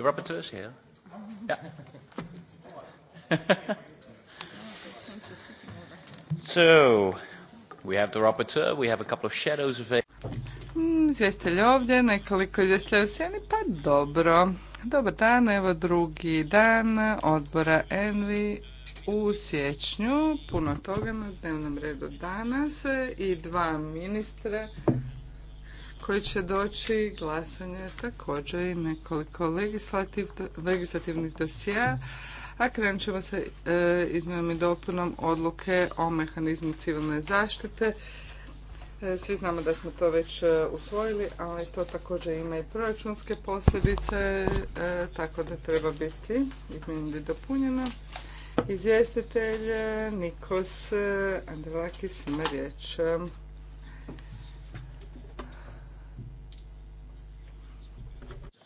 The rapporteur is here. Yeah. so, we have the rapporteur, we have a couple of shadows of hmm, Izvjestelj ovdje, nekoliko izvjestelja u sjeni, pa dobro. Dobar dan, evo drugi dan odbora Envi u siječnju. Puno toga na dnevnom redu danas i dva ministra koji će doći glasanje također i nekoliko legislativnih dosija, a krenut ćemo se izmjenom i dopunom odluke o mehanizmu civilne zaštite. E, svi znamo da smo to već e, usvojili, ali to također ima i proračunske posljedice, e, tako da treba biti izmjenom i dopunjeno. Izvjestitelj Nikos Andrelakis ima riječ.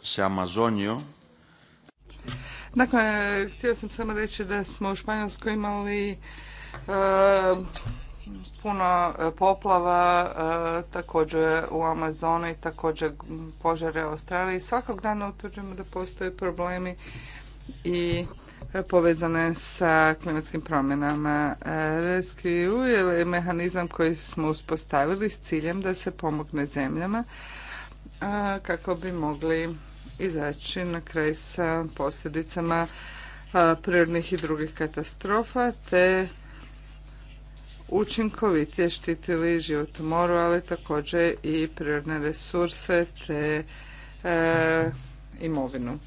se Amazonio. Dakle, htio sam samo reći da smo u Španjolskoj imali e, puno e, poplava, e, također u i također požare u Australiji. Svakog dana utvrđujemo da postoje problemi i povezane sa klimatskim promjenama. Rescue je mehanizam koji smo uspostavili s ciljem da se pomogne zemljama kako bi mogli izaći na kraj sa posljedicama prirodnih i drugih katastrofa te učinkovitije štitili život u moru, ali također i prirodne resurse te imovinu.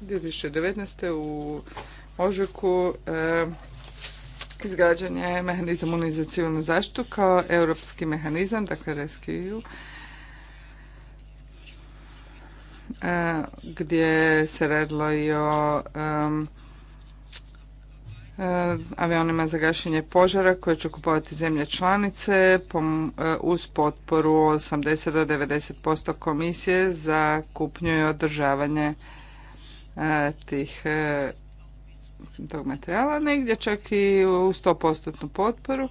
2019. u Ožujku izgrađen je mehanizam Unije za civilnu zaštitu kao europski mehanizam, dakle Rescue E, gdje se radilo i o e, avionima za gašenje požara koje će kupovati zemlje članice e, uz potporu 80 do 90% komisije za kupnju i održavanje tih tog materijala, negdje čak i u 100% potporu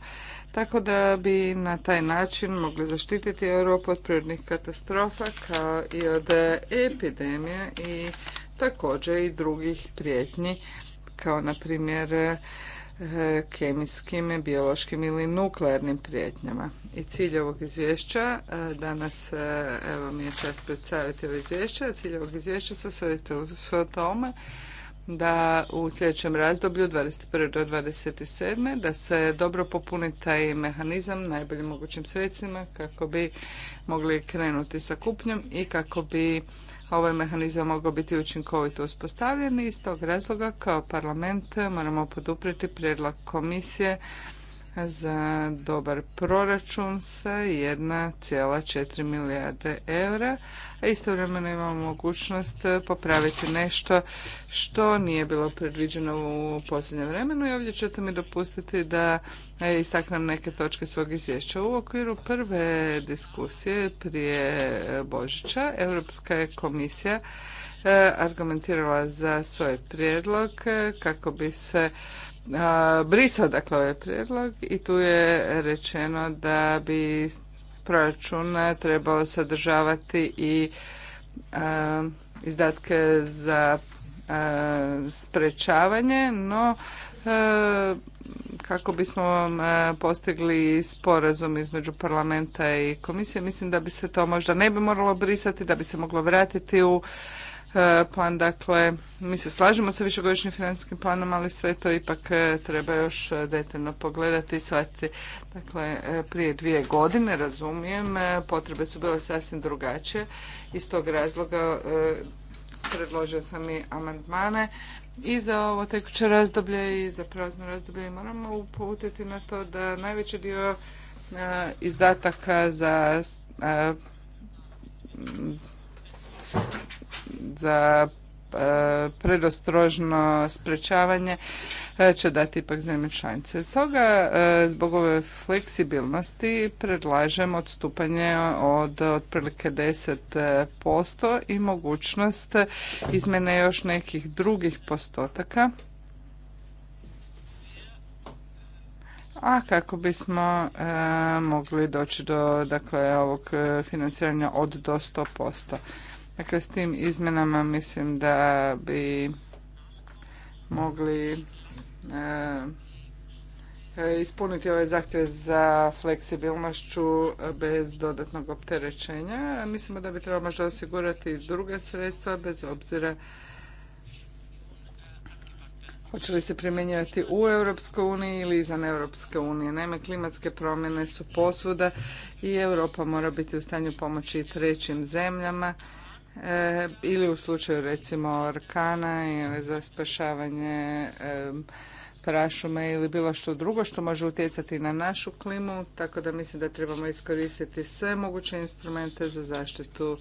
tako da bi na taj način mogli zaštititi Europu od prirodnih katastrofa kao i od epidemije i također i drugih prijetnji kao na primjer e, kemijskim, biološkim ili nuklearnim prijetnjama. I cilj ovog izvješća, e, danas e, evo mi je čast predstaviti ovo izvješće, cilj ovog izvješća se sve o tome da u sljedećem razdoblju 21. do 27. da se dobro popuni taj mehanizam najboljim mogućim sredstvima kako bi mogli krenuti sa kupnjom i kako bi ovaj mehanizam mogao biti učinkovito uspostavljen i iz tog razloga kao parlament moramo poduprijeti prijedlog komisije za dobar proračun sa 1,4 milijarde eura, a istovremeno imamo mogućnost popraviti nešto što nije bilo predviđeno u posljednjem vremenu i ovdje ćete mi dopustiti da e, istaknem neke točke svog izvješća. U okviru prve diskusije prije e, Božića Europska je komisija e, argumentirala za svoj prijedlog kako bi se brisao dakle ovaj prijedlog i tu je rečeno da bi proračun trebao sadržavati i izdatke za sprečavanje, no kako bismo postigli sporazum između parlamenta i komisije, mislim da bi se to možda ne bi moralo brisati, da bi se moglo vratiti u E, plan, dakle, mi se slažemo sa višegodišnjim financijskim planom, ali sve to ipak e, treba još e, detaljno pogledati i shvatiti. Dakle, prije dvije godine, razumijem, potrebe su bile sasvim drugačije. Iz tog razloga predložio sam i amandmane i za ovo tekuće razdoblje i za prazno razdoblje i moramo uputiti na to da najveći dio izdataka za za e, predostrožno sprečavanje e, će dati ipak zemlje članice. Stoga, e, zbog ove fleksibilnosti predlažem odstupanje od otprilike 10% i mogućnost izmjene još nekih drugih postotaka. a kako bismo mogli doći do dakle, ovog financiranja od do 100%. Dakle, s tim izmjenama mislim da bi mogli e, e, ispuniti ove zahtjeve za fleksibilnošću bez dodatnog opterećenja. Mislimo da bi trebalo možda osigurati druga sredstva bez obzira Hoće li se primjenjivati u Europskoj uniji ili izvan Europske unije? Naime, klimatske promjene su posvuda i Europa mora biti u stanju pomoći trećim zemljama E, ili u slučaju recimo orkana ili za spašavanje e, prašume ili bilo što drugo što može utjecati na našu klimu, tako da mislim da trebamo iskoristiti sve moguće instrumente za zaštitu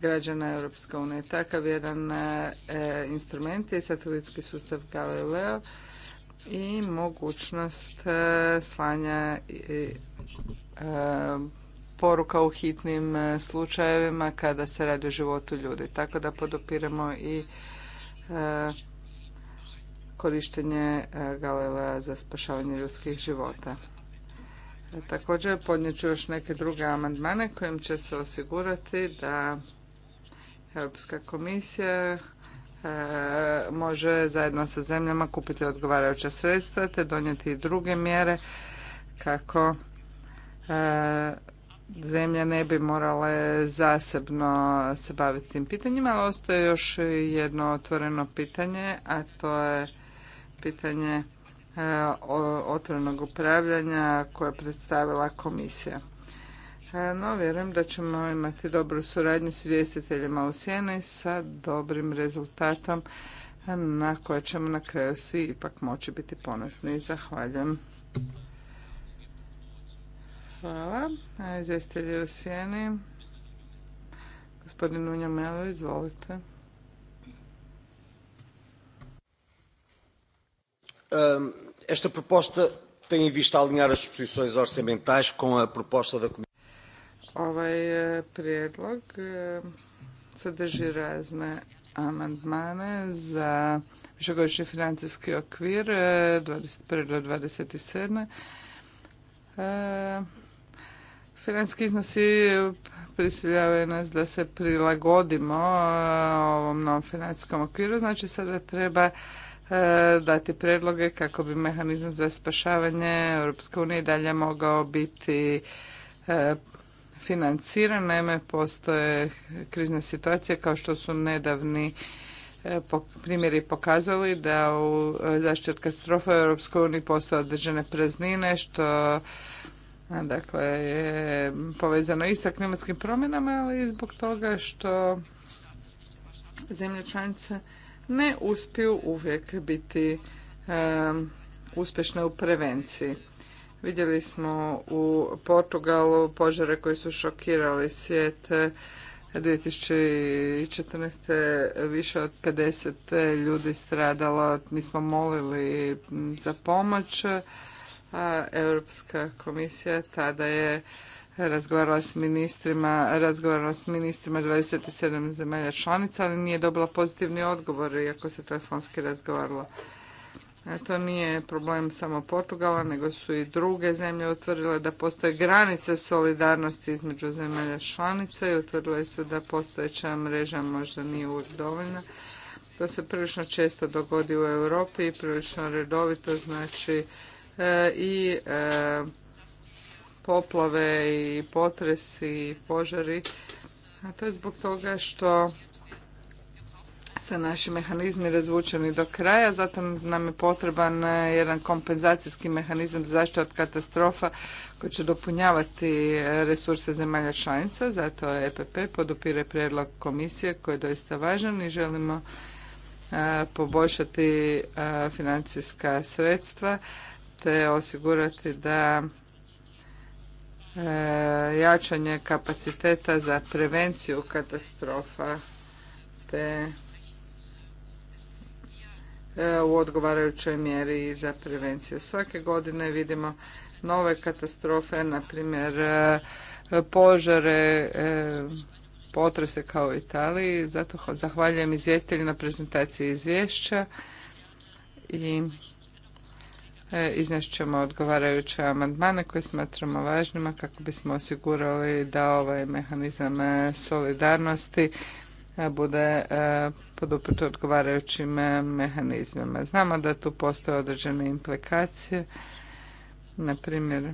građana Europske unije. Takav jedan e, instrument je satelitski sustav Galileo i mogućnost slanja i poruka u hitnim e, slučajevima kada se radi o životu ljudi. Tako da podopiramo i e, korištenje e, galeva za spašavanje ljudskih života. Također podnijet ću još neke druge amandmane kojim će se osigurati da Europska komisija može zajedno sa zemljama kupiti odgovarajuća sredstva te donijeti i druge mjere kako zemlje ne bi morale zasebno se baviti tim pitanjima, ali ostaje još jedno otvoreno pitanje, a to je pitanje e, otvorenog upravljanja koje je predstavila komisija. E, no, vjerujem da ćemo imati dobru suradnju s vjestiteljima u Sjeni sa dobrim rezultatom na koje ćemo na kraju svi ipak moći biti ponosni. Zahvaljujem. Hvala. Izvjestitelji u sjeni. Gospodin Unja Melo, izvolite. Um, esta proposta tem em vista alinhar as posições orçamentais com a proposta da Comissão. Ovaj eh, prijedlog eh, sadrži razne amandmane za višegodišnji financijski okvir 21. Eh, do 27. Financijski iznosi prisiljavaju nas da se prilagodimo ovom novom financijskom okviru, znači sada treba e, dati predloge kako bi mehanizam za spašavanje Europske unije dalje mogao biti e, financiran. Naime, postoje krizne situacije kao što su nedavni e, primjeri pokazali da u zaštiti od katastrofa u Europskoj uniji postoje određene praznine što Dakle, je povezano i sa klimatskim promjenama, ali i zbog toga što zemlje članice ne uspiju uvijek biti um, uspješne u prevenciji. Vidjeli smo u Portugalu požare koji su šokirali svijet 2014. više od 50 ljudi stradalo. Mi smo molili za pomoć Europska komisija tada je razgovarala s ministrima, razgovarala s ministrima 27 zemalja članica, ali nije dobila pozitivni odgovor iako se telefonski razgovaralo. to nije problem samo Portugala, nego su i druge zemlje utvrdile da postoje granice solidarnosti između zemalja članica i utvrdile su da postojeća mreža možda nije uvijek dovoljna. To se prilično često dogodi u Europi i prilično redovito, znači E, i e, poplave i potresi i požari. A to je zbog toga što se naši mehanizmi razvučeni do kraja, zato nam je potreban e, jedan kompenzacijski mehanizam za zaštitu od katastrofa koji će dopunjavati resurse zemalja članica, zato EPP podupire prijedlog komisije koji je doista važan i želimo poboljšati financijska sredstva te osigurati da e, jačanje kapaciteta za prevenciju katastrofa te e, u odgovarajućoj mjeri i za prevenciju. Svake godine vidimo nove katastrofe, na primjer e, požare, potrese kao u Italiji. Zato zahvaljujem izvjestitelji na prezentaciji izvješća i E, Iznašćemo odgovarajuće amandmane koje smatramo važnima kako bismo osigurali da ovaj mehanizam e, solidarnosti e, bude poduprt odgovarajućim mehanizmima. Znamo da tu postoje određene implikacije. Na primjer,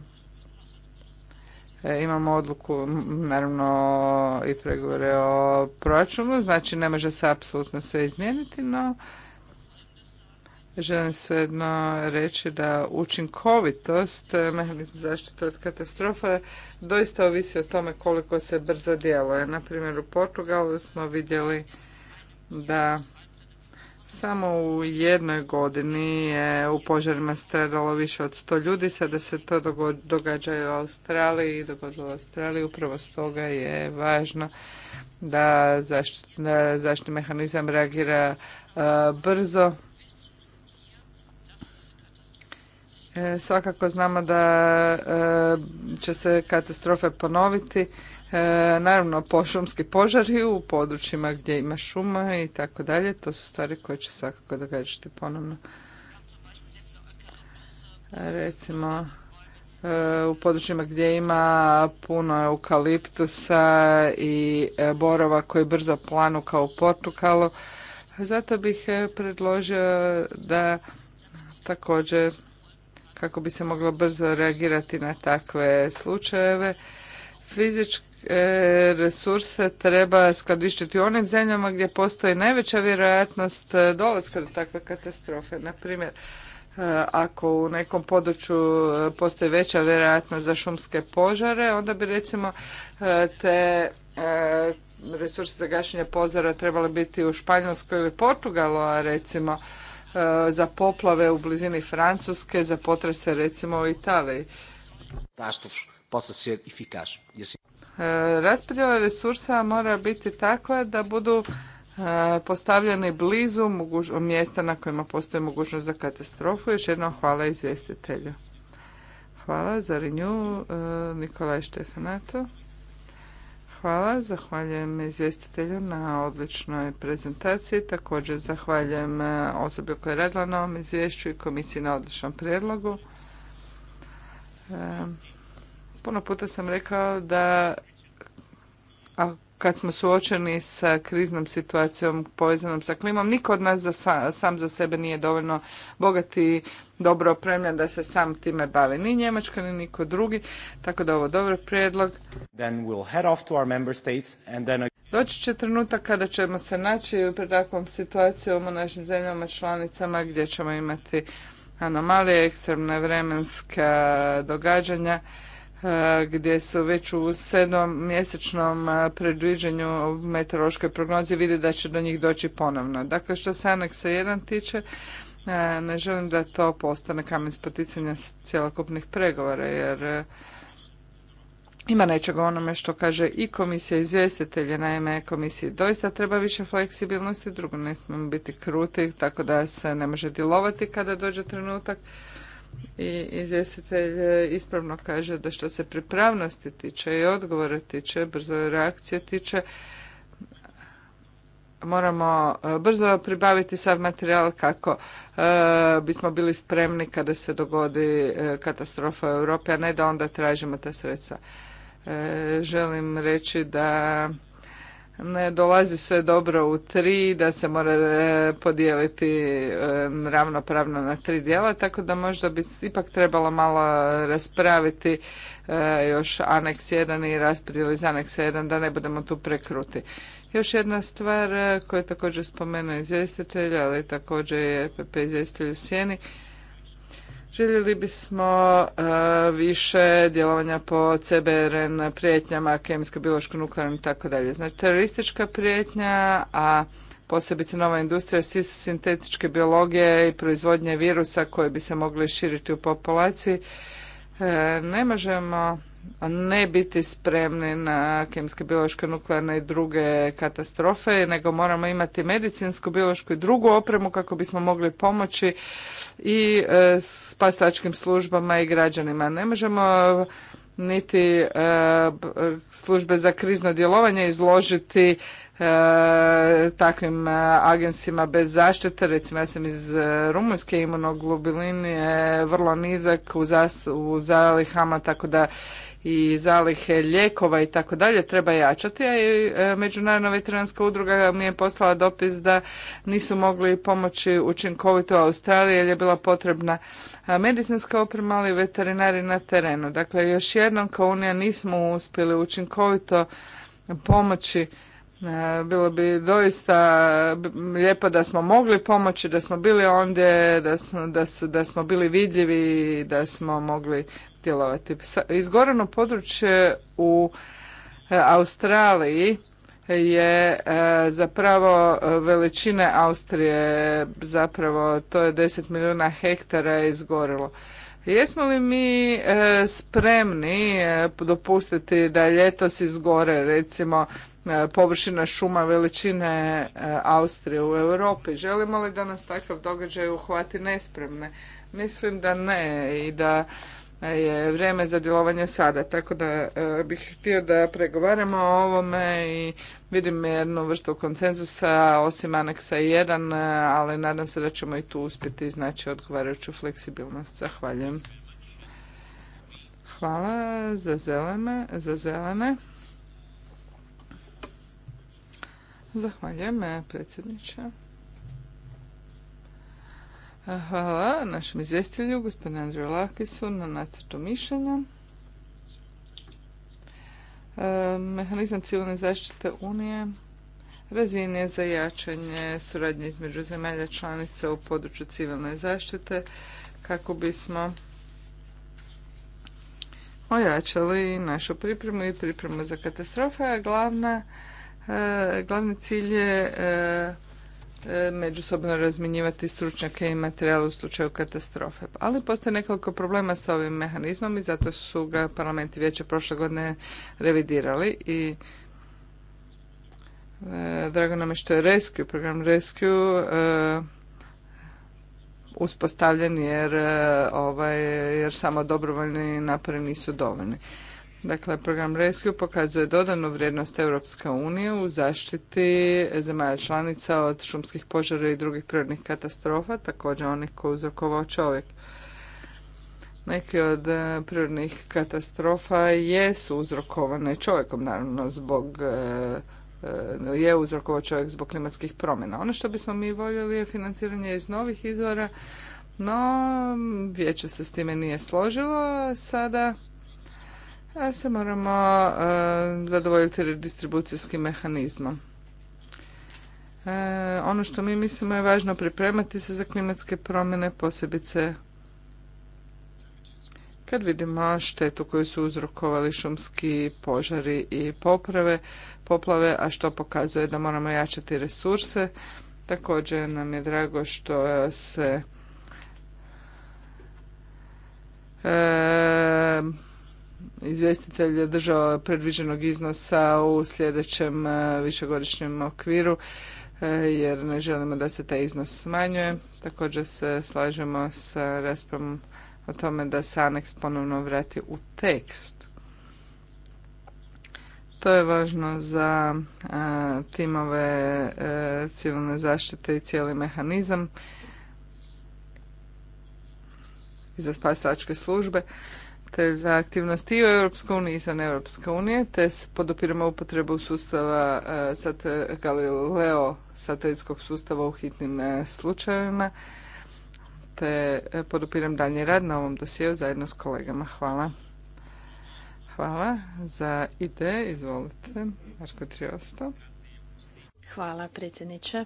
imamo odluku, naravno i pregovore o proračunu, znači ne može se apsolutno sve izmijeniti, no Želim svejedno reći da učinkovitost eh, mehanizma zaštite od katastrofe doista ovisi o tome koliko se brzo djeluje. Na primjer u Portugalu smo vidjeli da samo u jednoj godini je u požarima stradalo više od 100 ljudi, sada se to događa i u Australiji i dogodilo u Australiji. Upravo stoga je važno da zaštitni mehanizam reagira eh, brzo E, svakako znamo da e, će se katastrofe ponoviti. E, naravno, po šumski požari u područjima gdje ima šuma i tako dalje. To su stvari koje će svakako događati ponovno. Recimo, u područjima gdje ima puno eukaliptusa i borova koji brzo planu kao u Portugalu. Zato bih predložio da također kako bi se moglo brzo reagirati na takve slučajeve. Fizičke resurse treba skladištiti u onim zemljama gdje postoji najveća vjerojatnost dolaska do takve katastrofe. Na primjer, ako u nekom području postoji veća vjerojatnost za šumske požare, onda bi recimo te e, resurse za gašenje požara trebale biti u Španjolskoj ili Portugalu, a recimo E, za poplave u blizini Francuske, za potrese recimo u Italiji. E e, raspodjela resursa mora biti takva da budu postavljeni blizu mjesta na kojima postoji mogućnost za katastrofu. Još jednom hvala izvjestitelju. Hvala za Rinju, Nikolaj Štefanato. Hvala, zahvaljujem izvjestitelju na odličnoj prezentaciji. Također zahvaljujem e, osobi koja je radila na ovom izvješću i komisiji na odličnom prijedlogu. E, puno puta sam rekao da kad smo suočeni sa kriznom situacijom povezanom sa klimom, niko od nas za sam, sam za sebe nije dovoljno bogat i dobro opremljen da se sam time bavi. Ni Njemačka, ni niko drugi, tako da ovo dobar prijedlog. Doći će trenutak kada ćemo se naći pred takvom situacijom u našim zemljama članicama gdje ćemo imati anomalije, ekstremne vremenska događanja E, gdje su već u mjesečnom e, predviđenju meteorološke prognoze vidi da će do njih doći ponovno. Dakle, što se aneksa 1 tiče, e, ne želim da to postane kamen spoticanja cjelokupnih pregovora, jer ima nečega onome što kaže i komisija izvjestitelje, naime komisiji doista treba više fleksibilnosti, drugo ne smijemo biti kruti, tako da se ne može djelovati kada dođe trenutak i izvjestitelj e, ispravno kaže da što se pripravnosti tiče i odgovora tiče, brzo reakcije tiče, moramo e, brzo pribaviti sav materijal kako e, bismo bili spremni kada se dogodi katastrofa u Europi, a ne da onda tražimo ta sredstva. želim reći da ne dolazi sve dobro u tri, da se mora e, podijeliti e, ravnopravno na tri dijela, tako da možda bi ipak trebalo malo raspraviti e, još aneks 1 i raspodijeli iz aneks 1 da ne budemo tu prekruti. Još jedna stvar koja je također spomenuo izvjestitelj, ali također je PP izvjestitelj u sjeni, Željeli bismo e, više djelovanja po CBRN prijetnjama, kemijsko, biološko, nuklearno i tako dalje. Znači, teroristička prijetnja, a posebice nova industrija sintetičke biologije i proizvodnje virusa koje bi se mogli širiti u populaciji, e, ne možemo ne biti spremni na kemijske, biološke, nuklearne i druge katastrofe, nego moramo imati medicinsku, biološku i drugu opremu kako bismo mogli pomoći i e, spaslačkim službama i građanima. Ne možemo niti e, službe za krizno djelovanje izložiti e, takvim agensima bez zaštite. Recimo ja sam iz Rumunjske imao je vrlo nizak u, u zalihama tako da i zalihe lijekova i tako dalje treba jačati, a i e, Međunarodna veteranska udruga mi je poslala dopis da nisu mogli pomoći učinkovito Australiji jer je bila potrebna medicinska oprema, ali veterinari na terenu. Dakle, još jednom kao Unija nismo uspjeli učinkovito pomoći bilo bi doista lijepo da smo mogli pomoći, da smo bili ondje, da smo, da smo bili vidljivi, da smo mogli djelovati. Izgoreno područje u e, Australiji je e, zapravo veličine Austrije, zapravo to je 10 milijuna hektara izgorilo. Jesmo li mi e, spremni dopustiti da ljetos izgore recimo površina šuma veličine Austrije u Europi? Želimo li da nas takav događaj uhvati nespremne? Mislim da ne i da je vrijeme za djelovanje sada. Tako da e, bih htio da pregovaramo o ovome i vidim jednu vrstu konsenzusa osim aneksa 1, e, ali nadam se da ćemo i tu uspjeti iznaći odgovarajuću fleksibilnost. Zahvaljujem. Hvala za zelene. Za zelene. Zahvaljujem e, predsjedniče. Hvala našem izvjestitelju, gospodinu Andriju Lakisu, na nacrtu mišljenja. E, mehanizam civilne zaštite Unije razvijen je za jačanje suradnje između zemalja članica u području civilne zaštite kako bismo ojačali našu pripremu i pripremu za katastrofe, a glavna, e, glavni cilj je e, E, međusobno razminjivati stručnjake i materijal u slučaju katastrofe. Ali postoje nekoliko problema sa ovim mehanizmom i zato su ga parlamenti vijeće prošle godine revidirali i e, drago nam je što je Rescue, program Rescue e, uspostavljen jer, ovaj, jer samo dobrovoljni napori nisu dovoljni. Dakle, program Rescue pokazuje dodanu vrijednost Europske unije u zaštiti zemalja članica od šumskih požara i drugih prirodnih katastrofa, također onih koji uzrokovao čovjek. Neki od e, prirodnih katastrofa jesu uzrokovane čovjekom, naravno, zbog e, e, je uzrokovao čovjek zbog klimatskih promjena. Ono što bismo mi voljeli je financiranje iz novih izvora, no vijeće se s time nije složilo. Sada se moramo e, zadovoljiti redistribucijskim mehanizmom. E, ono što mi mislimo je važno pripremati se za klimatske promjene, posebice kad vidimo štetu koju su uzrokovali šumski požari i poprave, poplave, a što pokazuje da moramo jačati resurse. Također nam je drago što se e, izvjestitelj je držao predviđenog iznosa u sljedećem e, višegodišnjem okviru e, jer ne želimo da se taj iznos smanjuje. Također se slažemo sa raspravom o tome da se aneks ponovno vrati u tekst. To je važno za e, timove civilne zaštite i cijeli mehanizam i za spasilačke službe te za aktivnosti i u Europskoj uniji izvan Europske unije, te podopiramo upotrebu sustava e, Galileo satelitskog sustava u hitnim e, slučajevima, te e, podopiram dalji rad na ovom dosjeu zajedno s kolegama. Hvala. Hvala za ide. Izvolite, Marko Triosto. Hvala, predsjedniče.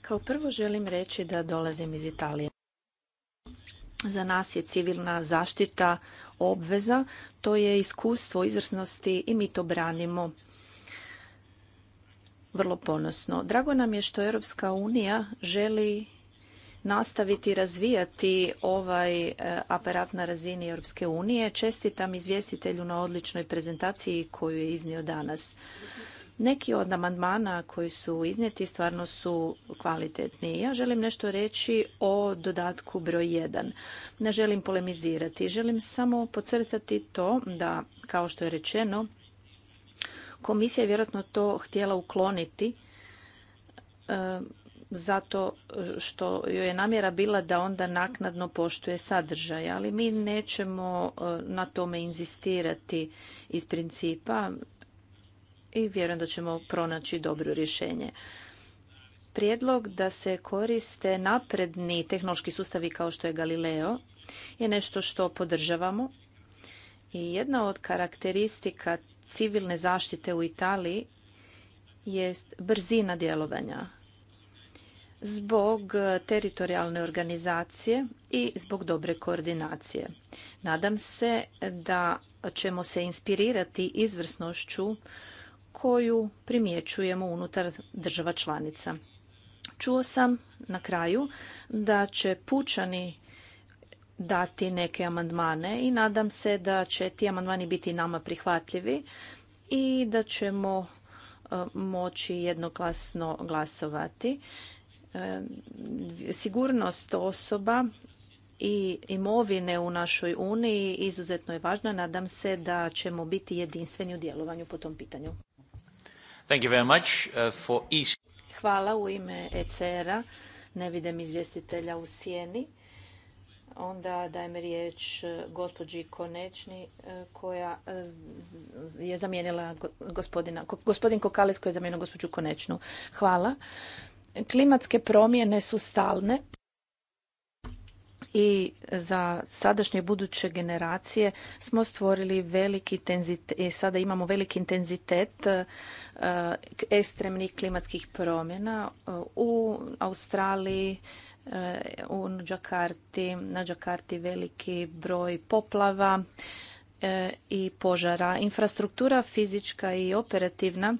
Kao prvo želim reći da dolazim iz Italije. Za nas je civilna zaštita obveza, to je iskustvo izvrsnosti i mi to branimo vrlo ponosno. Drago nam je što Europska unija želi nastaviti razvijati ovaj e, aparat na razini Europske unije. Čestitam izvjestitelju na odličnoj prezentaciji koju je iznio danas. Neki od amandmana koji su iznijeti stvarno su kvalitetni. Ja želim nešto reći o dodatku broj 1. Ne želim polemizirati, želim samo podcrtati to da, kao što je rečeno, komisija je vjerojatno to htjela ukloniti e, zato što joj je namjera bila da onda naknadno poštuje sadržaj, ali mi nećemo e, na tome inzistirati iz principa i vjerujem da ćemo pronaći dobro rješenje. Prijedlog da se koriste napredni tehnološki sustavi kao što je Galileo je nešto što podržavamo i jedna od karakteristika civilne zaštite u Italiji jest brzina djelovanja zbog teritorijalne organizacije i zbog dobre koordinacije. Nadam se da ćemo se inspirirati izvrsnošću koju primjećujemo unutar država članica. Čuo sam na kraju da će pučani dati neke amandmane i nadam se da će ti amandmani biti nama prihvatljivi i da ćemo e, moći jednoglasno glasovati. E, sigurnost osoba i imovine u našoj Uniji izuzetno je važna. Nadam se da ćemo biti jedinstveni u djelovanju po tom pitanju. Thank uh, Hvala u ime ECR-a. Ne vidim izvjestitelja u sjeni. Onda dajem riječ uh, gospođi Konečni uh, koja je zamijenila gospodina, gospodin Kokalis koji je zamijenio gospođu Konečnu. Hvala. Klimatske promjene su stalne i za sadašnje buduće generacije smo stvorili veliki intenzitet i sada imamo veliki intenzitet e, ekstremnih klimatskih promjena e, u Australiji, e, u na Džakarti veliki broj poplava i požara. Infrastruktura fizička i operativna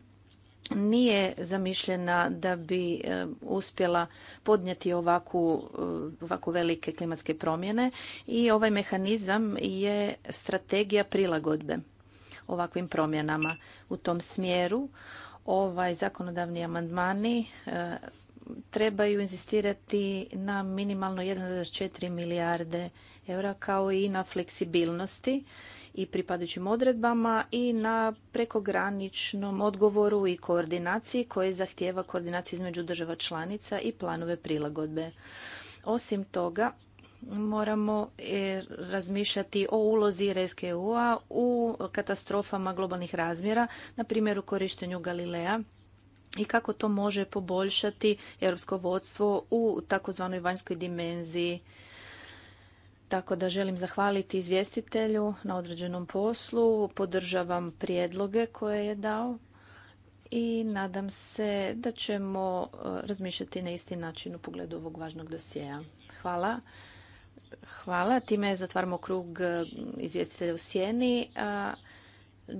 nije zamišljena da bi e, uspjela podnijeti ovakvu, e, ovako velike klimatske promjene i ovaj mehanizam je strategija prilagodbe ovakvim promjenama. U tom smjeru ovaj zakonodavni amandmani e, trebaju inzistirati na minimalno 1,4 milijarde eura kao i na fleksibilnosti i pripadajućim odredbama i na prekograničnom odgovoru i koordinaciji koje zahtijeva koordinaciju između država članica i planove prilagodbe. Osim toga, moramo e, razmišljati o ulozi eu a u katastrofama globalnih razmjera, na primjer u korištenju Galilea i kako to može poboljšati europsko vodstvo u takozvanoj vanjskoj dimenziji tako da želim zahvaliti izvjestitelju na određenom poslu, podržavam prijedloge koje je dao i nadam se da ćemo e, razmišljati na isti način u pogledu ovog važnog dosjeja. Hvala. Hvala. Time zatvaramo krug e, izvjestitelja u sjeni.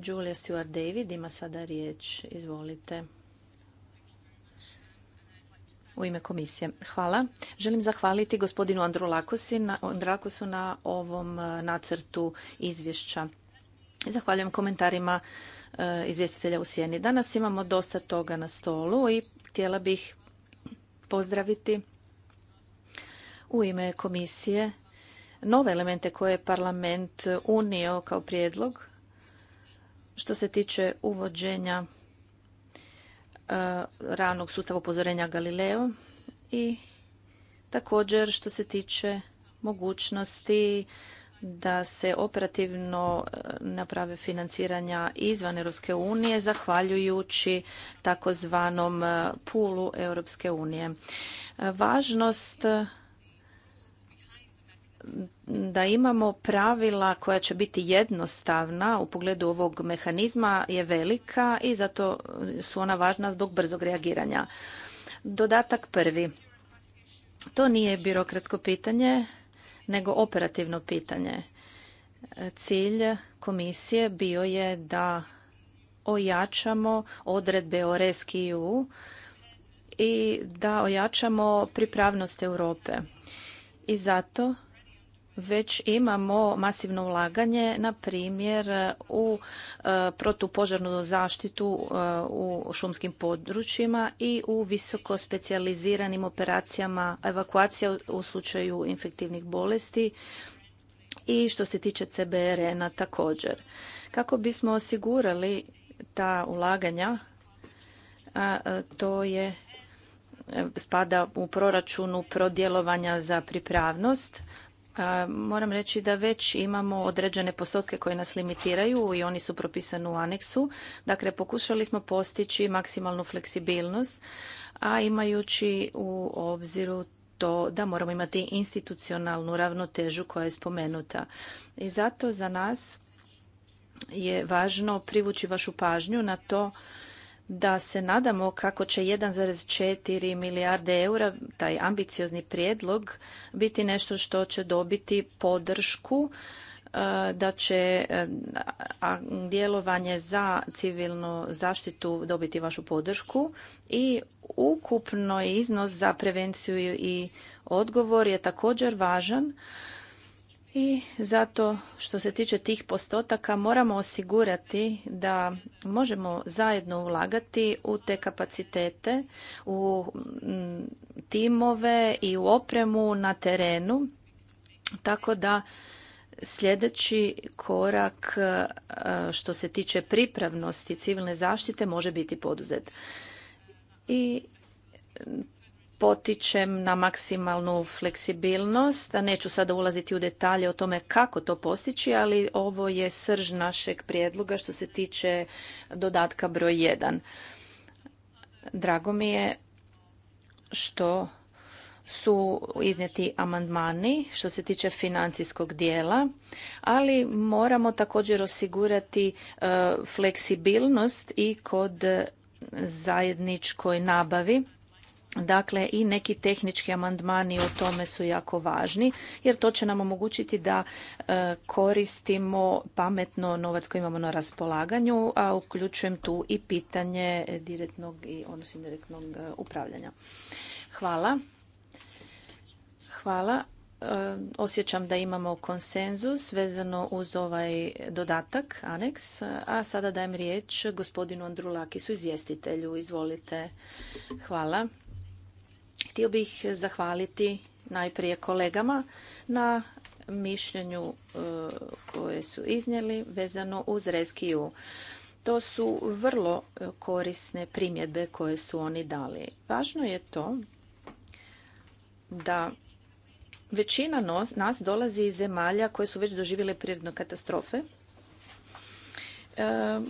Julia Stewart David ima sada riječ. Izvolite u ime komisije. Hvala. Želim zahvaliti gospodinu Andrakusu na ovom e, nacrtu izvješća. Zahvaljujem komentarima e, izvjestitelja u Sjeni. Danas imamo dosta toga na stolu i htjela bih pozdraviti u ime komisije nove elemente koje je parlament unio kao prijedlog što se tiče uvođenja E, ranog sustava upozorenja Galileo i također što se tiče mogućnosti da se operativno e, naprave financiranja izvan Europske unije zahvaljujući takozvanom e, pulu Europske unije. Važnost da imamo pravila koja će biti jednostavna u pogledu ovog mehanizma je velika i zato su ona važna zbog brzog reagiranja. Dodatak prvi. To nije birokratsko pitanje, nego operativno pitanje. Cilj komisije bio je da ojačamo odredbe o EU i da ojačamo pripravnost Europe. I zato već imamo masivno ulaganje, na primjer u e, protupožarnu zaštitu e, u šumskim područjima i u visoko specijaliziranim operacijama evakuacija u slučaju infektivnih bolesti i što se tiče CBRN-a također. Kako bismo osigurali ta ulaganja, e, to je spada u proračunu prodjelovanja za pripravnost, Moram reći da već imamo određene postotke koje nas limitiraju i oni su propisani u aneksu. Dakle, pokušali smo postići maksimalnu fleksibilnost, a imajući u obziru to da moramo imati institucionalnu ravnotežu koja je spomenuta. I zato za nas je važno privući vašu pažnju na to da se nadamo kako će 1,4 milijarde eura, taj ambiciozni prijedlog, biti nešto što će dobiti podršku e, da će e, djelovanje za civilnu zaštitu dobiti vašu podršku i ukupno iznos za prevenciju i odgovor je također važan i zato što se tiče tih postotaka moramo osigurati da možemo zajedno ulagati u te kapacitete, u mm, timove i u opremu na terenu, tako da sljedeći korak e, što se tiče pripravnosti civilne zaštite može biti poduzet. I potičem na maksimalnu fleksibilnost. Neću sada ulaziti u detalje o tome kako to postići, ali ovo je srž našeg prijedloga što se tiče dodatka broj 1. Drago mi je što su iznijeti amandmani što se tiče financijskog dijela, ali moramo također osigurati e, fleksibilnost i kod zajedničkoj nabavi Dakle, i neki tehnički amandmani o tome su jako važni, jer to će nam omogućiti da e, koristimo pametno novac koji imamo na raspolaganju, a uključujem tu i pitanje direktnog i odnosno direktnog e, upravljanja. Hvala. Hvala. E, osjećam da imamo konsenzus vezano uz ovaj dodatak, aneks. A sada dajem riječ gospodinu Andrulakisu, izvjestitelju. Izvolite. Hvala. Htio bih zahvaliti najprije kolegama na mišljenju e, koje su iznijeli vezano uz Reskiju. To su vrlo korisne primjedbe koje su oni dali. Važno je to da većina nas dolazi iz zemalja koje su već doživjele prirodne katastrofe. E,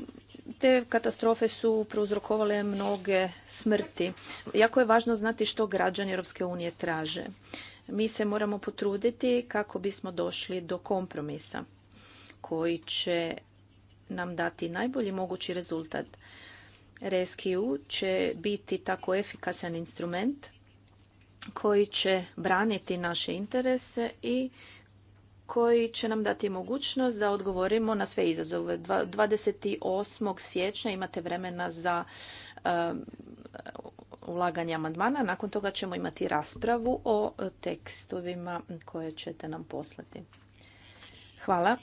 te katastrofe su prouzrokovale mnoge smrti. Jako je važno znati što građani Europske unije traže. Mi se moramo potruditi kako bismo došli do kompromisa koji će nam dati najbolji mogući rezultat. Rescue će biti tako efikasan instrument koji će braniti naše interese i koji će nam dati mogućnost da odgovorimo na sve izazove. 28. siječnja imate vremena za um, ulaganje amandmana. Nakon toga ćemo imati raspravu o tekstovima koje ćete nam poslati. Hvala.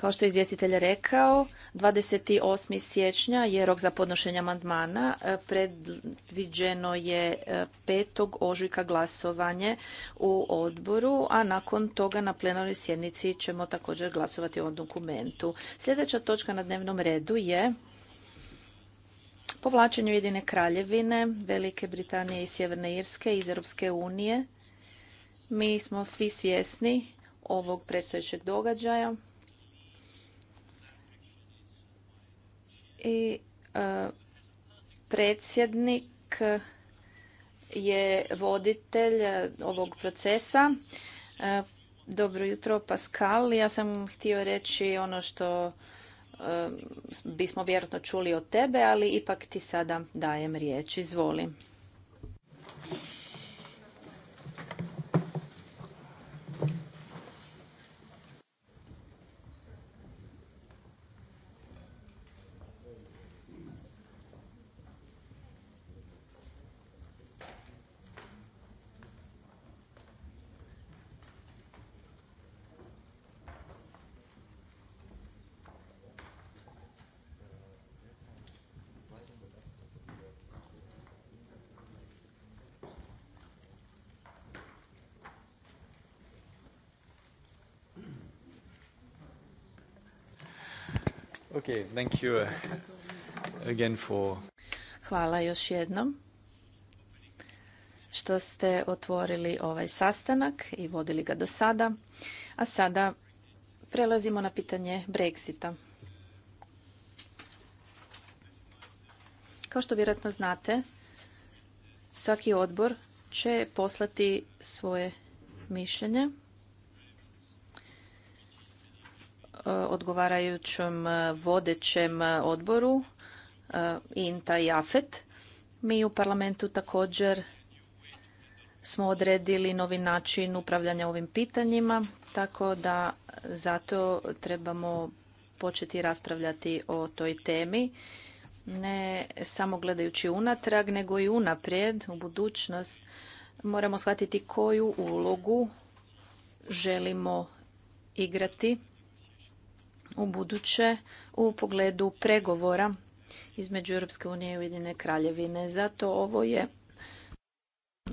Kao što je izvjestitelj rekao, 28. siječnja je rok za podnošenje amandmana. E, predviđeno je 5. E, ožujka glasovanje u odboru, a nakon toga na plenarnoj sjednici ćemo također glasovati o dokumentu. Sljedeća točka na dnevnom redu je povlačenje jedine kraljevine, Velike Britanije i Sjeverne Irske iz Europske unije. Mi smo svi svjesni ovog predstojećeg događaja. i e, predsjednik je voditelj ovog procesa. E, dobro jutro, Pascal. Ja sam htio reći ono što e, bismo vjerojatno čuli od tebe, ali ipak ti sada dajem riječ. Izvoli. Uh, Hvala još jednom što ste otvorili ovaj sastanak i vodili ga do sada. A sada prelazimo na pitanje Brexita. Kao što vjerojatno znate, svaki odbor će poslati svoje mišljenje odgovarajućem e, vodećem e, odboru e, INTA i AFET. Mi u parlamentu također smo odredili novi način upravljanja ovim pitanjima, tako da zato trebamo početi raspravljati o toj temi, ne samo gledajući unatrag, nego i unaprijed, u budućnost. Moramo shvatiti koju ulogu želimo igrati u buduće u pogledu pregovora između Europske unije i Ujedine kraljevine. Zato ovo je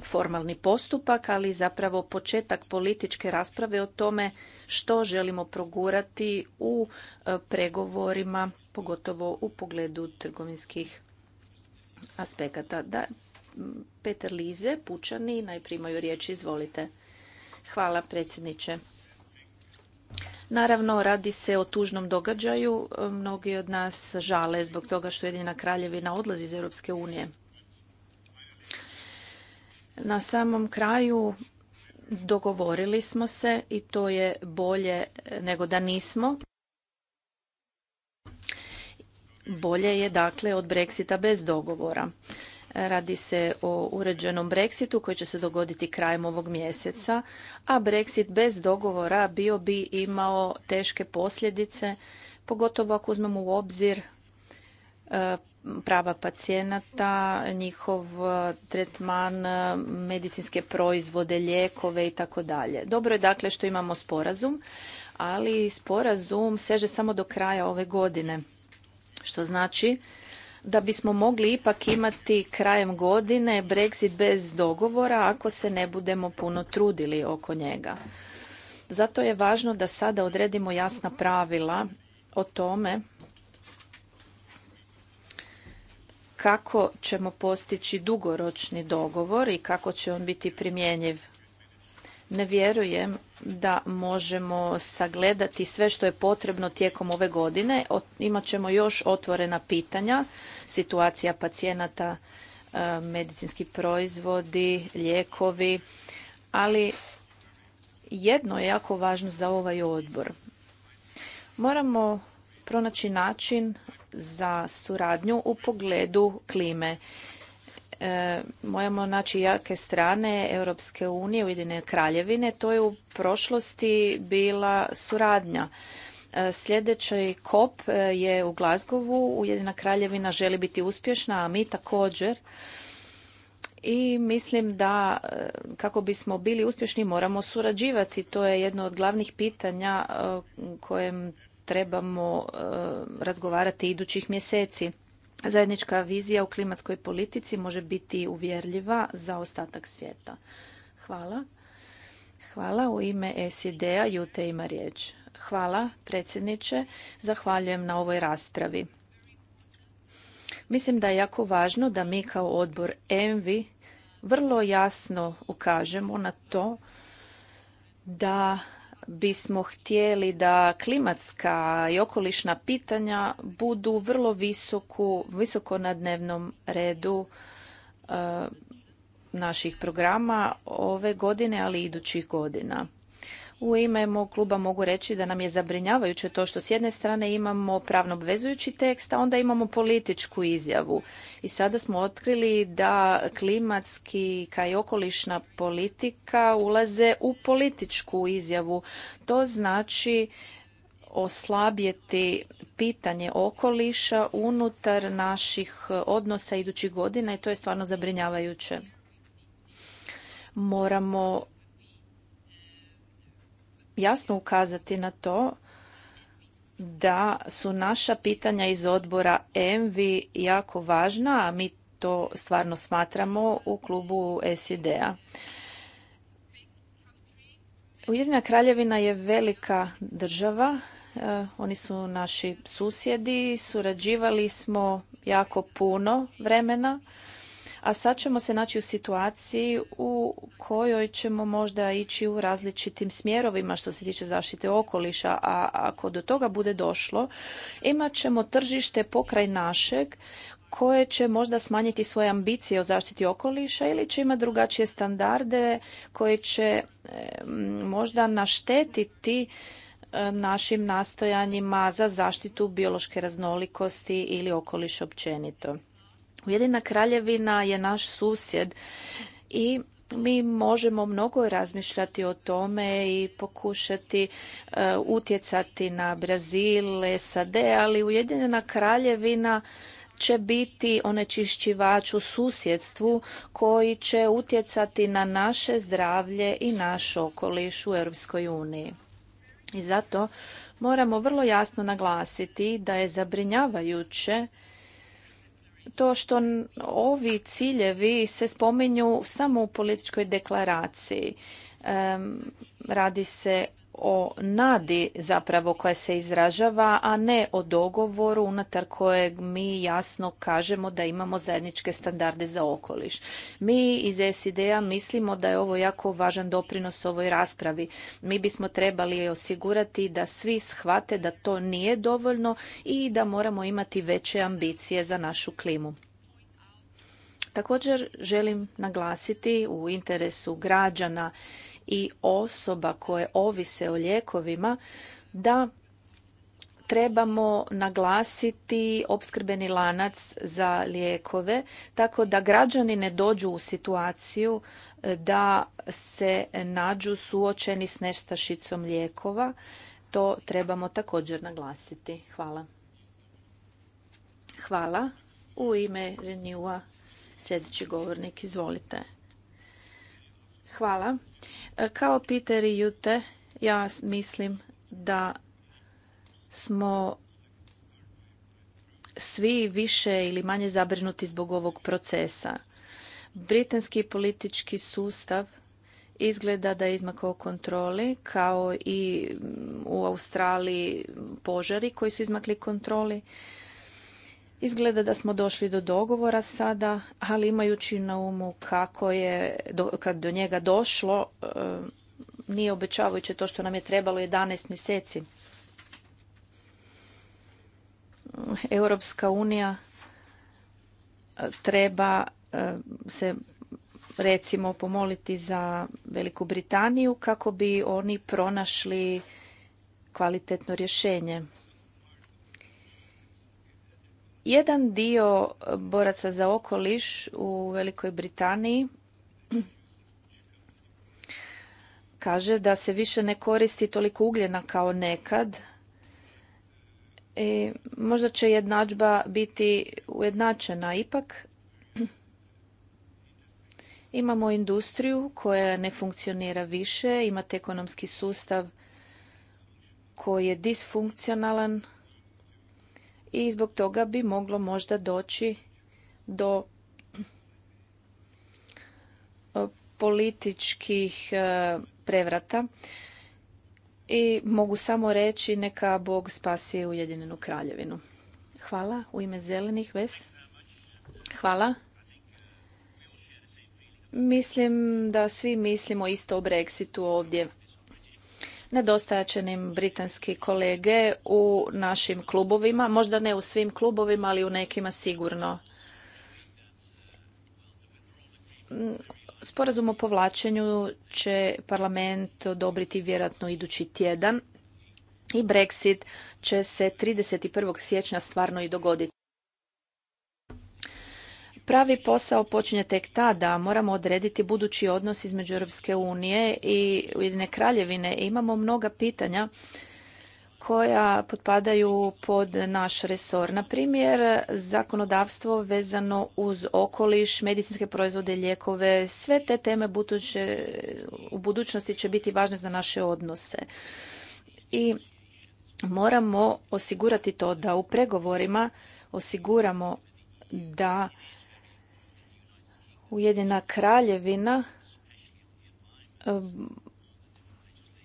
formalni postupak, ali zapravo početak političke rasprave o tome što želimo progurati u e, pregovorima, pogotovo u pogledu trgovinskih aspekata. Da, Peter Lize, Pučani, najprimaju riječ, izvolite. Hvala predsjedniče. Naravno, radi se o tužnom događaju. Mnogi od nas žale zbog toga što Jedina kraljevina odlazi iz Europske unije. Na samom kraju dogovorili smo se i to je bolje nego da nismo. Bolje je dakle od Brexita bez dogovora. Radi se o uređenom Brexitu koji će se dogoditi krajem ovog mjeseca, a Brexit bez dogovora bio bi imao teške posljedice, pogotovo ako uzmemo u obzir e, prava pacijenata, njihov e, tretman, e, medicinske proizvode, lijekove i tako dalje. Dobro je dakle što imamo sporazum, ali sporazum seže samo do kraja ove godine, što znači da bismo mogli ipak imati krajem godine Brexit bez dogovora ako se ne budemo puno trudili oko njega. Zato je važno da sada odredimo jasna pravila o tome kako ćemo postići dugoročni dogovor i kako će on biti primjenjiv. Ne vjerujem da možemo sagledati sve što je potrebno tijekom ove godine. Imat ćemo još otvorena pitanja, situacija pacijenata, e, medicinski proizvodi, lijekovi, ali jedno je jako važno za ovaj odbor. Moramo pronaći način za suradnju u pogledu klime E, moramo naći jake strane Europske unije, Ujedine kraljevine. To je u prošlosti bila suradnja. E, Sljedeći kop e, je u Glazgovu. Ujedina kraljevina želi biti uspješna, a mi također. I mislim da kako bismo bili uspješni moramo surađivati. To je jedno od glavnih pitanja kojem trebamo razgovarati idućih mjeseci. Zajednička vizija u klimatskoj politici može biti uvjerljiva za ostatak svijeta. Hvala. Hvala u ime SID-a. Jute ima riječ. Hvala predsjedniče. Zahvaljujem na ovoj raspravi. Mislim da je jako važno da mi kao odbor ENVI vrlo jasno ukažemo na to da bismo htjeli da klimatska i okolišna pitanja budu vrlo visoku, visoko na dnevnom redu e, naših programa ove godine, ali i idućih godina. U ime mog kluba mogu reći da nam je zabrinjavajuće to što s jedne strane imamo pravno obvezujući tekst, a onda imamo političku izjavu. I sada smo otkrili da klimatski i okolišna politika ulaze u političku izjavu. To znači oslabjeti pitanje okoliša unutar naših odnosa idućih godina i to je stvarno zabrinjavajuće moramo jasno ukazati na to da su naša pitanja iz odbora ENVI jako važna, a mi to stvarno smatramo u klubu SID-a. Ujedina kraljevina je velika država, e, oni su naši susjedi, surađivali smo jako puno vremena a sad ćemo se naći u situaciji u kojoj ćemo možda ići u različitim smjerovima što se tiče zaštite okoliša, a ako do toga bude došlo, imat ćemo tržište pokraj našeg koje će možda smanjiti svoje ambicije o zaštiti okoliša ili će imati drugačije standarde koje će e, možda naštetiti e, našim nastojanjima za zaštitu biološke raznolikosti ili okoliša općenito. Ujedina kraljevina je naš susjed i mi možemo mnogo razmišljati o tome i pokušati e, utjecati na Brazil, SAD, ali Ujedinjena kraljevina će biti onečišćivač u susjedstvu koji će utjecati na naše zdravlje i naš okoliš u Europskoj uniji. I zato moramo vrlo jasno naglasiti da je zabrinjavajuće to što ovi ciljevi se spominju samo u političkoj deklaraciji. Radi se o nadi zapravo koja se izražava, a ne o dogovoru unutar kojeg mi jasno kažemo da imamo zajedničke standarde za okoliš. Mi iz SID-a mislimo da je ovo jako važan doprinos ovoj raspravi. Mi bismo trebali osigurati da svi shvate da to nije dovoljno i da moramo imati veće ambicije za našu klimu. Također želim naglasiti u interesu građana i osoba koje ovise o lijekovima da trebamo naglasiti opskrbeni lanac za lijekove tako da građani ne dođu u situaciju e, da se nađu suočeni s nestašicom lijekova. To trebamo također naglasiti. Hvala. Hvala. U ime Renewa sljedeći govornik. Izvolite. Hvala. E, kao Peter i Jute, ja mislim da smo svi više ili manje zabrinuti zbog ovog procesa. Britanski politički sustav izgleda da je izmakao kontroli, kao i mm, u Australiji požari koji su izmakli kontroli. Izgleda da smo došli do dogovora sada, ali imajući na umu kako je kad do njega došlo, e, nije obećavajuće to što nam je trebalo 11 mjeseci. Europska unija e, treba e, se recimo pomoliti za Veliku Britaniju kako bi oni pronašli kvalitetno rješenje. Jedan dio boraca za okoliš u Velikoj Britaniji kaže da se više ne koristi toliko ugljena kao nekad. E, možda će jednadžba biti ujednačena ipak. Imamo industriju koja ne funkcionira više, imate ekonomski sustav koji je disfunkcionalan i zbog toga bi moglo možda doći do e, političkih e, prevrata i mogu samo reći neka Bog spasi Ujedinjenu kraljevinu. Hvala. U ime zelenih, Ves. Hvala. Mislim da svi mislimo isto o Brexitu ovdje nedostajačenim britanski kolege u našim klubovima, možda ne u svim klubovima, ali u nekima sigurno. Sporazum o povlačenju će parlament odobriti vjerojatno idući tjedan i Brexit će se 31. siječnja stvarno i dogoditi. Pravi posao počinje tek tada. Moramo odrediti budući odnos između Europske unije i Ujedine kraljevine. Imamo mnoga pitanja koja potpadaju pod naš resor. Na primjer, zakonodavstvo vezano uz okoliš, medicinske proizvode, lijekove, sve te teme buduće, u budućnosti će biti važne za naše odnose. I moramo osigurati to da u pregovorima osiguramo da Ujedina kraljevina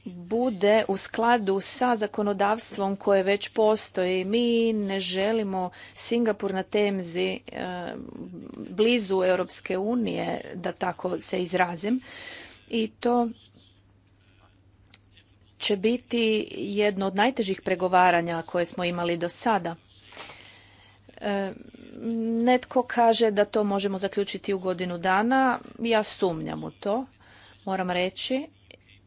bude u skladu sa zakonodavstvom koje već postoji. Mi ne želimo Singapur na temzi blizu Europske unije, da tako se izrazim. I to će biti jedno od najtežih pregovaranja koje smo imali do sada. Netko kaže da to možemo zaključiti u godinu dana. Ja sumnjam u to, moram reći,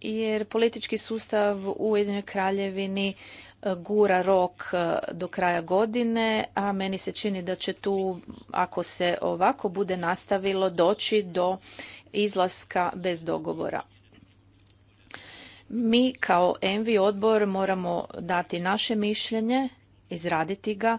jer politički sustav u Ujedinoj kraljevini e, gura rok e, do kraja godine, a meni se čini da će tu, ako se ovako bude nastavilo, doći do izlaska bez dogovora. Mi kao Envi odbor moramo dati naše mišljenje, izraditi ga,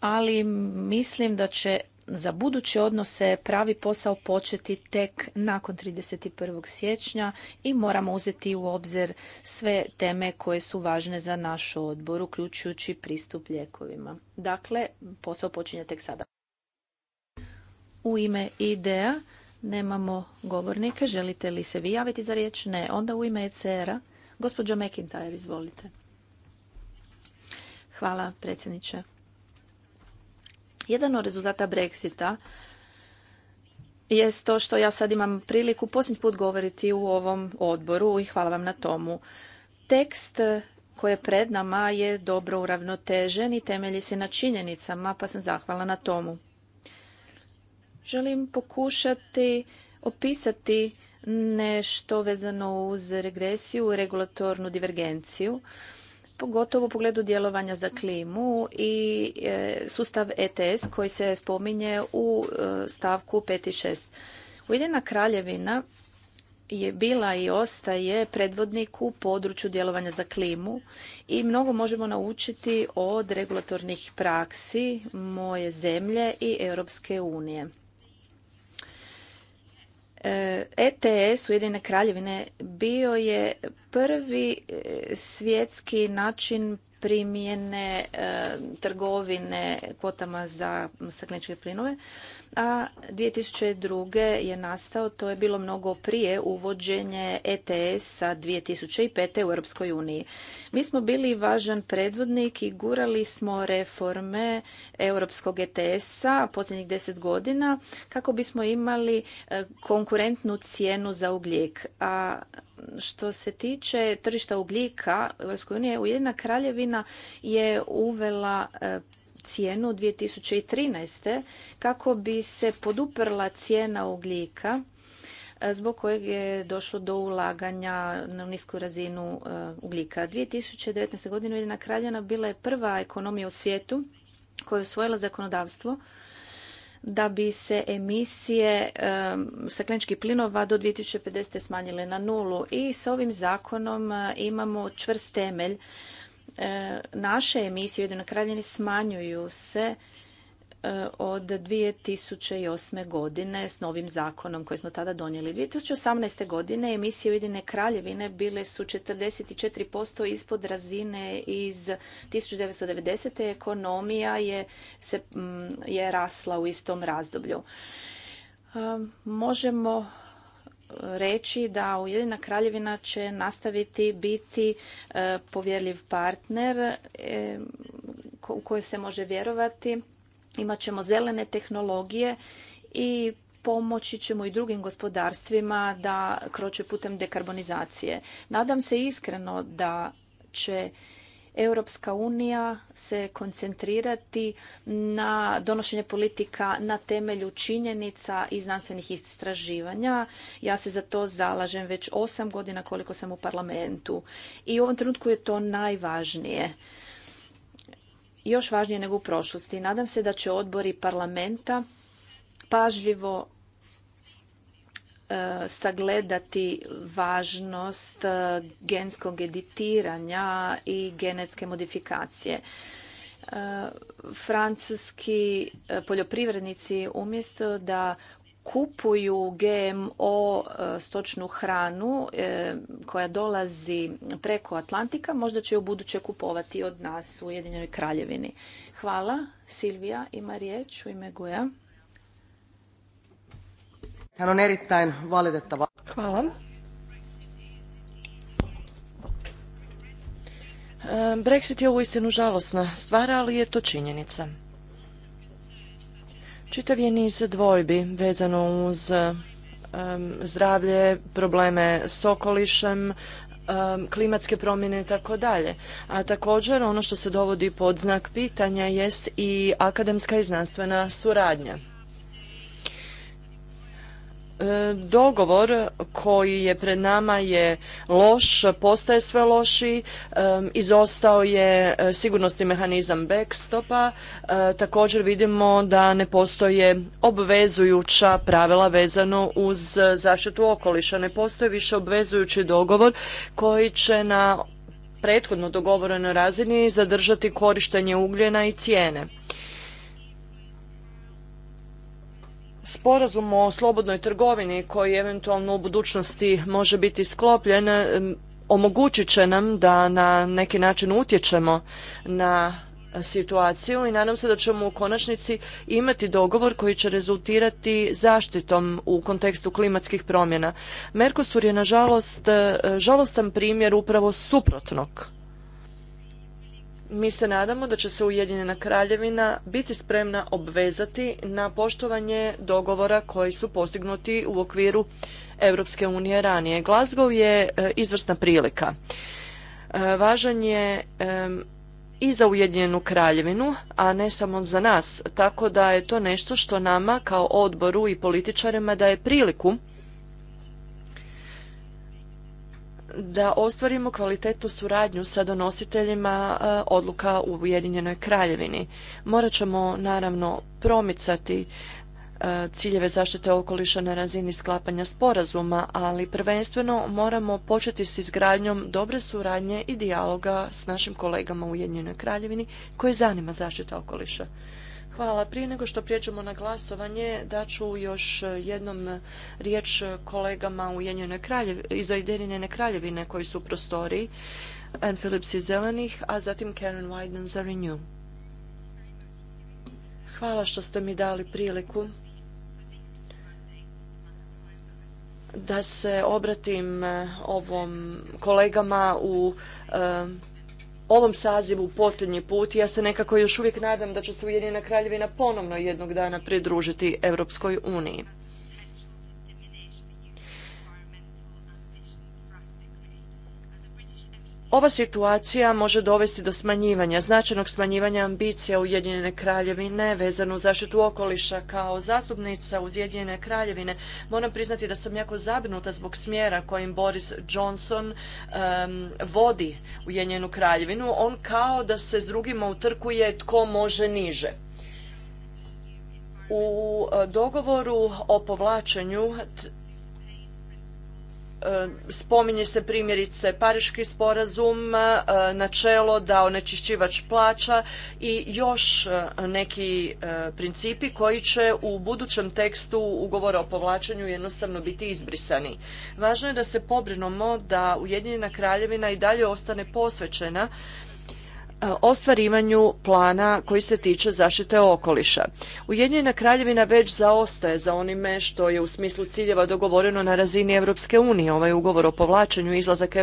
ali mislim da će za buduće odnose pravi posao početi tek nakon 31. siječnja i moramo uzeti u obzir sve teme koje su važne za naš odbor, uključujući pristup ljekovima. Dakle, posao počinje tek sada. U ime IDEA nemamo govornike. Želite li se vi javiti za riječ? Ne. Onda u ime ECR-a, gospođa McIntyre, izvolite. Hvala, predsjedniče. Jedan od rezultata Brexita jest to što ja sad imam priliku posljednji put govoriti u ovom odboru i hvala vam na tomu. Tekst koji je pred nama je dobro uravnotežen i temelji se na činjenicama, pa sam zahvala na tomu. Želim pokušati opisati nešto vezano uz regresiju i regulatornu divergenciju pogotovo u pogledu djelovanja za klimu i e, sustav ETS koji se spominje u e, stavku 5 i 6. Ujedina kraljevina je bila i ostaje predvodnik u području djelovanja za klimu i mnogo možemo naučiti od regulatornih praksi moje zemlje i Europske unije. ETS e Ujedine kraljevine bio je prvi e, svjetski način primjene e, trgovine kvotama za stakleničke plinove a 2002. je nastao, to je bilo mnogo prije uvođenje ETS-a 2005. u Europskoj uniji. Mi smo bili važan predvodnik i gurali smo reforme europskog ETS-a posljednjih deset godina kako bismo imali e, konkurentnu cijenu za ugljik. A što se tiče tržišta ugljika uniji unije, Ujedina Kraljevina je uvela e, cijenu 2013. kako bi se poduprla cijena ugljika e, zbog kojeg je došlo do ulaganja na nisku razinu e, ugljika. 2019. godine Ujedina kraljevina bila je prva ekonomija u svijetu koja je usvojila zakonodavstvo da bi se emisije e, stakleničkih plinova do 2050. smanjile na nulu i s ovim zakonom imamo čvrst temelj E, naše emisije Ujedinjene kraljevine smanjuju se e, od 2008. godine s novim zakonom koji smo tada donijeli. 2018. godine emisije Ujedine kraljevine bile su 44% ispod razine iz 1990. Ekonomija je, se, je rasla u istom razdoblju. E, možemo reći da Ujedina kraljevina će nastaviti biti e, povjerljiv partner e, u kojoj se može vjerovati. Imat ćemo zelene tehnologije i pomoći ćemo i drugim gospodarstvima da kroče putem dekarbonizacije. Nadam se iskreno da će Europska unija se koncentrirati na donošenje politika na temelju činjenica i znanstvenih istraživanja. Ja se za to zalažem već osam godina koliko sam u parlamentu i u ovom trenutku je to najvažnije još važnije nego u prošlosti. Nadam se da će odbori parlamenta pažljivo E, sagledati važnost e, genskog editiranja i genetske modifikacije. E, francuski poljoprivrednici umjesto da kupuju GMO stočnu hranu koja dolazi preko Atlantika, možda će u buduće kupovati od nas u Ujedinjenoj Kraljevini. Hvala. Silvija ima riječ u ime Guja. Brexit je uistinu žalosna stvar, ali je to činjenica. Čitav je niz dvojbi vezano uz zdravlje, probleme s okolišem, klimatske promjene i tako dalje. A također ono što se dovodi pod znak pitanja jest i akademska i znanstvena suradnja. E, dogovor koji je pred nama je loš, postaje sve lošiji, e, izostao je e, sigurnosni mehanizam backstopa, također vidimo da ne postoje obvezujuća pravila vezano uz zaštitu okoliša, ne postoji više obvezujući dogovor koji će na prethodno dogovorenoj razini zadržati korištenje ugljena i cijene. sporazum o slobodnoj trgovini koji eventualno u budućnosti može biti sklopljen omogućit će nam da na neki način utječemo na situaciju i nadam se da ćemo u konačnici imati dogovor koji će rezultirati zaštitom u kontekstu klimatskih promjena. Mercosur je nažalost e, žalostan primjer upravo suprotnog. Mi se nadamo da će se Ujedinjena kraljevina biti spremna obvezati na poštovanje dogovora koji su postignuti u okviru Europske unije ranije. Glasgow je e, izvrsna prilika. E, važan je e, i za Ujedinjenu kraljevinu, a ne samo za nas, tako da je to nešto što nama kao odboru i političarima daje priliku da ostvarimo kvalitetnu suradnju sa donositeljima e, odluka u Ujedinjenoj kraljevini. Morat ćemo naravno promicati e, ciljeve zaštite okoliša na razini sklapanja sporazuma, ali prvenstveno moramo početi s izgradnjom dobre suradnje i dijaloga s našim kolegama u Ujedinjenoj kraljevini koji zanima zaštita okoliša. Hvala. Prije nego što prijeđemo na glasovanje, daću još jednom riječ kolegama u iz Ujedinjene kraljevine koji su u prostoriji, Anne Phillips iz Zelenih, a zatim Karen Wyden za Renew. Hvala što ste mi dali priliku da se obratim eh, ovom kolegama u eh, ovom sazivu posljednji put. Ja se nekako još uvijek nadam da će se Ujedinjena kraljevina ponovno jednog dana pridružiti Europskoj uniji. Ova situacija može dovesti do smanjivanja, značajnog smanjivanja ambicija Ujedinjene kraljevine vezano u zaštitu okoliša. Kao zastupnica Ujedinjene kraljevine moram priznati da sam jako zabrinuta zbog smjera kojim Boris Johnson vodi Ujedinjenu kraljevinu. On kao da se s drugima utrkuje tko može niže. U e, dogovoru o povlačenju E, spominje se primjerice Pariški sporazum, e, načelo da onečišćivač plaća i još e, neki principi koji će u budućem tekstu ugovora o povlačenju jednostavno biti izbrisani. Važno je da se pobrinemo da Ujedinjena kraljevina i dalje ostane posvećena E, ostvarivanju plana koji se tiče zaštite okoliša. Ujedinjena kraljevina već zaostaje za onime što je u smislu ciljeva dogovoreno na razini Europske unije. Ovaj ugovor o povlačenju izlazak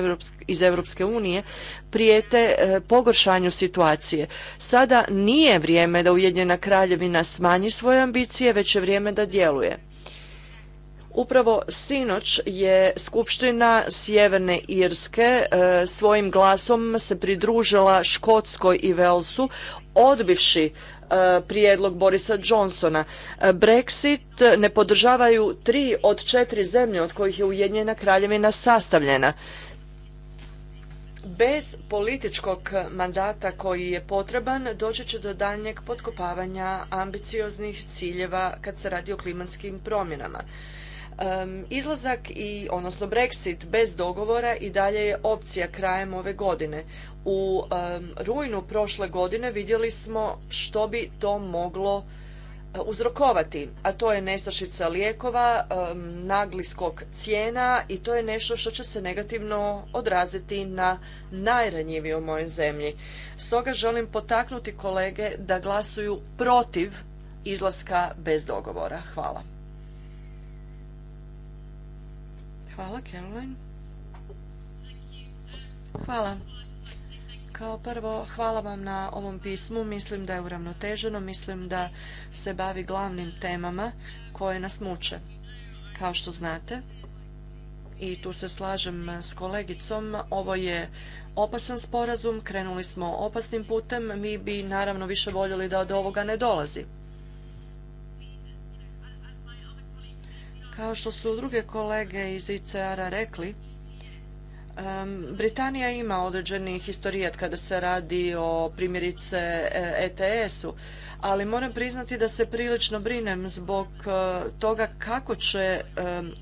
iz Europske unije prijete e, pogoršanju situacije. Sada nije vrijeme da Ujedinjena kraljevina smanji svoje ambicije, već je vrijeme da djeluje. Upravo sinoć je Skupština Sjeverne Irske e, svojim glasom se pridružila Škotskoj i Velsu odbivši e, prijedlog Borisa Johnsona. E, Brexit ne podržavaju tri od četiri zemlje od kojih je Ujedinjena kraljevina sastavljena. Bez političkog mandata koji je potreban doći će do daljnjeg potkopavanja ambicioznih ciljeva kad se radi o klimatskim promjenama. Izlazak i, odnosno Brexit bez dogovora i dalje je opcija krajem ove godine. U rujnu prošle godine vidjeli smo što bi to moglo e, uzrokovati, a to je nestašica lijekova, nagli skok cijena i to je nešto što će se negativno odraziti na najranjivije u mojoj zemlji. Stoga želim potaknuti kolege da glasuju protiv izlaska bez dogovora. Hvala. Hvala, Caroline. Hvala. Kao prvo, hvala vam na ovom pismu. Mislim da je uravnoteženo, mislim da se bavi glavnim temama koje nas muče. Kao što znate, i tu se slažem s kolegicom, ovo je opasan sporazum, krenuli smo opasnim putem, mi bi naravno više voljeli da do ovoga ne dolazi. Kao što su druge kolege iz ICR-a rekli, Britanija ima određeni historijat kada se radi o primjerice ETS-u, e ali moram priznati da se prilično brinem zbog e, toga kako će e,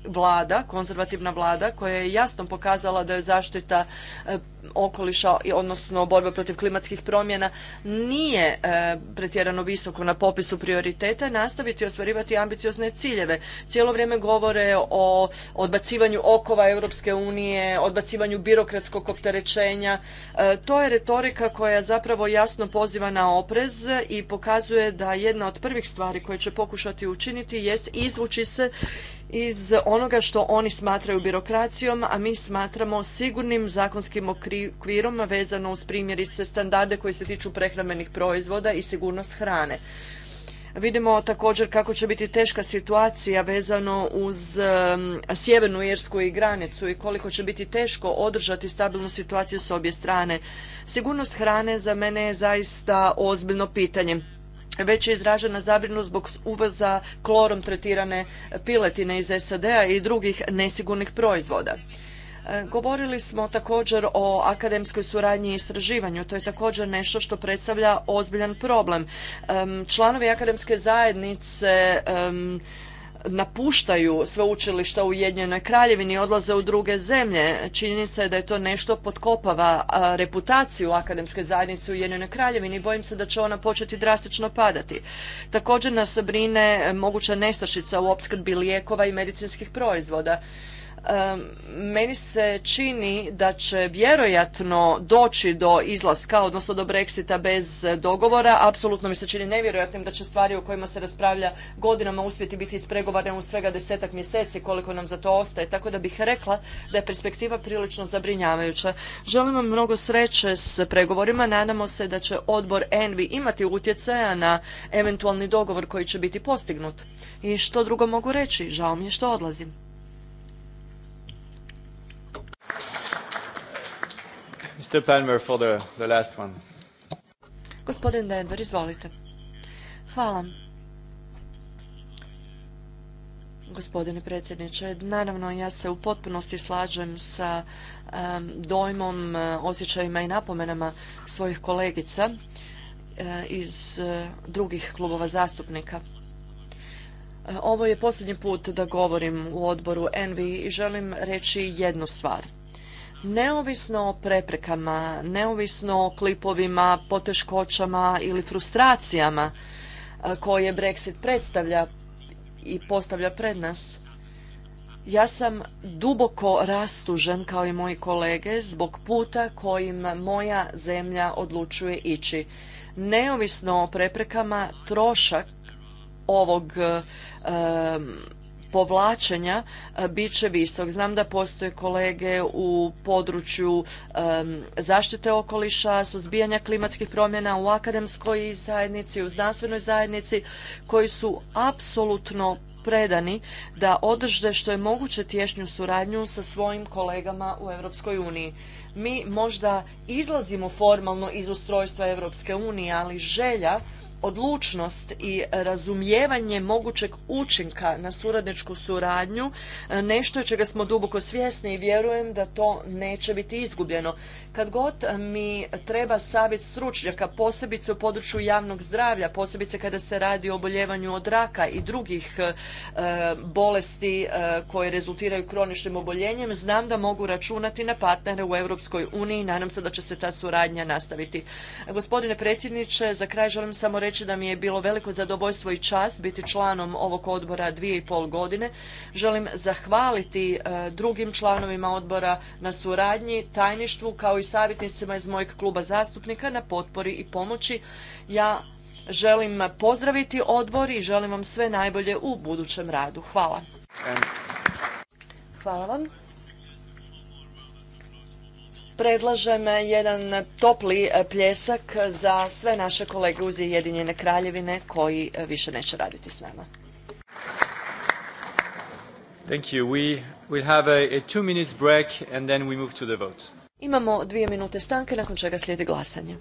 vlada, konzervativna vlada koja je jasno pokazala da je zaštita e, okoliša, odnosno borba protiv klimatskih promjena nije pretjerano visoko na popisu prioriteta, nastaviti ostvarivati ambiciozne ciljeve. Cijelo vrijeme govore o odbacivanju okova Europske unije, odbacivanju birokratskog opterećenja. To je retorika koja zapravo jasno poziva na oprez i pokazuje pokazuje da jedna od prvih stvari koje će pokušati učiniti jest izvući se iz onoga što oni smatraju birokracijom, a mi smatramo sigurnim zakonskim okvirom vezano uz primjerice standarde koji se tiču prehrambenih proizvoda i sigurnost hrane. Vidimo također kako će biti teška situacija vezano uz Sjevernu Irsku i granicu i koliko će biti teško održati stabilnu situaciju s obje strane. Sigurnost hrane za mene je zaista ozbiljno pitanje već je izražena zabrinutost zbog uvoza klorom tretirane piletine iz SAD-a i drugih nesigurnih proizvoda. E, govorili smo također o akademskoj suradnji i istraživanju. To je također nešto što predstavlja ozbiljan problem. Članovi akademske zajednice napuštaju sveučilišta u Ujedinjenoj kraljevini i odlaze u druge zemlje. Čini se da je to nešto podkopava reputaciju akademske zajednice u Ujedinjenoj kraljevini i bojim se da će ona početi drastično padati. Također nas brine moguća nestašica u opskrbi lijekova i medicinskih proizvoda meni se čini da će vjerojatno doći do izlaska, odnosno do Brexita bez dogovora. Apsolutno mi se čini nevjerojatnim da će stvari o kojima se raspravlja godinama uspjeti biti ispregovarane u svega desetak mjeseci koliko nam za to ostaje. Tako da bih rekla da je perspektiva prilično zabrinjavajuća. Želim vam mnogo sreće s pregovorima. Nadamo se da će odbor Envi imati utjecaja na eventualni dogovor koji će biti postignut. I što drugo mogu reći? Žao mi je što odlazim. izvolite. Hvala. Gospodine predsjedniče, naravno ja se u potpunosti slažem sa dojmom, e, osjećajima i napomenama svojih kolegica e, iz e, drugih klubova zastupnika. ovo je posljednji put da govorim u odboru Envi i želim reći jednu stvar. Neovisno o preprekama, neovisno o klipovima, poteškoćama ili frustracijama e, koje Brexit predstavlja i postavlja pred nas, ja sam duboko rastužen kao i moji kolege zbog puta kojim moja zemlja odlučuje ići. Neovisno o preprekama, trošak ovog e, povlačenja e, bit će visok. Znam da postoje kolege u području zaštite okoliša, suzbijanja klimatskih promjena u akademskoj zajednici, u znanstvenoj zajednici koji su apsolutno predani da održe što je moguće tješnju suradnju sa svojim kolegama u Europskoj uniji. Mi možda izlazimo formalno iz ustrojstva Europske unije, ali želja odlučnost i razumijevanje mogućeg učinka na suradničku suradnju e, nešto je čega smo duboko svjesni i vjerujem da to neće biti izgubljeno. Kad god mi treba savjet stručnjaka, posebice u području javnog zdravlja, posebice kada se radi o oboljevanju od raka i drugih e, bolesti e, koje rezultiraju kroničnim oboljenjem, znam da mogu računati na partnere u Europskoj uniji i nadam se da će se ta suradnja nastaviti. Gospodine predsjedniče, za kraj želim samo reći reći da mi je bilo veliko zadovoljstvo i čast biti članom ovog odbora dvije i pol godine. Želim zahvaliti e, drugim članovima odbora na suradnji, tajništvu kao i savjetnicima iz mojeg kluba zastupnika na potpori i pomoći. Ja želim pozdraviti odbor i želim vam sve najbolje u budućem radu. Hvala. Hvala vam predlažem jedan topli e, pljesak za sve naše kolege uz Jedinjene kraljevine koji e, više neće raditi s nama. Thank you. We will have a, minutes break and then we move to the Imamo dvije minute stanke nakon čega slijedi glasanje.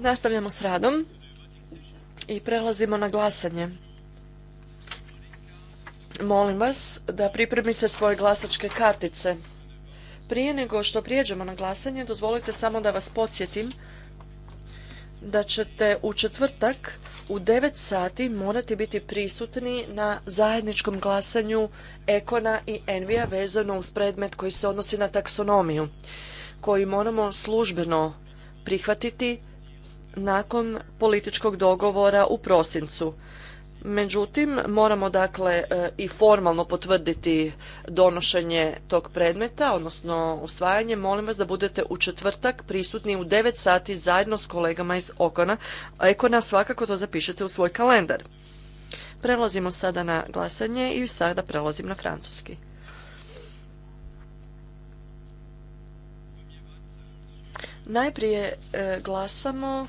Nastavljamo s radom i prelazimo na glasanje. Molim vas da pripremite svoje glasačke kartice. Prije nego što prijeđemo na glasanje, dozvolite samo da vas podsjetim da ćete u četvrtak u 9 sati morati biti prisutni na zajedničkom glasanju Ekona i Envija vezano uz predmet koji se odnosi na taksonomiju koji moramo službeno prihvatiti nakon političkog dogovora u prosincu. Međutim, moramo dakle e, i formalno potvrditi donošenje tog predmeta, odnosno usvajanje. Molim vas da budete u četvrtak prisutni u 9 sati zajedno s kolegama iz Okona. Ekona svakako to zapišete u svoj kalendar. Prelazimo sada na glasanje i sada prelazim na francuski. Najprije e, glasamo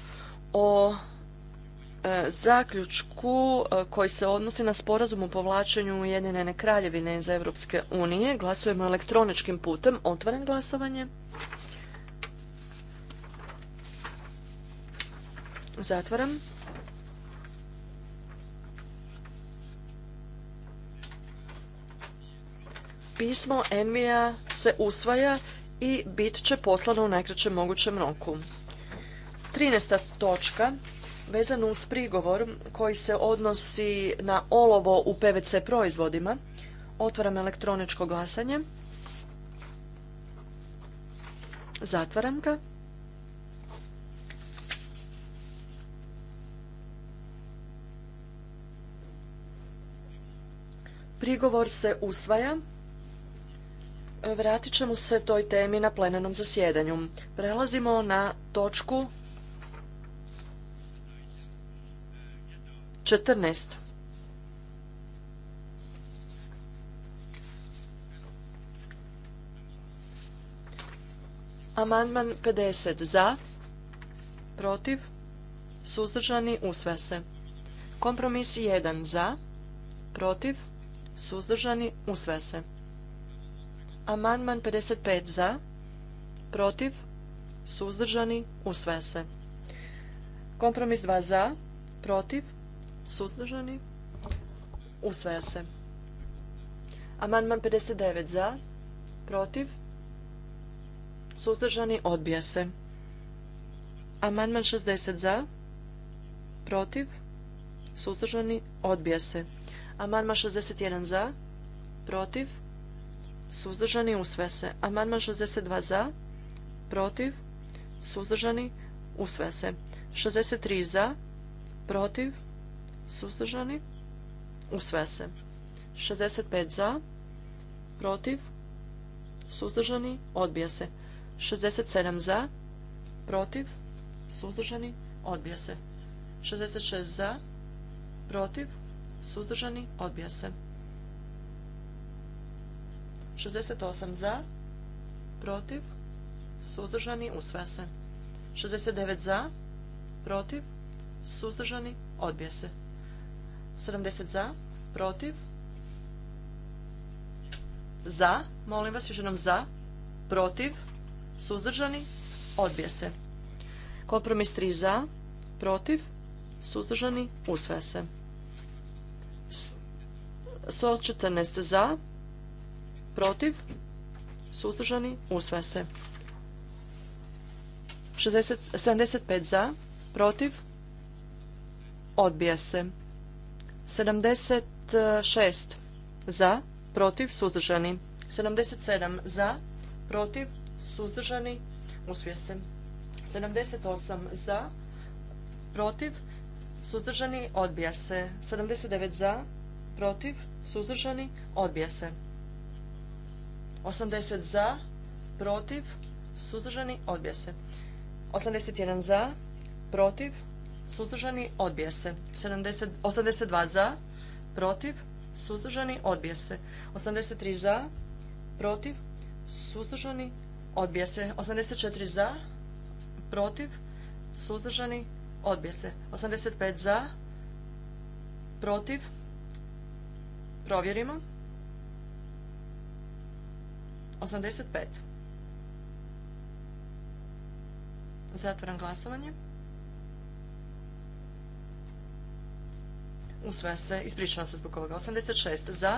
o e, zaključku e, koji se odnosi na sporazum o povlačenju Ujedinjene kraljevine iz Europske unije. Glasujemo elektroničkim putem. Otvaram glasovanje. Zatvaram. Pismo Envija se usvaja i bit će poslano u najkraćem mogućem roku. 13. točka vezano uz prigovor koji se odnosi na olovo u PVC proizvodima. Otvaram elektroničko glasanje. Zatvaram ga. Prigovor se usvaja. Vratit ćemo se toj temi na plenarnom zasjedanju. Prelazimo na točku 14. Amandman 50 za, protiv, suzdržani, usvaja se. Kompromis 1 za, protiv, suzdržani, usvaja se. Amandman 55 za, protiv, suzdržani, usvaja se. Kompromis 2 za, protiv, suzdržani, usvaja se. Amandman 59 za, protiv, suzdržani, odbija se. Amandman 60 za, protiv, suzdržani, odbija se. Amandman 61 za, protiv, suzdržani, usve se. Amandman 62 za, protiv, suzdržani, usvaja se. 63 za, protiv, suzdržani, usvaja se. 65 za, protiv, suzdržani, odbija se. 67 za, protiv, suzdržani, odbija se. 66 za, protiv, suzdržani, odbija se. 68 za, protiv, suzdržani, usvaja se. 69 za, protiv, suzdržani, odbija se. 70 za, protiv, za, molim vas još jednom za, protiv, suzdržani, odbije se. Kompromis 3 za, protiv, suzdržani, usvaja se. 114 za, protiv, suzdržani, usvaja se. 75 za, protiv, odbija se. 76 za, protiv, suzdržani. 77 za, protiv, suzdržani, usvaja se. 78 za, protiv, suzdržani, odbija se. 79 za, protiv, suzdržani, odbija se. 80 za, protiv, suzdržani, odbija se. 81 za, protiv, suzdržani, odbija se. 70, 82 za, protiv, suzdržani, odbija se. 83 za, protiv, suzdržani, odbija se. 84 za, protiv, suzdržani, odbija se. 85 za, protiv, provjerimo. 85. Zatvoram glasovanje. Usvaja se, ispričavam se zbog ovoga. 86 za,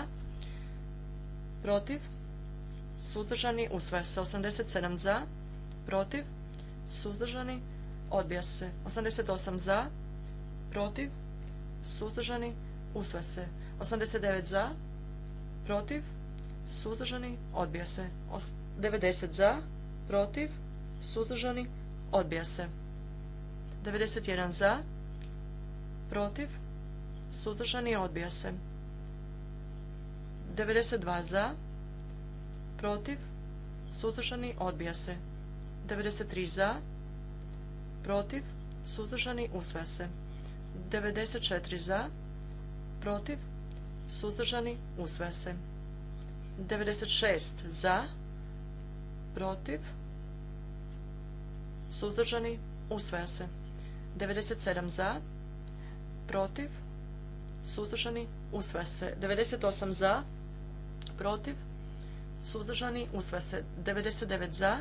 protiv, suzdržani, usvaja se. 87 za, protiv, suzdržani, odbija se. 88 za, protiv, suzdržani, usvaja se. 89 za, protiv, suzdržani, odbija se. 90 za, protiv, suzdržani, odbija se. 91 za, protiv, suzdržani, odbija se. 92 za, protiv, suzdržani, odbija se. 93 za, protiv, suzdržani, usvaja se. 94 za, protiv, suzdržani, usvaja se. 96 za, protiv, suzdržani, usvaja se. 97 za, protiv, suzdržani, usvaja se. 98 za, protiv, suzdržani, usvaja se. 99 za,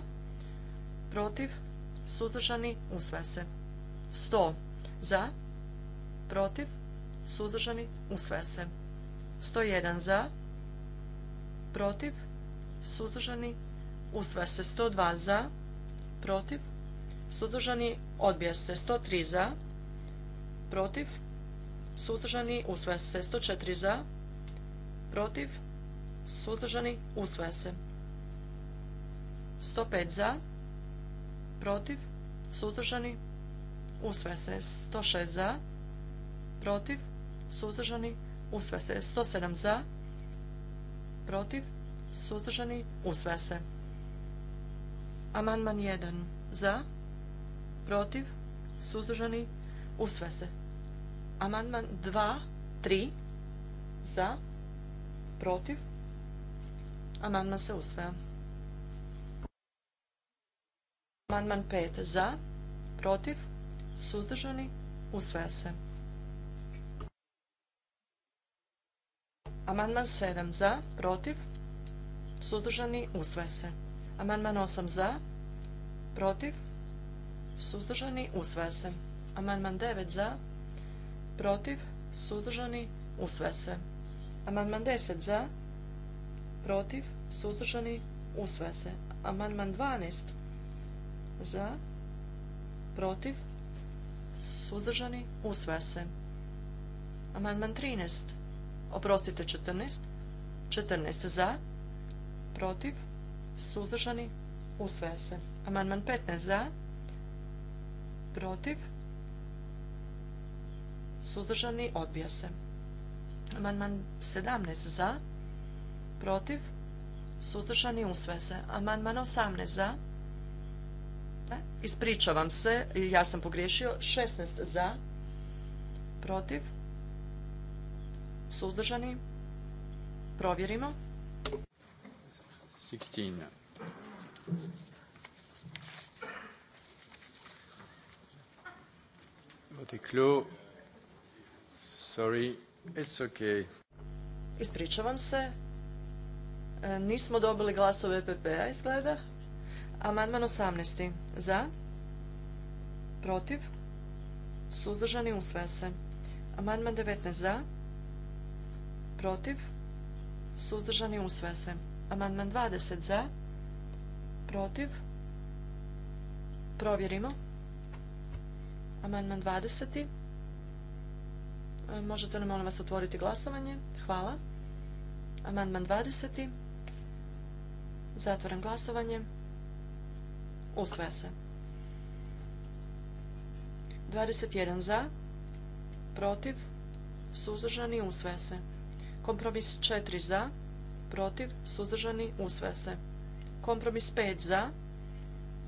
protiv, suzdržani, usvaja se. 100 za, protiv, suzdržani, usvaja se. 101 za, protiv, suzdržani, usve se 102 za, protiv, suzdržani, odbija se 103 za, protiv, suzdržani, usvaja se 104 za, protiv, suzdržani, usve se 105 za, protiv, suzdržani, usve se 106 za, protiv, suzdržani, usve se 107 za, protiv, suzdržani, usvaja se. Amandman 1 za, protiv, suzdržani, usve se. Amandman 2, 3 za, protiv, amandman se usvaja. Amandman 5 za, protiv, suzdržani, usvaja se. Amandman 7 za, protiv, suzdržani, usvaja se. Amandman 8 za, protiv, suzdržani, usvaja se. Amandman 9 za, protiv, suzdržani, usvaja se. Amandman 10 za, protiv, suzdržani, usvaja se. Amandman 12 za, protiv, suzdržani, usvaja se. Amandman 13 oprostite 14, 14 za, protiv, suzdržani, usvaja se. Amandman 15 za, protiv, suzdržani, odbija se. Amandman 17 za, protiv, suzdržani, usvaja se. Amandman 18 za, ispričavam se, ja sam pogriješio, 16 za, protiv, Suzdržani? Provjerimo. 16. Ispričavam se. E, nismo dobili glasove EPP-a, izgleda. Amandman 18. Za? Protiv? Suzdržani usvaja se. Amandman 19. Za? protiv, suzdržani, usvaja se. Amandman 20 za, protiv, provjerimo. Amandman 20. E, možete li molim vas otvoriti glasovanje? Hvala. Amandman 20. Zatvaram glasovanje. Usvaja se. 21 za, protiv, suzdržani, usvaja se. Kompromis 4 za, protiv, suzdržani, usvaja se. Kompromis 5 za,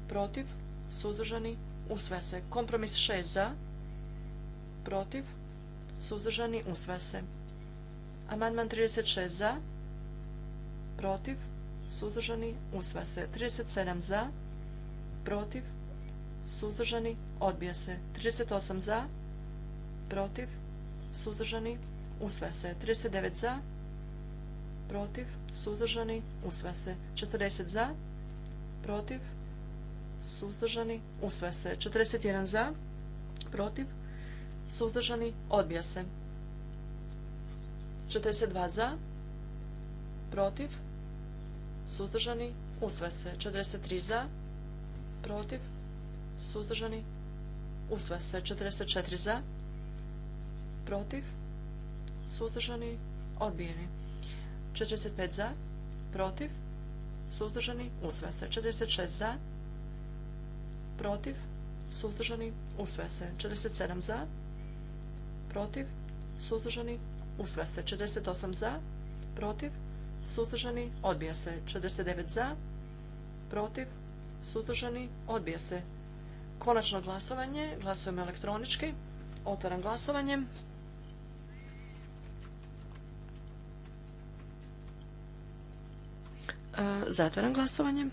protiv, suzdržani, usvaja se. Kompromis 6 za, protiv, suzdržani, usvaja se. Amandman 36 za, protiv, suzdržani, usvaja se. 37 za, protiv, suzdržani, odbija se. 38 za, protiv, suzdržani, usve se. 39 za, protiv, suzdržani, usve se. 40 za, protiv, suzdržani, usve se. 41 za, protiv, suzdržani, odbija se. 42 za, protiv, suzdržani, usve se. 43 za, protiv, suzdržani, usve se. 44 za, protiv, suzdržani, odbijeni. 45 za, protiv, suzdržani, usve se. 46 za, protiv, suzdržani, usve se. 47 za, protiv, suzdržani, usve se. 48 za, protiv, suzdržani, odbija se. 49 za, protiv, suzdržani, odbija se. Konačno glasovanje, glasujemo elektronički, otvaram glasovanje. E, zatvaram glasovanje.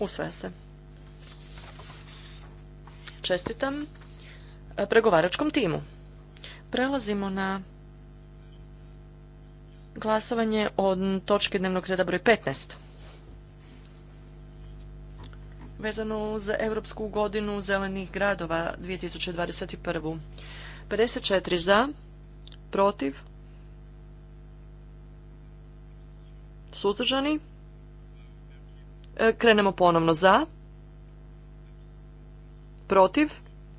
Usvaja se. Čestitam e, pregovaračkom timu. Prelazimo na glasovanje od točke dnevnog reda broj 15. Vezano uz Europsku godinu zelenih gradova 2021. 54 za, protiv, Suzdržani? E, krenemo ponovno za. Protiv?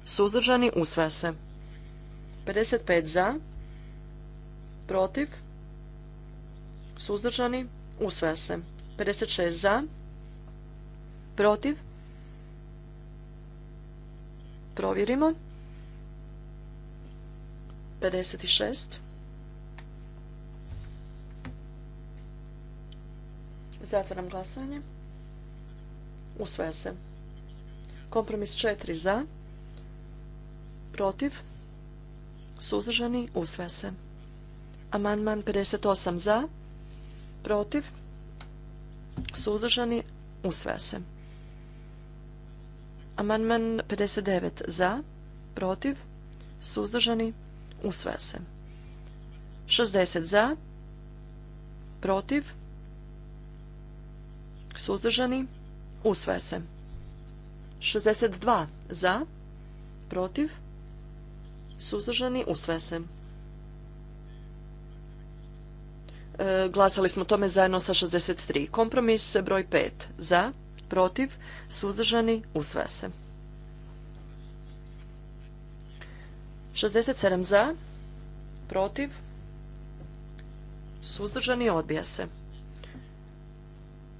Suzdržani? Usvaja se. 55 za. Protiv? Suzdržani? Usvaja se. 56 za. Protiv? Provjerimo. 56. Zatvaram glasovanje. Usvaja se. Kompromis 4 za. Protiv. Suzdržani. Usvaja se. Amandman 58 za. Protiv. Suzdržani. Usvaja se. Amandman 59 za. Protiv. Suzdržani. Usvaja se. 60 za. Protiv. Suzdržani? Usvaja se. 62 za, protiv, suzdržani, usvaja se. E, glasali smo tome zajedno sa 63. Kompromis broj 5 za, protiv, suzdržani, usvaja se. 67 za, protiv, suzdržani, odbija se.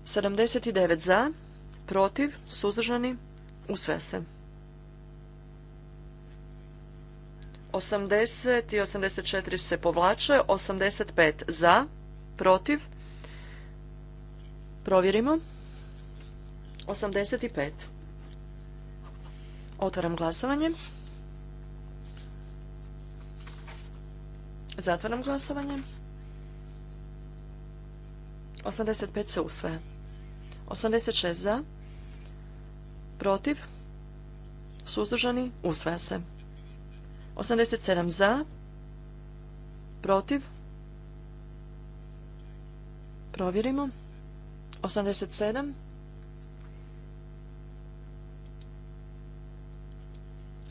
79 za, protiv, suzdržani, usvaja se. 80 i 84 se povlače, 85 za, protiv, provjerimo, 85. Otvaram glasovanje. Zatvaram glasovanje. 85 se usvaja. 86 za, protiv, suzdržani, usvaja se. 87 za, protiv, provjerimo. 87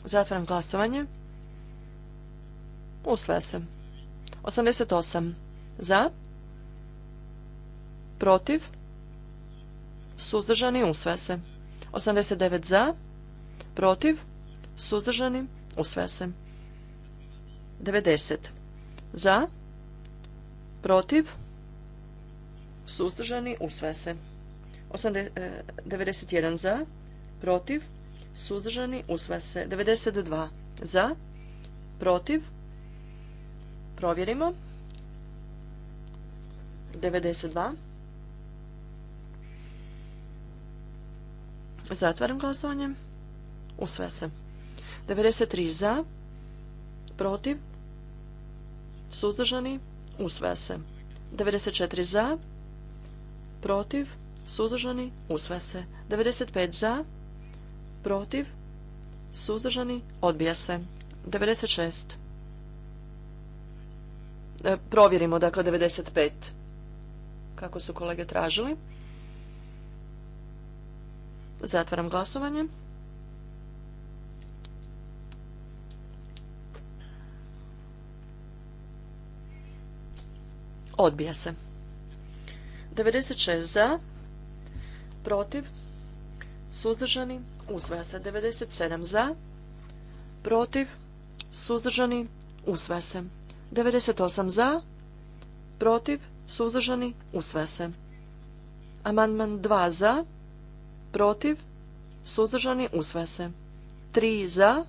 Zatvaram glasovanje. Usvaja se. 88. Za. Protiv suzdržani, usvaja se. 89 za, protiv, suzdržani, usvaja se. 90 za, protiv, suzdržani, usvaja se. 91 eh, za, protiv, suzdržani, usvaja se. 92 za, protiv, provjerimo. 92 Zatvaram glasovanje. Usve se. 93 za, protiv, suzdržani, usvaja se. 94 za, protiv, suzdržani, usvaja se. 95 za, protiv, suzdržani, odbija se. 96. E, provjerimo, dakle, 95. Kako su kolege tražili. Zatvaram glasovanje. Odbija se. 96 za, protiv, suzdržani, usvaja se. 97 za, protiv, suzdržani, usvaja se. 98 za, protiv, suzdržani, usvaja se. Amandman 2 za, protiv, suzdržani, usvaja se. 3 za,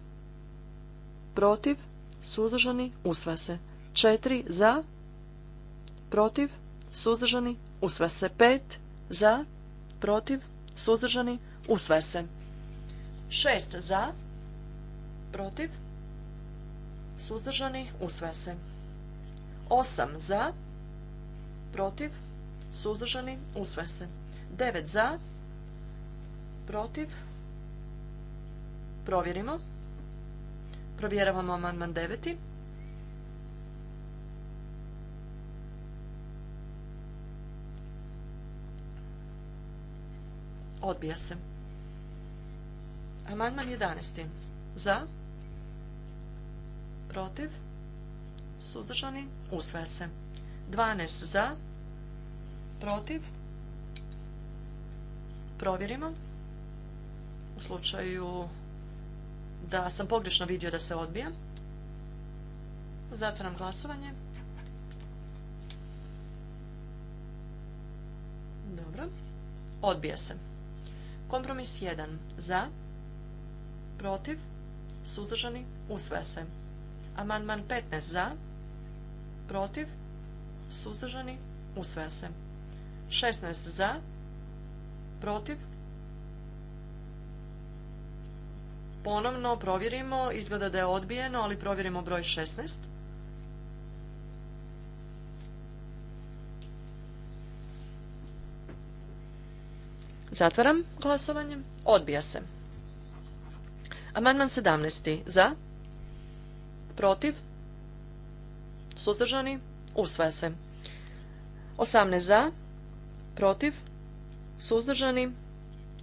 protiv, suzdržani, usvaja se. 4 za, protiv, suzdržani, usvaja se. 5 za, protiv, suzdržani, usvaja se. 6 za, protiv, suzdržani, usvaja se. 8 za, protiv, suzdržani, usvaja se. 9 za, Protiv? Provjerimo. Provjeravamo amandman 9. Odbija se. Amandman 11. Za? Protiv? Suzdržani? Usvaja se. 12 za? Protiv? Provjerimo u slučaju da sam pogrešno vidio da se odbija. Zatvaram glasovanje. Dobro. Odbija se. Kompromis 1. Za. Protiv. Suzdržani. Usvaja se. Amandman 15. Za. Protiv. Suzdržani. Usvaja se. 16. Za. Protiv. Ponovno provjerimo, izgleda da je odbijeno, ali provjerimo broj 16. Zatvaram glasovanje. Odbija se. Amandman 17. Za? Protiv? Suzdržani? Usvaja se. 18 za, protiv, suzdržani.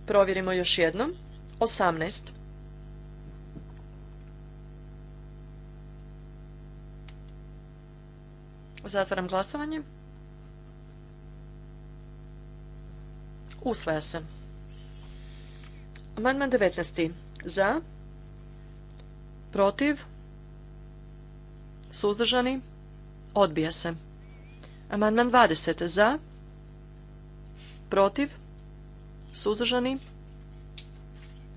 Provjerimo još jednom. 18. Zatvaram glasovanje. Usvaja se. Amandman 19. Za. Protiv. Suzdržani. Odbija se. Amandman 20. Za. Protiv. Suzdržani.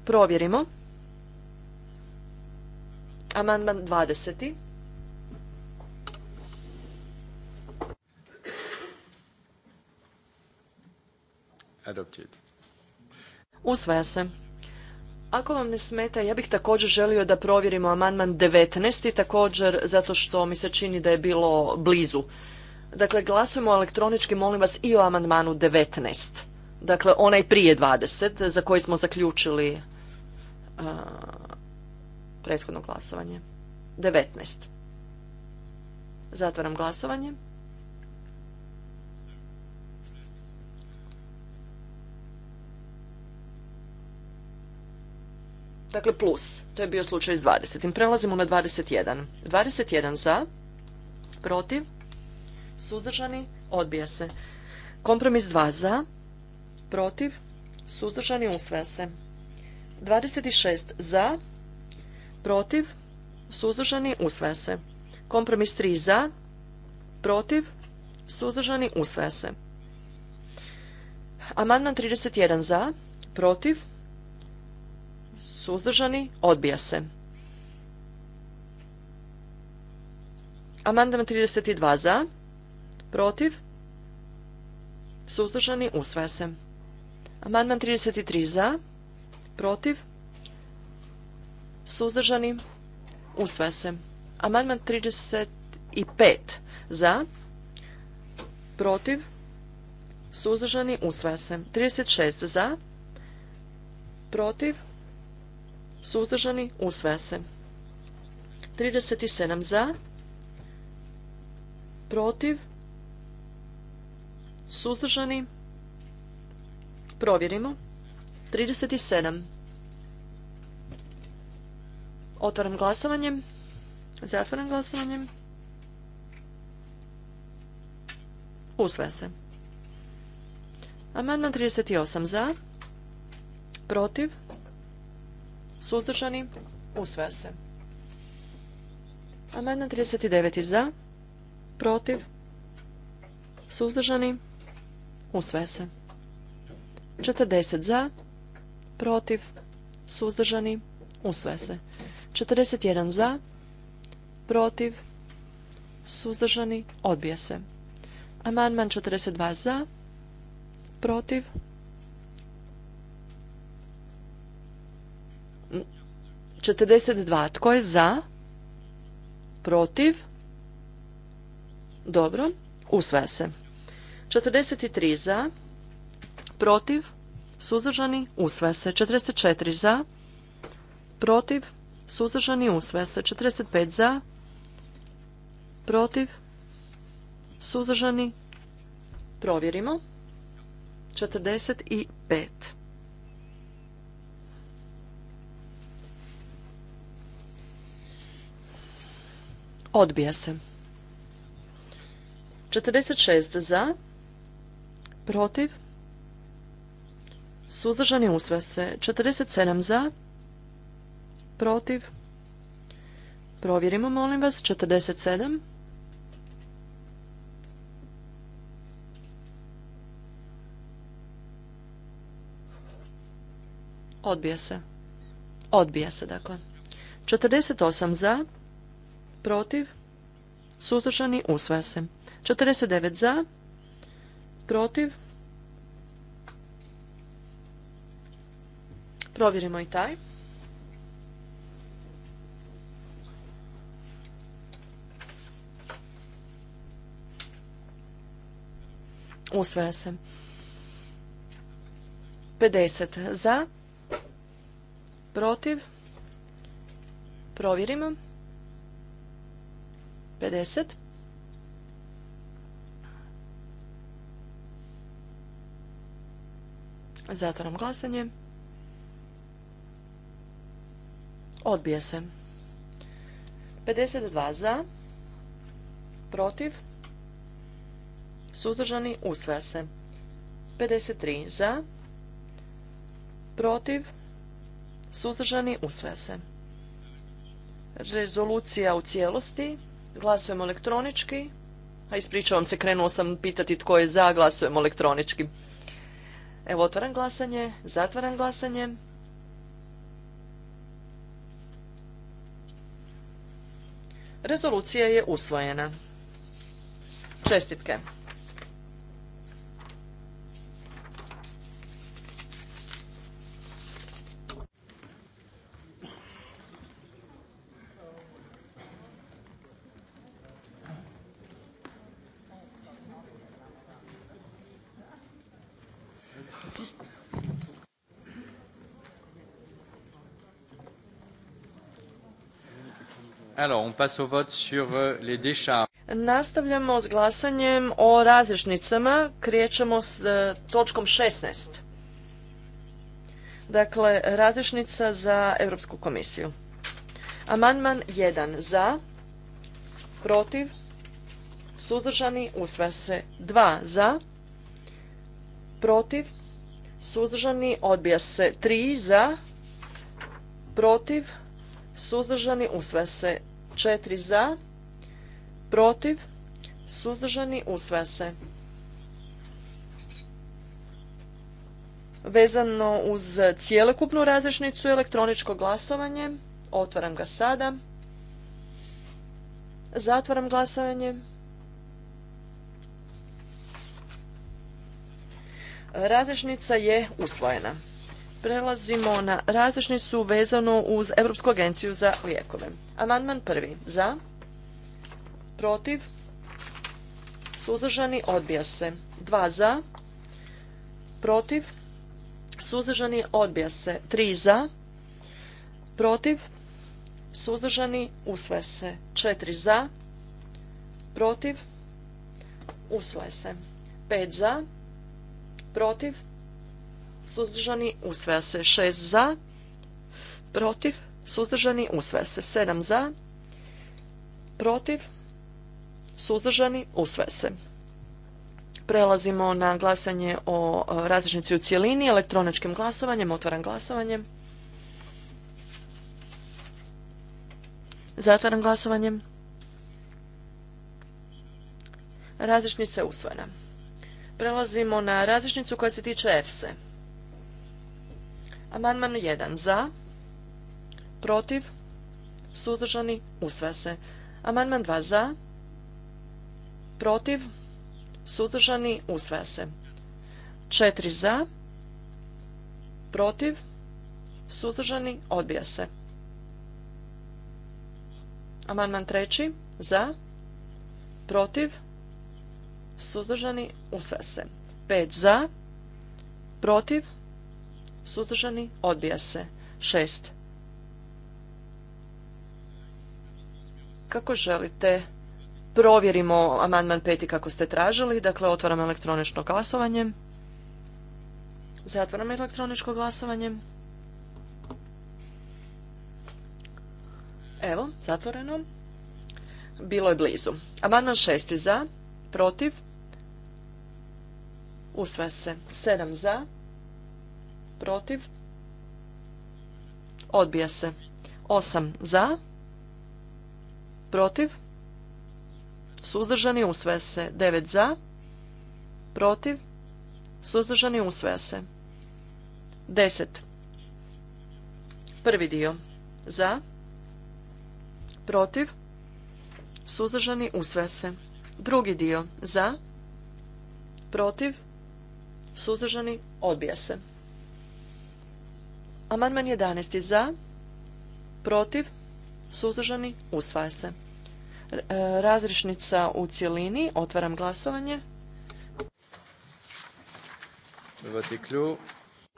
Provjerimo. Amandman 20. Usvaja se. Ako vam ne smeta, ja bih također želio da provjerimo amandman 19. također zato što mi se čini da je bilo blizu. Dakle, glasujemo elektronički, molim vas, i o amandmanu 19. Dakle, onaj prije 20, za koji smo zaključili uh, prethodno glasovanje. 19. Zatvaram glasovanje. Dakle, plus. To je bio slučaj s 20. Prelazimo na 21. 21 za, protiv, suzdržani, odbija se. Kompromis 2 za, protiv, suzdržani, usvaja se. 26 za, protiv, suzdržani, usvaja se. Kompromis 3 za, protiv, suzdržani, usvaja se. Amandman 31 za, protiv, Suzdržani? Odbija se. Amandman 32 za. Protiv? Suzdržani? Usvaja se. Amandman 33 za. Protiv? Suzdržani? Usvaja se. Amandman 35 za. Protiv? Suzdržani? Usvaja se. 36 za. Protiv? suzdržani, usvaja se. 37 za, protiv, suzdržani, provjerimo. 37. Otvaram glasovanje. Zatvaram glasovanje. Usvaja se. Amandman 38 za, protiv, Suzdržani? Usvaja se. Amandman 39. Za? Protiv? Suzdržani? Usvaja se. 40. Za? Protiv? Suzdržani? Usvaja se. 41. Za? Protiv? Suzdržani? Odbija se. Amandman 42. Za? Protiv? 42. Tko je za? Protiv? Dobro. Usvaja se. 43 za. Protiv? Suzdržani? Usvaja se. 44 za. Protiv? Suzdržani? Usvaja se. 45 za. Protiv? Suzdržani? Provjerimo. 45. Odbija se. 46 za, protiv, suzdržani usva se. 47 za, protiv, provjerimo molim vas, 47. Odbija se. Odbija se, dakle. 48 za, protiv, suzdržani, usvaja se. 49 za, protiv, provjerimo i taj. Usvaja se. 50 za, protiv, provjerimo. 50. Zatvaram glasanje. Odbije se. 52 za, protiv, suzdržani, usvaja se. 53 za, protiv, suzdržani, usvaja se. Rezolucija u cijelosti, Glasujemo elektronički. A ispričavam se, krenuo sam pitati tko je za, glasujemo elektronički. Evo, otvaram glasanje, zatvaram glasanje. Rezolucija je usvojena. Čestitke. Alors, on euh, Nastavljamo s glasanjem o razrešnicama. Krećemo s e, točkom 16. Dakle, razrešnica za Europsku komisiju. Amandman 1 za, protiv, suzdržani, usvaja se 2 za, protiv, suzdržani, odbija se 3 za, protiv, suzdržani, usvaja se 4 za, protiv, suzdržani, usvaja se. Vezano uz cjelokupnu različnicu elektroničko glasovanje, otvaram ga sada, zatvaram glasovanje. razrješnica je usvojena. Prelazimo na su vezano uz Europsku agenciju za lijekove. Amandman prvi. Za. Protiv. Suzdržani. Odbija se. Dva za. Protiv. Suzdržani. Odbija se. Tri za. Protiv. Suzdržani. usvoje se. Četiri za. Protiv. usvoje se. Pet za. Protiv suzdržani, usvaja se 6 za, protiv, suzdržani, usvaja se 7 za, protiv, suzdržani, usvaja se. Prelazimo na glasanje o e, različnici u cjelini, elektroničkim glasovanjem, otvaram glasovanje. Zatvaram glasovanje. Različnica je usvojena. Prelazimo na različnicu koja se tiče EFSE. Amandman 1 za, protiv, suzdržani, usvaja se. Amandman 2 za, protiv, suzdržani, usvaja se. 4 za, protiv, suzdržani, odbija se. Amandman 3 za, protiv, suzdržani, usvaja se. 5 za, protiv, Suzdržani? Odbija se. Šest. Kako želite? Provjerimo amandman 5 kako ste tražili. Dakle, otvaram elektronično glasovanje. Zatvaram elektroničko glasovanje. Evo, zatvoreno. Bilo je blizu. Amandman 6 za, protiv, Usve se. Sedam za, protiv, odbija se. 8 za, protiv, suzdržani usvaja se. 9 za, protiv, suzdržani usvaja se. 10. Prvi dio za, protiv, suzdržani usvaja se. Drugi dio za, protiv, suzdržani odbija se. Amandman 11. za, protiv, suzdržani, usvaja se. E, Razrišnica u cjelini, otvaram glasovanje.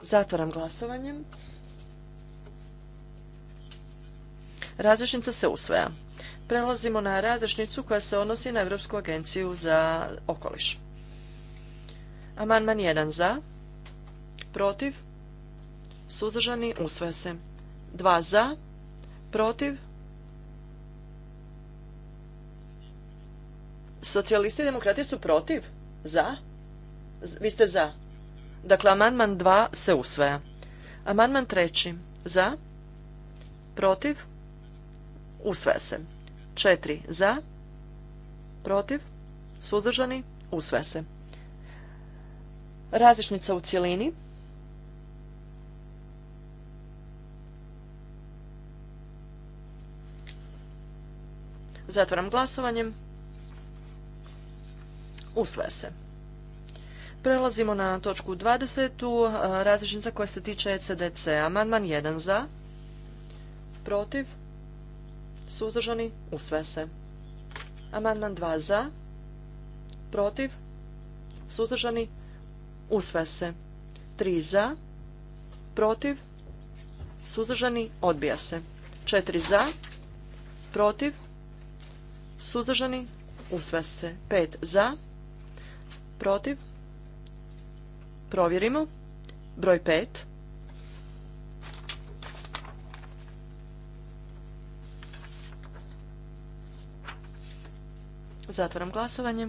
Zatvaram glasovanje. Razrišnica se usvaja. Prelazimo na razrišnicu koja se odnosi na Europsku agenciju za okoliš. Amandman 1 za, protiv, suzdržani, usvaja se. Dva za, protiv, socijalisti i demokrati su protiv, za, vi ste za. Dakle, amandman 2 se usvaja. Amandman treći. za, protiv, usvaja se. 4 za, protiv, suzdržani, usvaja se. Različnica u cjelini. Zatvaram glasovanje. Usvaja se. Prelazimo na točku 20. Različnica koja se tiče ECDC. Amandman 1 za. Protiv. Suzdržani. Usvaja se. Amandman 2 za. Protiv. Suzdržani. Usvaja se. 3 za. Protiv. Suzdržani. Odbija se. 4 za. Protiv suzdržani, usve se. 5 za, protiv, provjerimo, broj 5. Zatvaram glasovanje.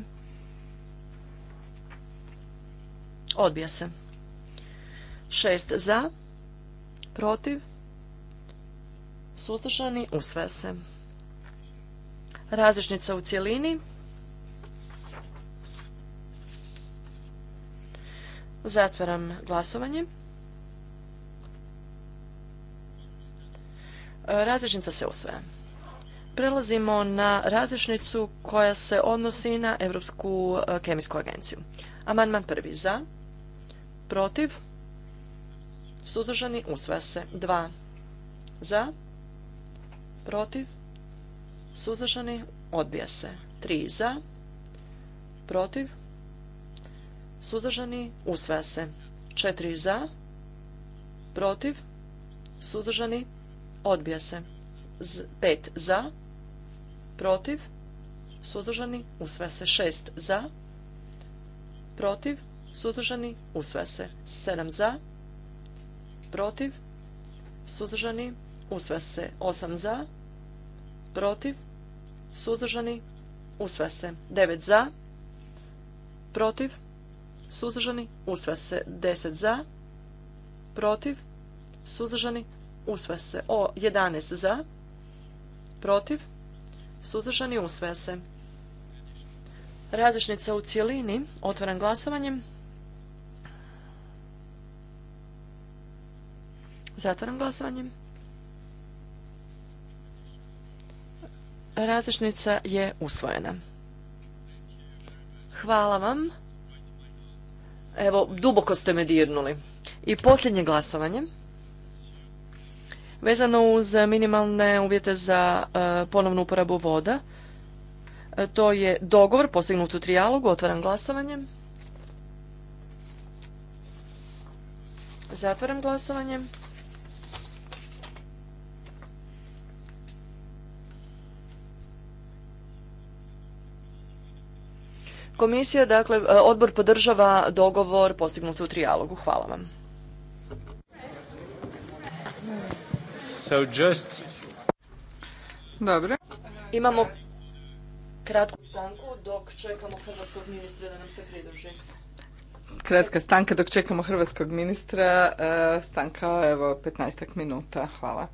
Odbija se. Šest za, protiv, suzdržani, usvaja se različnica u cjelini. Zatvaram glasovanje. Različnica se usvaja. Prelazimo na različnicu koja se odnosi na Europsku e, kemijsku agenciju. Amandman prvi za, protiv, suzdržani, usvaja se. Dva za, protiv, suzdržani, odbija se. 3 za, protiv, suzdržani, usvaja se. 4 za, protiv, suzdržani, odbija se. 5 za, protiv, suzdržani, usvaja se. 6 za, protiv, suzdržani, usvaja se. 7 za, protiv, suzdržani, usvaja se. 8 za, protiv, suzdržani, usva se. 9 za, protiv, suzdržani, usva se. 10 za, protiv, suzdržani, usva se. O, 11 za, protiv, suzdržani, usva se. Različnica u cijelini, otvoran glasovanjem. Zatvoran glasovanjem. Različnica je usvojena. Hvala vam. Evo, duboko ste me dirnuli. I posljednje glasovanje. Vezano uz minimalne uvjete za e, ponovnu uporabu voda. E, to je dogovor postignut u trijalogu. Otvaram glasovanje. Zatvaram glasovanje. Komisija, dakle, e, odbor podržava dogovor postignut u trijalogu. Hvala vam. Dobro. Imamo kratku stanku dok čekamo hrvatskog ministra da nam se pridruži. Kratka stanka dok čekamo hrvatskog ministra. E, stanka, evo, 15 minuta. Hvala.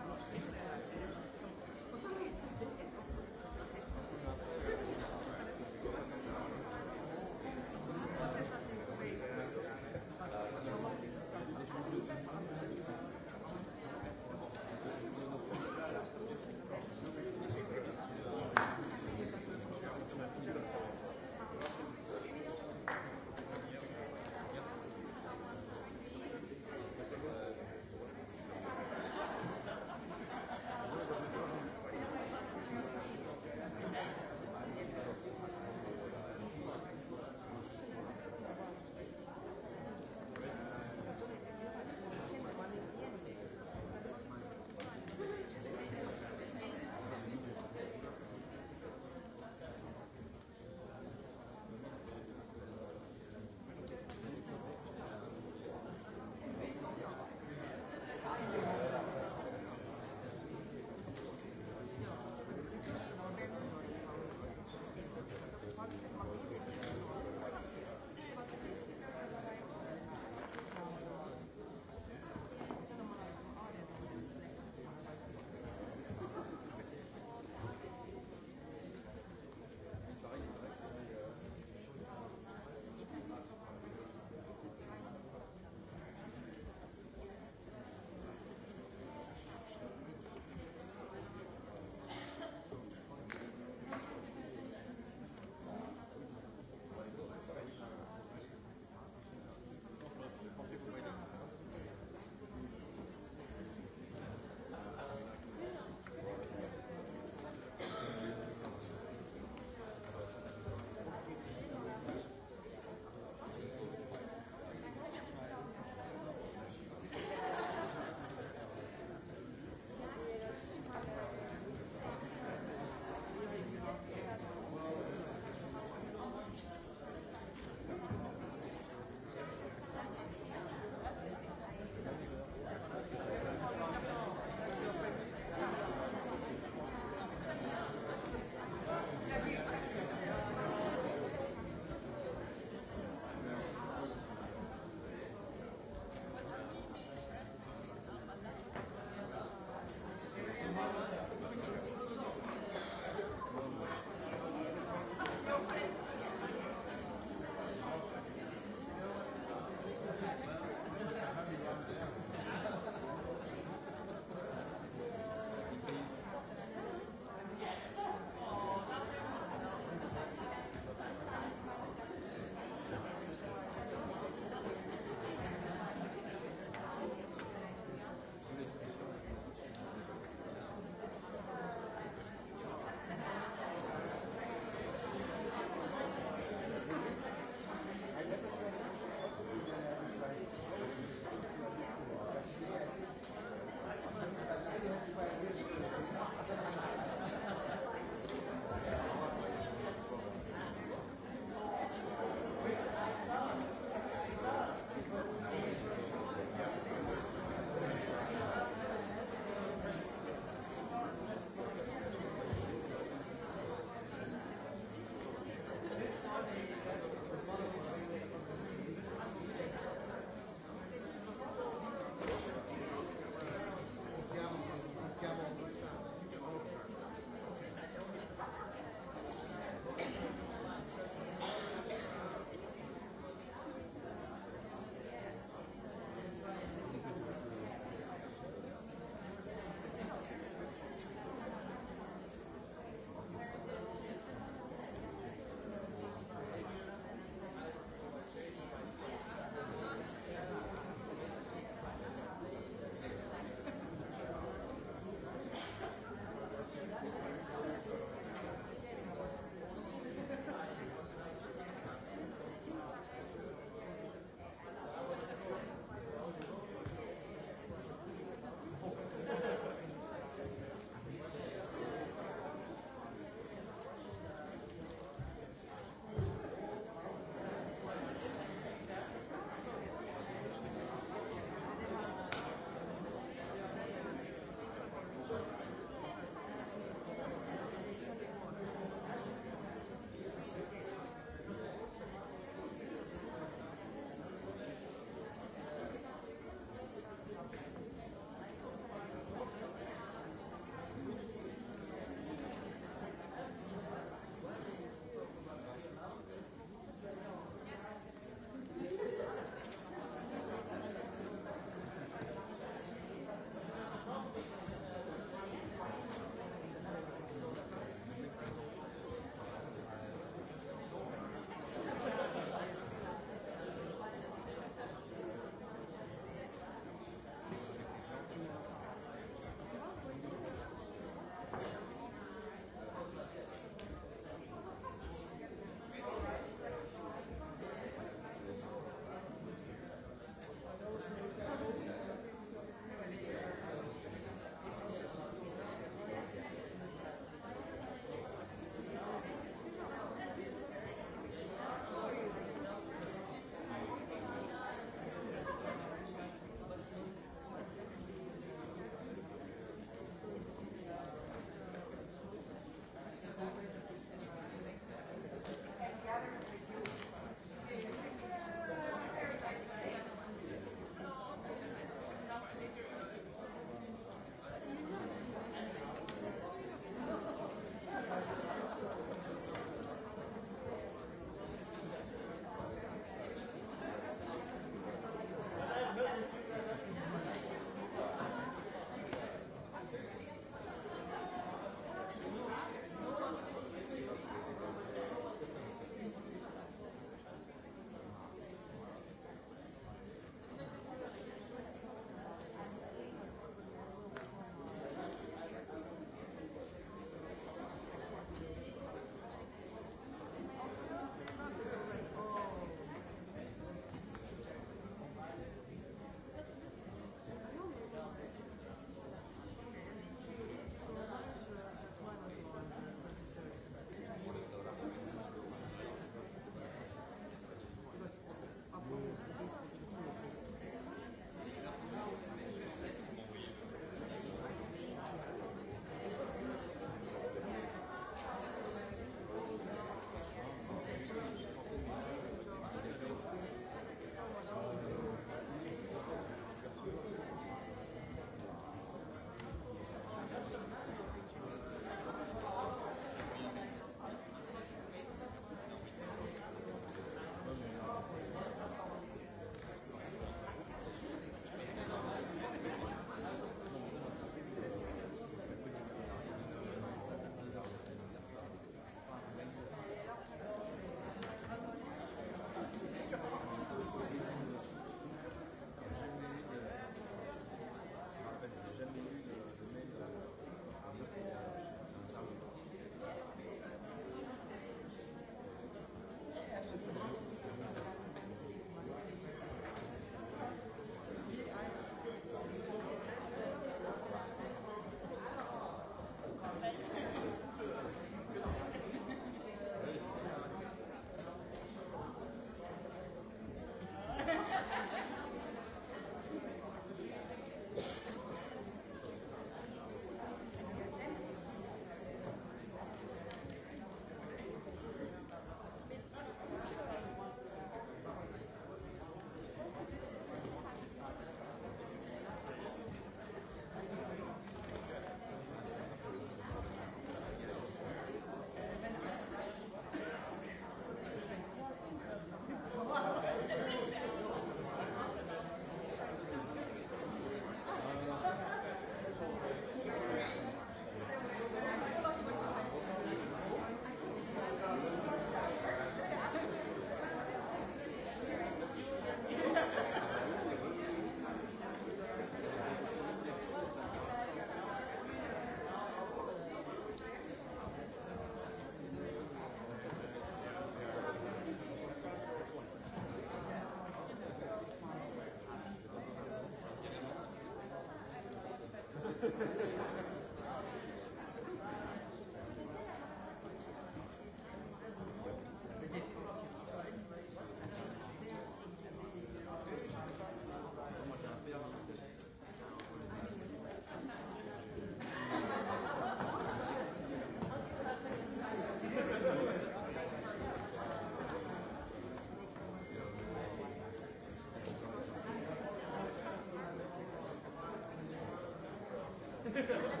devalva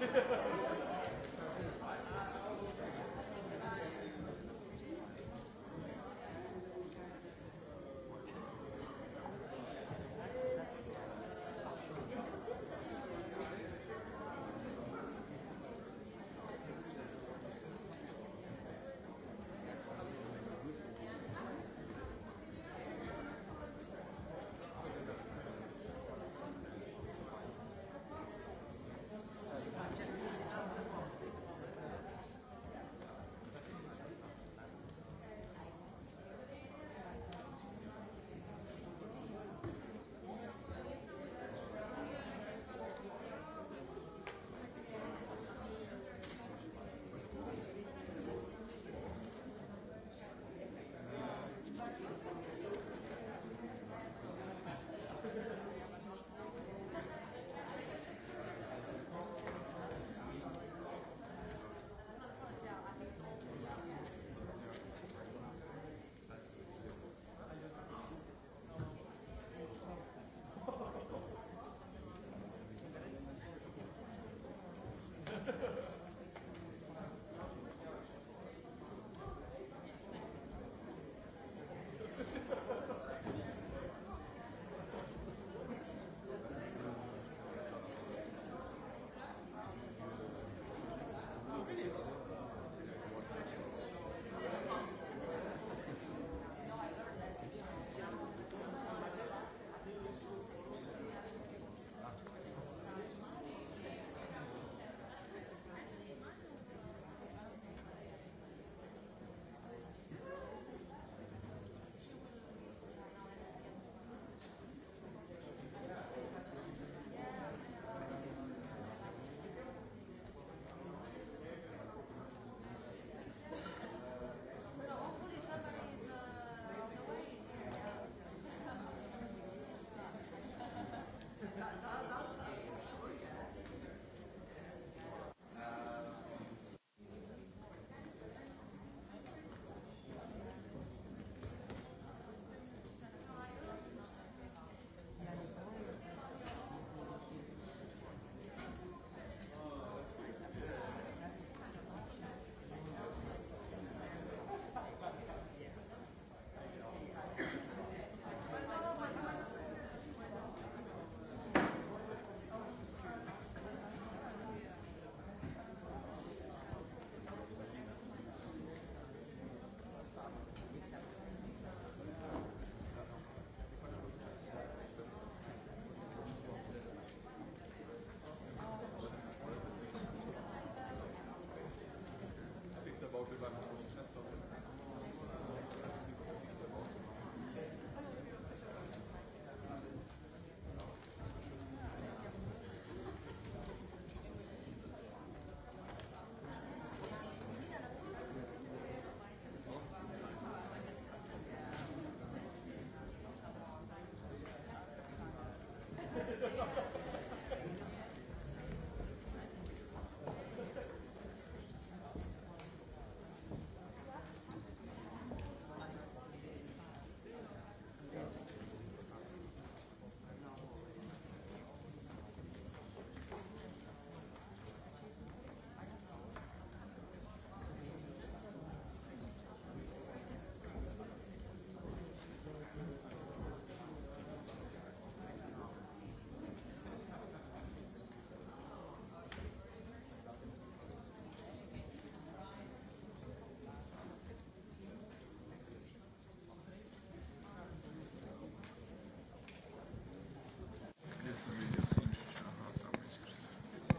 Hvala što pratite Hvala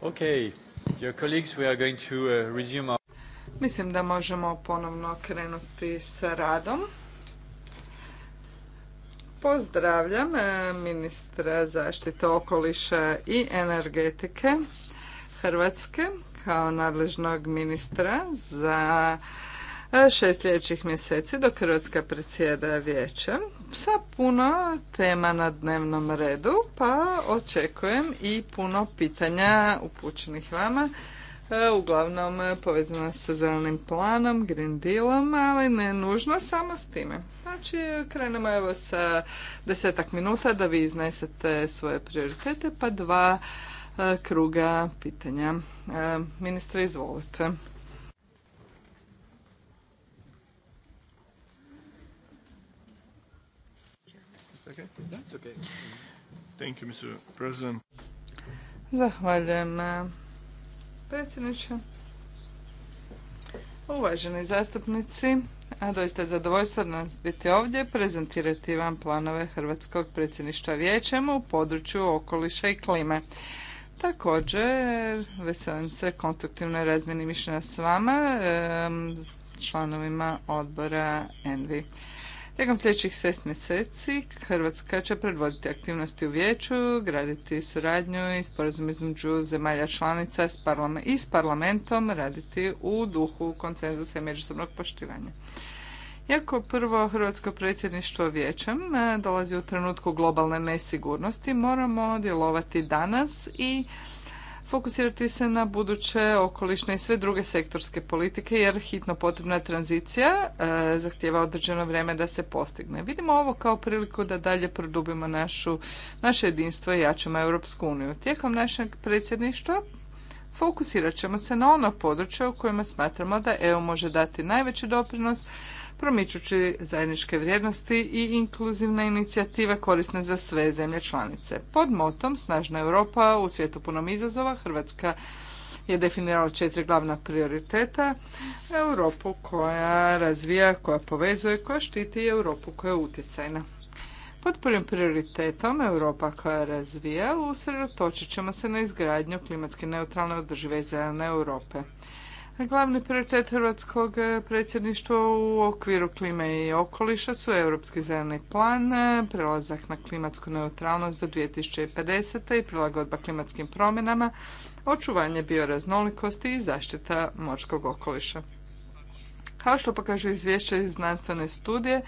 Okay, uh, Mislim da možemo ponovno krenuti sa radom. Pozdravljam e, ministra zaštite okoliša i energetike Hrvatske kao nadležnog ministra za e, šest sljedećih mjeseci dok Hrvatska predsjeda vijećem sa puno tema na dnevnom redu, pa očekujem i puno pitanja upućenih vama. E, uglavnom povezano sa zelenim planom, Green Dealom, ali ne nužno samo s time. Znači, krenemo evo sa desetak minuta da vi iznesete svoje prioritete, pa dva e, kruga pitanja. E, ministre, izvolite. Zahvaljujem eh, predsjedniče. Uvaženi zastupnici, a doista je zadovoljstvo nas biti ovdje, prezentirati vam planove Hrvatskog predsjedništva vijećem u području okoliša i klime. Također, veselim se konstruktivnoj razmjeni mišljenja s vama, eh, članovima odbora ENVI. Tijekom sljedećih šest mjeseci Hrvatska će predvoditi aktivnosti u vijeću, graditi suradnju i sporazum između zemalja članica i s parlamentom, raditi u duhu konsenzusa i međusobnog poštivanja. Iako prvo Hrvatsko predsjedništvo vijećem e, dolazi u trenutku globalne nesigurnosti, moramo djelovati danas i fokusirati se na buduće okolišne i sve druge sektorske politike jer hitno potrebna tranzicija zahtijeva zahtjeva određeno vrijeme da se postigne. Vidimo ovo kao priliku da dalje produbimo našu, naše jedinstvo i jačamo Europsku uniju. Tijekom našeg predsjedništva fokusirat ćemo se na ono područje u kojima smatramo da EU može dati najveći doprinos promičući zajedničke vrijednosti i inkluzivne inicijative korisne za sve zemlje članice. Pod motom Snažna Europa u svijetu punom izazova Hrvatska je definirala četiri glavna prioriteta. Europu koja razvija, koja povezuje, koja štiti i Europu koja je utjecajna. Pod prvim prioritetom Europa koja razvija usredotočit ćemo se na izgradnju klimatski neutralne održive zelene Europe. Glavni prioritet Hrvatskog eh, predsjedništva u okviru klime i okoliša su Europski zeleni plan, eh, prelazak na klimatsku neutralnost do 2050. i prilagodba klimatskim promjenama, očuvanje bioraznolikosti i zaštita morskog okoliša. Kao što pokažu izvješće iz znanstvene studije,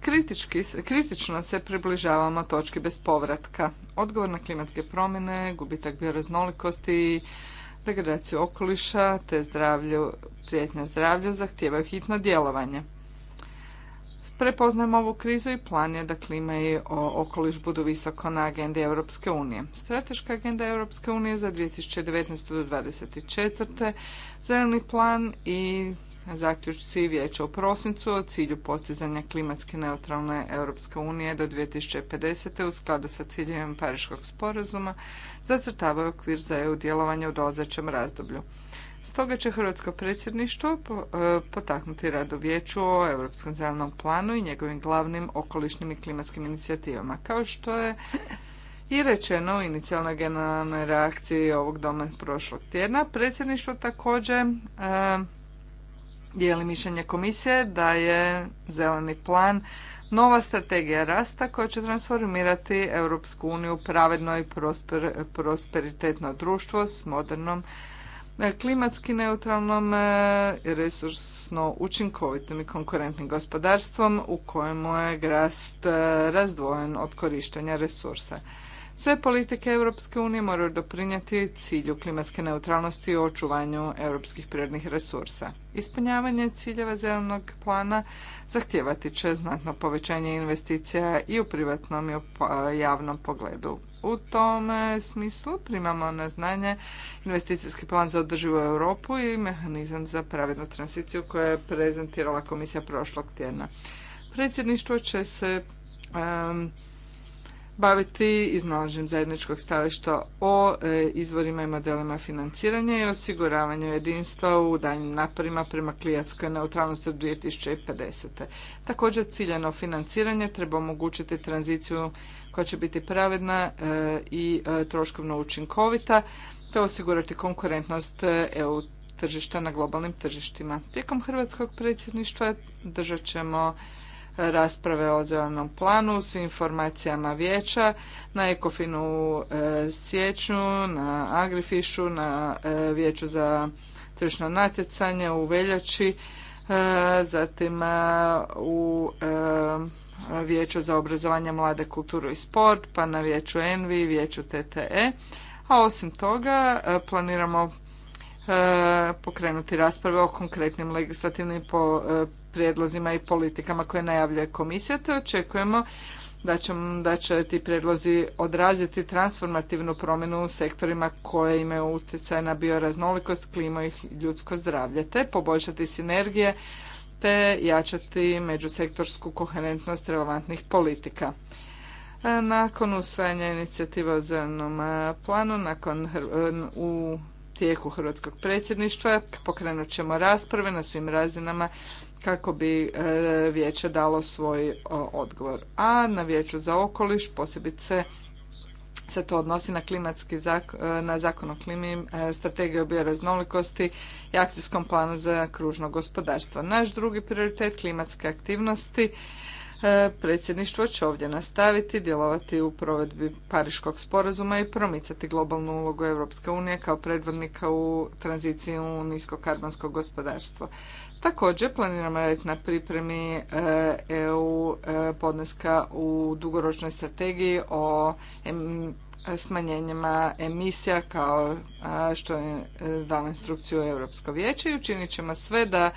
Kritički, kritično se približavamo točki bez povratka. Odgovor na klimatske promjene, gubitak bioraznolikosti i degradaciju okoliša te zdravlju, prijetnja zdravlju zahtijevaju hitno djelovanje. Prepoznajemo ovu krizu i plan je da klima i okoliš budu visoko na agendi Europske unije. Strateška agenda Europske unije za 2019. do 2024. zeleni plan i zaključci vijeća u prosincu o cilju postizanja klimatske neutralne Europske unije do 2050. u skladu sa ciljevima Pariškog sporazuma zacrtavaju okvir za EU djelovanje u dolazećem razdoblju. Stoga će Hrvatsko predsjedništvo e, potaknuti rad u vijeću o Europskom zelenom planu i njegovim glavnim okolišnim i klimatskim inicijativama. Kao što je i rečeno u inicijalnoj generalnoj reakciji ovog doma prošlog tjedna, predsjedništvo također e, dijeli mišljenje komisije da je zeleni plan nova strategija rasta koja će transformirati Europsku uniju pravedno i prosperitetno društvo s modernom e, klimatski neutralnom, e, resursno učinkovitim i konkurentnim gospodarstvom u kojemu je grast e, razdvojen od korištenja resursa. Sve politike Europske unije moraju doprinijeti cilju klimatske neutralnosti i očuvanju europskih prirodnih resursa. Ispunjavanje ciljeva zelenog plana zahtijevati će znatno povećanje investicija i u privatnom i u javnom pogledu. U tom e, smislu primamo na znanje investicijski plan za održivu Europu i mehanizam za pravednu transiciju koje je prezentirala komisija prošlog tjedna. Predsjedništvo će se baviti iznalaženjem zajedničkog stajališta o e, izvorima i modelima financiranja i osiguravanju jedinstva u daljnjim naporima prema klijatskoj neutralnosti od 2050. Također ciljano financiranje treba omogućiti tranziciju koja će biti pravedna e, i e, troškovno učinkovita te osigurati konkurentnost EU tržišta na globalnim tržištima. Tijekom hrvatskog predsjedništva držat ćemo rasprave o zelenom planu s informacijama vijeća na Ekofinu e, Sjeću, na Agrifišu, na e, vijeću za tržišno natjecanje u veljači, e, zatim u vijeću za obrazovanje mlade kulturu i sport, pa na vijeću Envi vijeću TTE. A osim toga planiramo pokrenuti rasprave o konkretnim legislativnim prijedlozima i politikama koje najavljuje komisija, te očekujemo da će, da će ti prijedlozi odraziti transformativnu promjenu u sektorima koje imaju utjecaj na bioraznolikost, klimu i ljudsko zdravlje, te poboljšati sinergije te jačati međusektorsku koherentnost relevantnih politika. E, nakon usvajanja inicijativa o zelenom e, planu, nakon e, u tijeku hrvatskog predsjedništva pokrenut ćemo rasprave na svim razinama kako bi e, vijeće dalo svoj e, odgovor. A na vijeću za okoliš posebice se to odnosi na klimatski zakon, e, na zakon o klimi, strategiju bioraznolikosti i akcijskom planu za kružno gospodarstvo. Naš drugi prioritet klimatske aktivnosti predsjedništvo će ovdje nastaviti djelovati u provedbi Pariškog sporazuma i promicati globalnu ulogu Europske unije kao predvodnika u tranziciju u niskokarbonsko gospodarstvo. Također planiramo raditi na pripremi e, EU e, podneska u dugoročnoj strategiji o smanjenjima emisija kao što je e, dala instrukciju Europsko vijeće i učinit ćemo sve da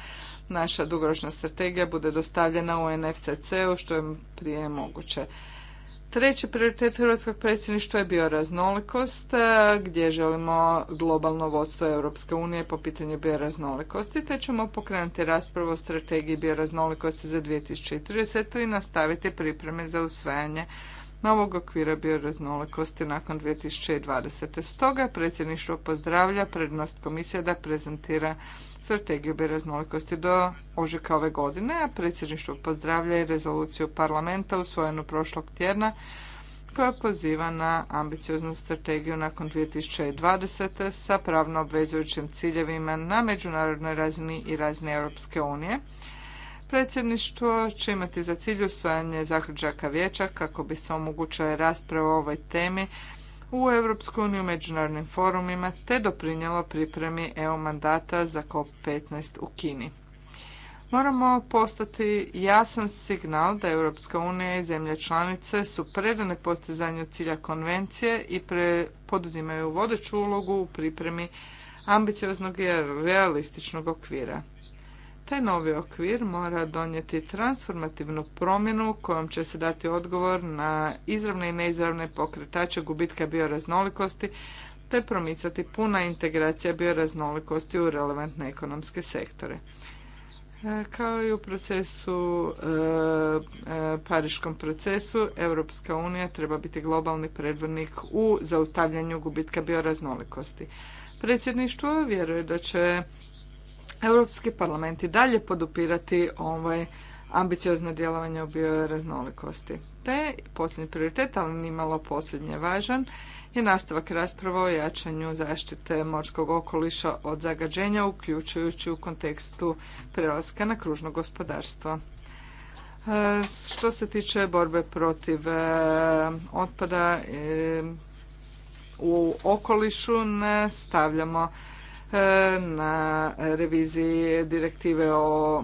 naša dugoročna strategija bude dostavljena u NFCC-u što je prije moguće. Treći prioritet Hrvatskog predsjedništva je bio raznolikost, e, gdje želimo globalno vodstvo Europske unije po pitanju bioraznolikosti, te ćemo pokrenuti raspravu o strategiji bioraznolikosti za 2030. i nastaviti pripreme za usvajanje novog okvira bioraznolikosti nakon 2020. Stoga predsjedništvo pozdravlja prednost komisije da prezentira strategiju raznolikosti do ožujka ove godine, a predsjedništvo pozdravlja i rezoluciju parlamenta usvojenu prošlog tjedna koja poziva na ambicioznu strategiju nakon 2020. sa pravno obvezujućim ciljevima na međunarodnoj razini i razini Europske unije. Predsjedništvo će imati za cilj usvajanje zaključaka vijeća kako bi se omogućila rasprava o ovoj temi u EU u međunarodnim forumima te doprinjelo pripremi EU mandata za COP15 u Kini. Moramo postati jasan signal da Europska unija i zemlje članice su predane postizanju cilja konvencije i pre, poduzimaju vodeću ulogu u pripremi ambicioznog i realističnog okvira. Taj novi okvir mora donijeti transformativnu promjenu kojom će se dati odgovor na izravne i neizravne pokretače gubitka bioraznolikosti te promicati puna integracija bioraznolikosti u relevantne ekonomske sektore. E, kao i u procesu, e, e, pariškom procesu, Europska unija treba biti globalni predvodnik u zaustavljanju gubitka bioraznolikosti. Predsjedništvo vjeruje da će Europski parlament i dalje podupirati ovaj ambiciozno djelovanje u bioraznolikosti. Te posljednji prioritet, ali malo posljednje važan, je nastavak rasprava o jačanju zaštite morskog okoliša od zagađenja, uključujući u kontekstu prelaska na kružno gospodarstvo. E, što se tiče borbe protiv e, otpada e, u okolišu, nastavljamo E, na reviziji direktive o e,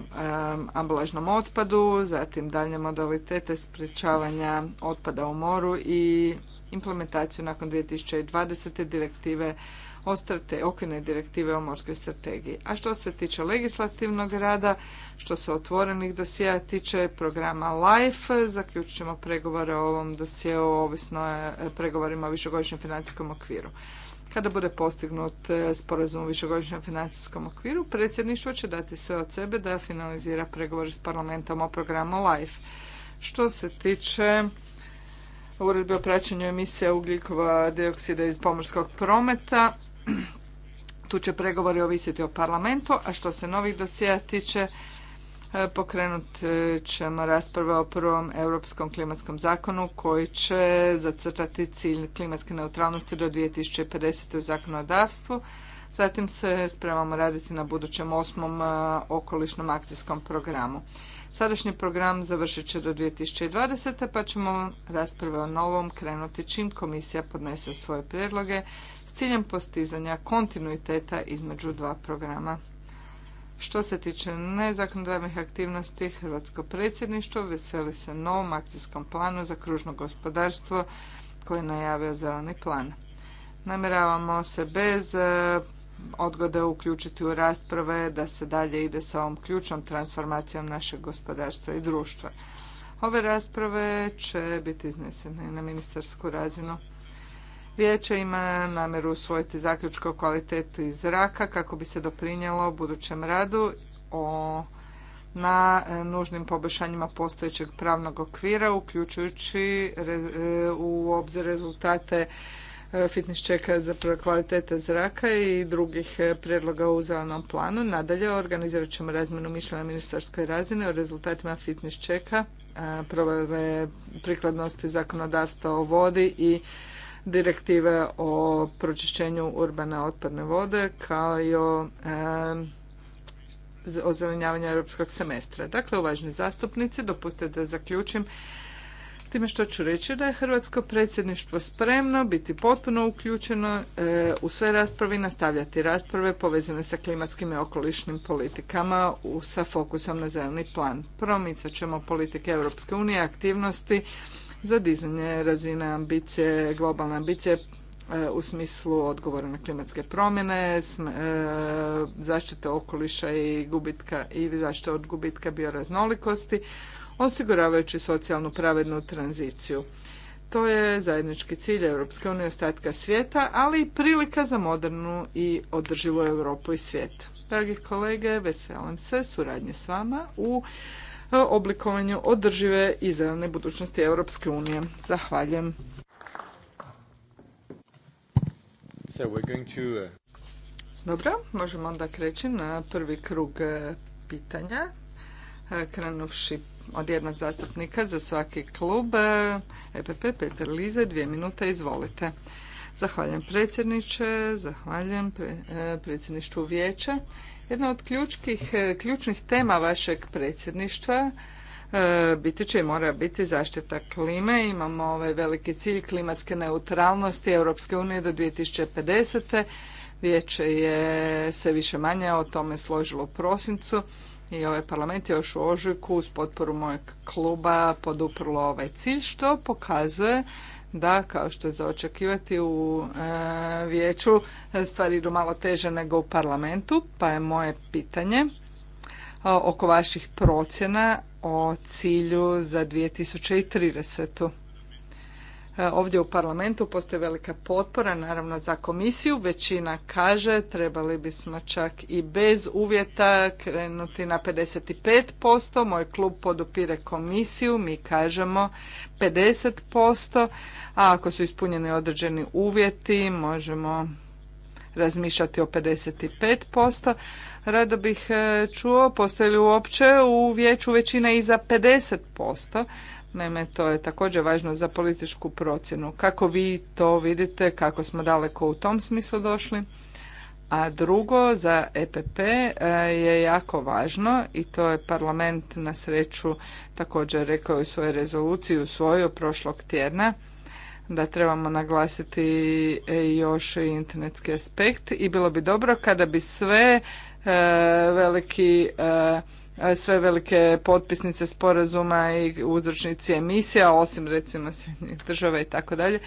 ambalažnom otpadu, zatim dalje modalitete sprječavanja otpada u moru i implementaciju nakon 2020. direktive o strate, okvirne direktive o morskoj strategiji. A što se tiče legislativnog rada, što se otvorenih dosija tiče programa LIFE, zaključit ćemo pregovore o ovom dosijeu ovisno e, pregovorima o višegodišnjem financijskom okviru. Kada bude postignut e, sporazum u višegodišnjem financijskom okviru, predsjedništvo će dati sve od sebe da finalizira pregovore s parlamentom o programu LIFE. Što se tiče uredbe o praćenju emisija ugljikova dioksida iz pomorskog prometa, tu će pregovori ovisiti o parlamentu, a što se novih dosija tiče, E, pokrenut e, ćemo rasprave o prvom europskom klimatskom zakonu koji će zacrtati cilj klimatske neutralnosti do 2050. u zakonodavstvu. Zatim se spremamo raditi na budućem osmom e, okolišnom akcijskom programu. Sadašnji program završit će do 2020. pa ćemo rasprave o novom krenuti čim komisija podnese svoje prijedloge s ciljem postizanja kontinuiteta između dva programa. Što se tiče nezakonodavnih aktivnosti, Hrvatsko predsjedništvo veseli se novom akcijskom planu za kružno gospodarstvo koji je najavio zeleni plan. Namjeravamo se bez e, odgode uključiti u rasprave da se dalje ide sa ovom ključnom transformacijom našeg gospodarstva i društva. Ove rasprave će biti iznesene na ministarsku razinu Vijeće ima namjeru usvojiti zaključke o kvaliteti zraka kako bi se doprinjelo budućem radu o, na nužnim poboljšanjima postojećeg pravnog okvira, uključujući e, u obzir rezultate e, fitness čeka za kvalitete zraka i drugih e, prijedloga u zelenom planu. Nadalje, organizirat ćemo razmjenu mišljenja na ministarskoj razini o rezultatima fitness čeka, prikladnosti zakonodavstva o vodi i direktive o pročišćenju urbana otpadne vode kao i o europskog semestra. Dakle, uvažni zastupnici, dopustite da zaključim time što ću reći da je Hrvatsko predsjedništvo spremno biti potpuno uključeno e, u sve rasprave i nastavljati rasprave povezane sa klimatskim i okolišnim politikama u, sa fokusom na zeleni plan. Promicat ćemo politike Europske unije, aktivnosti za dizanje razine ambicije, globalne ambicije e, u smislu odgovora na klimatske promjene, e, zaštite okoliša i gubitka i zaštite od gubitka bioraznolikosti, osiguravajući socijalnu pravednu tranziciju. To je zajednički cilj Europske unije ostatka svijeta, ali i prilika za modernu i održivu Europu i svijet. Dragi kolege, veselim se suradnje s vama u oblikovanju održive i zelene budućnosti Europske unije. Zahvaljujem. So we're going to... Uh, Dobro, možemo onda kreći na prvi krug uh, pitanja. Uh, krenuvši od jednog zastupnika za svaki klub. EPP Peter Lize, dvije minute, izvolite. Zahvaljujem predsjedniče, zahvaljujem predsjedništvu vijeća jedna od e, ključnih tema vašeg predsjedništva e, biti će i mora biti zaštita klime. Imamo ovaj veliki cilj klimatske neutralnosti Europske unije do 2050. Vijeće je se više manje o tome složilo u prosincu i ovaj parlament je još u ožujku uz potporu mojeg kluba poduprlo ovaj cilj što pokazuje da, kao što je za očekivati u e, vijeću, e, stvari idu malo teže nego u parlamentu, pa je moje pitanje e, oko vaših procjena o cilju za 2030. E, ovdje u parlamentu postoji velika potpora, naravno za komisiju. Većina kaže trebali bismo čak i bez uvjeta krenuti na 55%. Moj klub podupire komisiju, mi kažemo 50%, a ako su ispunjeni određeni uvjeti možemo razmišljati o 55%. Rado bih e, čuo, postoji li uopće u vijeću većina i za 50%. Naime, to je također važno za političku procjenu. Kako vi to vidite, kako smo daleko u tom smislu došli? A drugo, za EPP e, je jako važno i to je parlament na sreću također rekao u svojoj rezoluciji, svojoj prošlog tjedna, da trebamo naglasiti e, još internetski aspekt i bilo bi dobro kada bi sve e, veliki E, sve velike potpisnice sporazuma i uzročnici emisija, osim recimo Sjedinjenih država i tako dalje,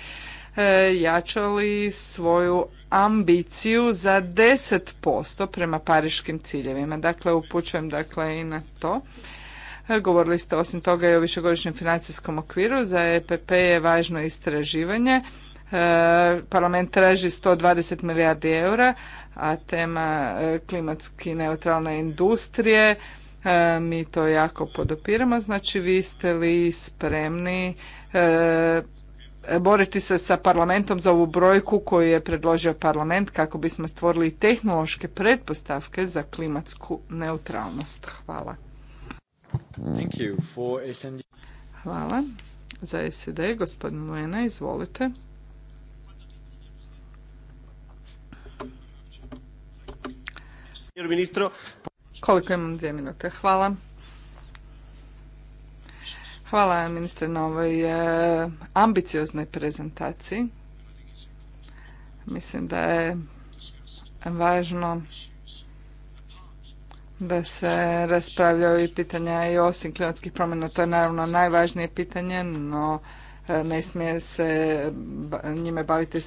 e, jačali svoju ambiciju za 10% prema pariškim ciljevima. Dakle, upućujem dakle i na to. E, govorili ste osim toga i o višegodišnjem financijskom okviru. Za EPP je važno istraživanje. parlament traži 120 milijardi eura, a tema klimatski neutralne industrije E, mi to jako podopiramo. Znači, vi ste li spremni e, boriti se sa parlamentom za ovu brojku koju je predložio parlament kako bismo stvorili tehnološke pretpostavke za klimatsku neutralnost? Hvala. Hvala. Za SED, gospodin Luena, izvolite. Ministro, koliko imam dvije minute? Hvala. Hvala ministre na ovoj e, ambicioznoj prezentaciji. Mislim da je važno da se raspravljaju i pitanja i osim klimatskih promjena. To je naravno najvažnije pitanje, no e, ne smije se njime baviti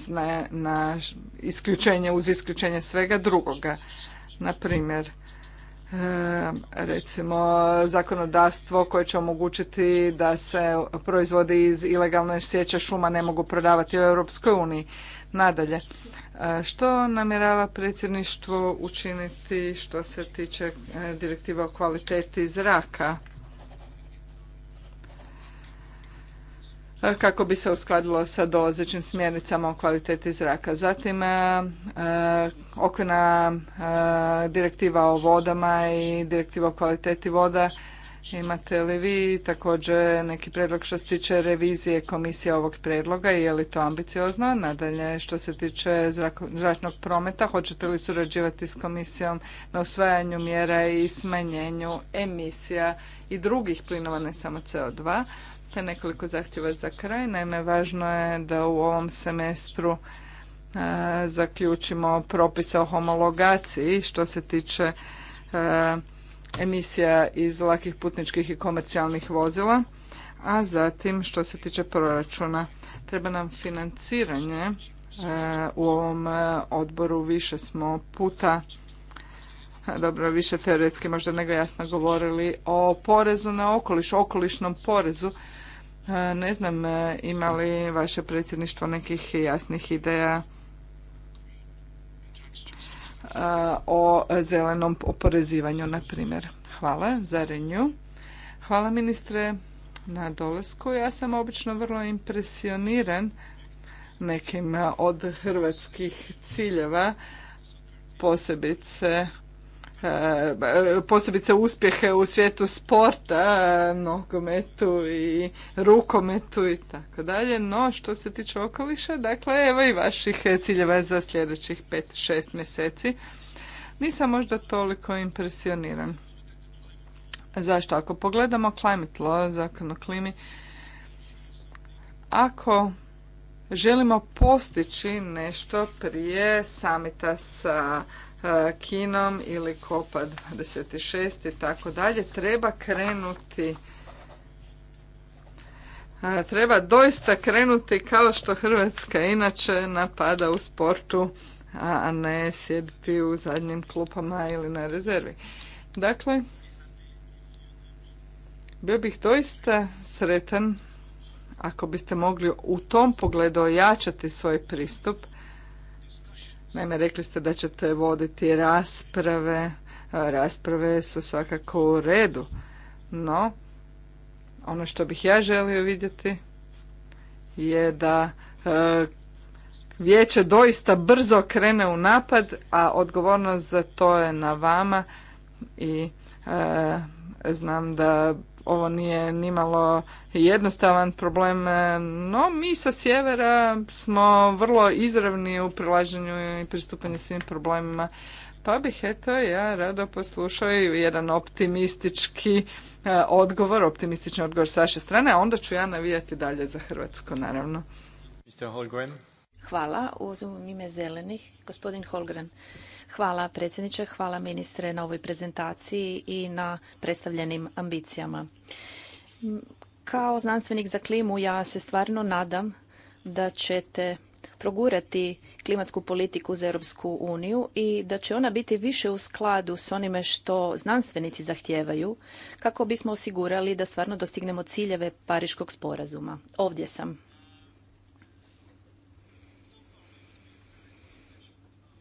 na, isključenje uz isključenje svega drugoga. Na primjer, E, recimo zakonodavstvo koje će omogućiti da se proizvodi iz ilegalne sjeće šuma ne mogu prodavati u Europskoj uniji. Nadalje, e, što namjerava predsjedništvo učiniti što se tiče e, direktiva o kvaliteti zraka? kako bi se uskladilo sa dolazećim smjernicama o kvaliteti zraka. Zatim okvirna direktiva o vodama i direktiva o kvaliteti voda. Imate li vi također neki predlog što se tiče revizije komisije ovog predloga i je li to ambiciozno? Nadalje, što se tiče zračnog prometa, hoćete li surađivati s komisijom na usvajanju mjera i smanjenju emisija i drugih plinova, ne samo CO2? nekoliko zahtjeva za kraj. Naime, važno je da u ovom semestru e, zaključimo propise o homologaciji što se tiče e, emisija iz lakih putničkih i komercijalnih vozila, a zatim što se tiče proračuna. Treba nam financiranje. E, u ovom odboru više smo puta dobro, više teoretski možda nego jasno govorili o porezu na okoliš, okolišnom porezu E, ne znam e, ima li vaše predsjedništvo nekih jasnih ideja e, o zelenom oporezivanju, na primjer. Hvala za renju. Hvala ministre na dolasku. Ja sam obično vrlo impresioniran nekim od hrvatskih ciljeva, posebice Eh, posebice uspjehe u svijetu sporta, nogometu i rukometu i tako dalje. No, što se tiče okoliša, dakle, evo i vaših eh, ciljeva za sljedećih 5-6 mjeseci. Nisam možda toliko impresioniran. Zašto? Ako pogledamo climate law, zakon o klimi, ako želimo postići nešto prije samita sa E, kinom ili Kopa 26 i tako dalje, treba krenuti e, treba doista krenuti kao što Hrvatska inače napada u sportu, a ne sjediti u zadnjim klupama ili na rezervi. Dakle, bio bih doista sretan ako biste mogli u tom pogledu ojačati svoj pristup Naime, rekli ste da ćete voditi rasprave. E, rasprave su svakako u redu. No, ono što bih ja želio vidjeti je da e, vijeće doista brzo krene u napad, a odgovornost za to je na vama i e, znam da ovo nije nimalo jednostavan problem, e, no mi sa sjevera smo vrlo izravni u prilaženju i pristupanju svim problemima. Pa bih eto ja rado poslušao jedan optimistički e, odgovor, optimistični odgovor s vaše strane, a onda ću ja navijati dalje za Hrvatsko, naravno. Mr. Holgren. Hvala, uzmem ime zelenih. Gospodin Holgren. Hvala predsjedniče, hvala ministre na ovoj prezentaciji i na predstavljenim ambicijama. Kao znanstvenik za klimu ja se stvarno nadam da ćete progurati klimatsku politiku za Europsku uniju i da će ona biti više u skladu s onime što znanstvenici zahtijevaju kako bismo osigurali da stvarno dostignemo ciljeve Pariškog sporazuma. Ovdje sam.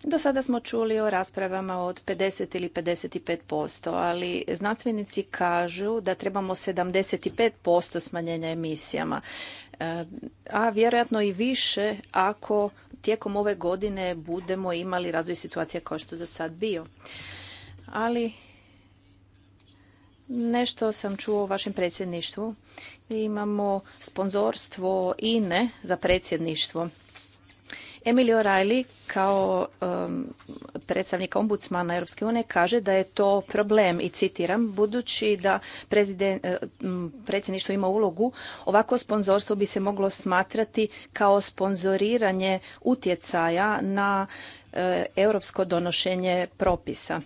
Do sada smo čuli o raspravama od 50 ili 55%, ali znanstvenici kažu da trebamo 75% smanjenja emisijama, e, a vjerojatno i više ako tijekom ove godine budemo imali razvoj situacije kao što je do sad bio. Ali nešto sam čuo o vašem predsjedništvu. Imamo sponzorstvo INE za predsjedništvo Emilio O'Reilly kao um, predstavnik ombudsmana Europske unije kaže da je to problem i citiram budući da eh, predsjedništvo ima ulogu ovako sponzorstvo bi se moglo smatrati kao sponzoriranje utjecaja na eh, europsko donošenje propisa.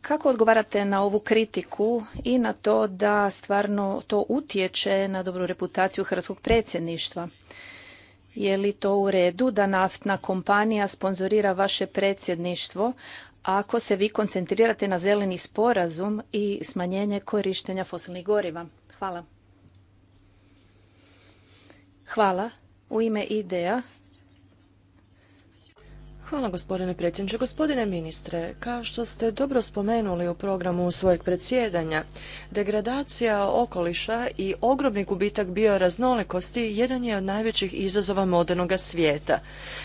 Kako odgovarate na ovu kritiku i na to da stvarno to utječe na dobru reputaciju hrvatskog predsjedništva? Je li to u redu da naftna kompanija sponzorira vaše predsjedništvo ako se vi koncentrirate na zeleni sporazum i smanjenje korištenja fosilnih goriva? Hvala. Hvala. U ime IDEA Hvala gospodine predsjedniče. Gospodine ministre, kao što ste dobro spomenuli u programu svojeg predsjedanja, degradacija okoliša i ogromni gubitak bioraznolikosti jedan je od najvećih izazova modernog svijeta.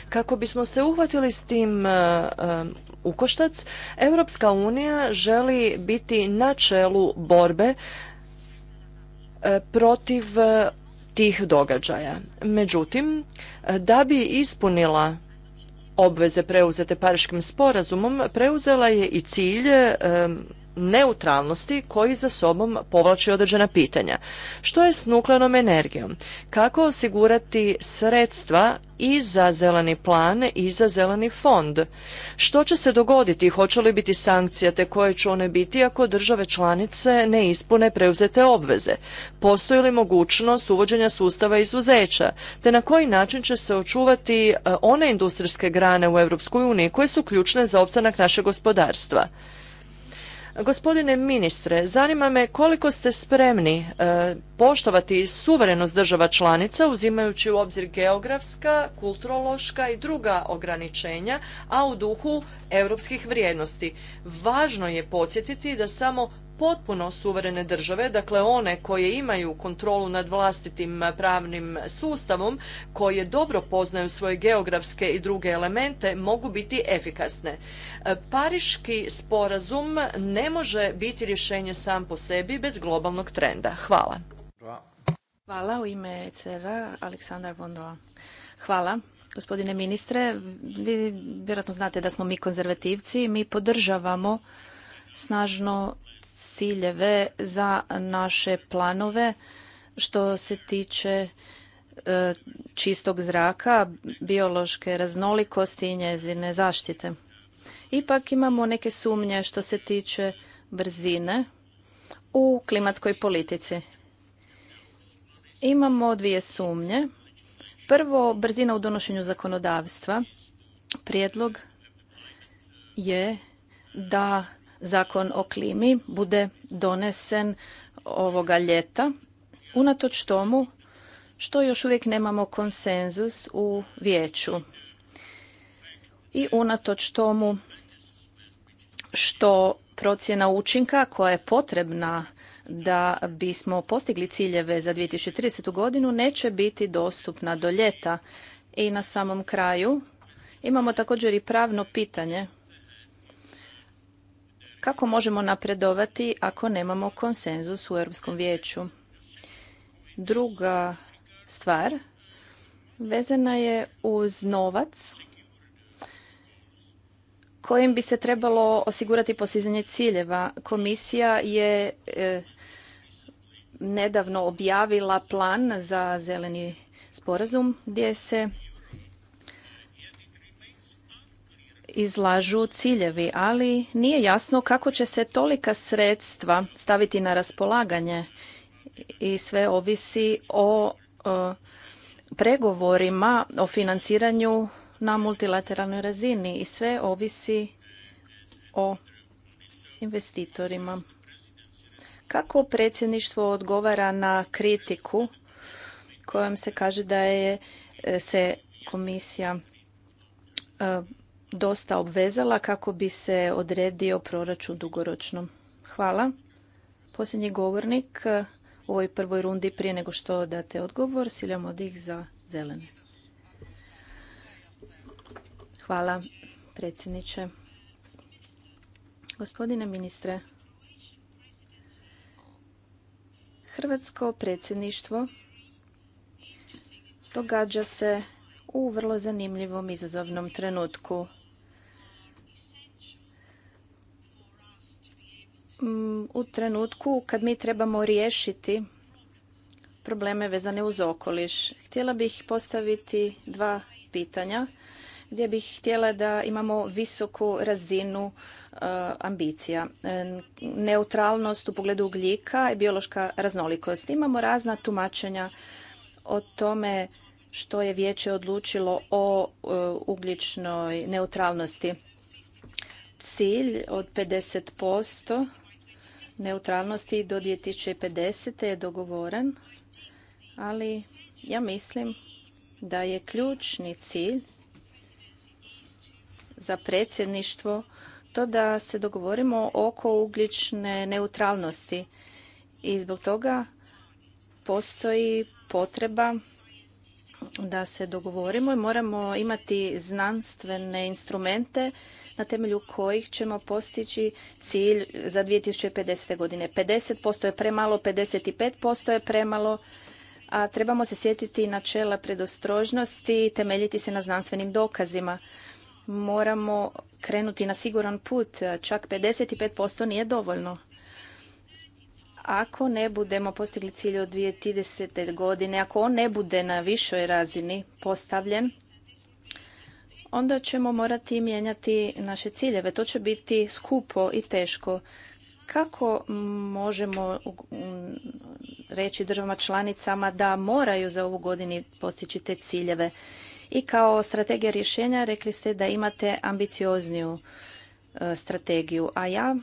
Kako bismo se uhvatili s tim e, e, ukoštac, Europska unija želi biti na čelu borbe e, protiv tih događaja. Međutim, da bi ispunila obveze preuzete Pariškim sporazumom preuzela je i cilj neutralnosti koji za sobom povlači određena pitanja. Što je s nuklearnom energijom? Kako osigurati sredstva i za zeleni plan i za zeleni fond. Što će se dogoditi? Hoće li biti sankcija te koje će one biti ako države članice ne ispune preuzete obveze? Postoji li mogućnost uvođenja sustava izuzeća? Te na koji način će se očuvati e, one industrijske grane u EU koje su ključne za opstanak našeg gospodarstva? Gospodine ministre, zanima me koliko ste spremni e, poštovati suverenost država članica uzimajući u obzir geografska, kulturološka i druga ograničenja, a u duhu europskih vrijednosti. Važno je podsjetiti da samo potpuno suverene države, dakle one koje imaju kontrolu nad vlastitim pravnim sustavom, koje dobro poznaju svoje geografske i druge elemente, mogu biti efikasne. E, Pariški sporazum ne može biti rješenje sam po sebi bez globalnog trenda. Hvala. Hvala u ime ecr Aleksandar Hvala. Gospodine ministre, vi vjerojatno znate da smo mi konzervativci, mi podržavamo snažno ciljeve za naše planove što se tiče e, čistog zraka, biološke raznolikosti i njezine zaštite. Ipak imamo neke sumnje što se tiče brzine u klimatskoj politici. Imamo dvije sumnje. Prvo, brzina u donošenju zakonodavstva. Prijedlog je da zakon o klimi bude donesen ovoga ljeta, unatoč tomu što još uvijek nemamo konsenzus u vijeću. I unatoč tomu što procjena učinka koja je potrebna da bismo postigli ciljeve za 2030. godinu neće biti dostupna do ljeta. I na samom kraju imamo također i pravno pitanje kako možemo napredovati ako nemamo konsenzus u Europskom vijeću? Druga stvar vezana je uz novac kojim bi se trebalo osigurati postizanje ciljeva. Komisija je e, nedavno objavila plan za zeleni sporazum gdje se izlažu ciljevi, ali nije jasno kako će se tolika sredstva staviti na raspolaganje i sve ovisi o e, pregovorima o financiranju na multilateralnoj razini i sve ovisi o investitorima. Kako predsjedništvo odgovara na kritiku kojom se kaže da je e, se komisija e, dosta obvezala kako bi se odredio proračun dugoročno. Hvala. Posljednji govornik e, u ovoj prvoj rundi prije nego što date odgovor, od ih za zelene. Hvala, predsjedniče. Gospodine ministre, Hrvatsko predsjedništvo događa se u vrlo zanimljivom izazovnom trenutku. u trenutku kad mi trebamo riješiti probleme vezane uz okoliš. Htjela bih postaviti dva pitanja gdje bih htjela da imamo visoku razinu e, ambicija. E, neutralnost u pogledu ugljika i biološka raznolikost. Imamo razna tumačenja o tome što je vijeće odlučilo o e, ugljičnoj neutralnosti. Cilj od 50% neutralnosti do 2050. je dogovoren, ali ja mislim da je ključni cilj za predsjedništvo to da se dogovorimo oko ugljične neutralnosti i zbog toga postoji potreba da se dogovorimo i moramo imati znanstvene instrumente na temelju kojih ćemo postići cilj za 2050. godine. 50% je premalo, 55% je premalo, a trebamo se sjetiti načela predostrožnosti i temeljiti se na znanstvenim dokazima. Moramo krenuti na siguran put, čak 55% nije dovoljno. Ako ne budemo postigli cilj od 2030. godine, ako on ne bude na višoj razini postavljen, onda ćemo morati mijenjati naše ciljeve. To će biti skupo i teško. Kako možemo reći državama članicama da moraju za ovu godinu postići te ciljeve? I kao strategija rješenja rekli ste da imate ambiciozniju e, strategiju, a ja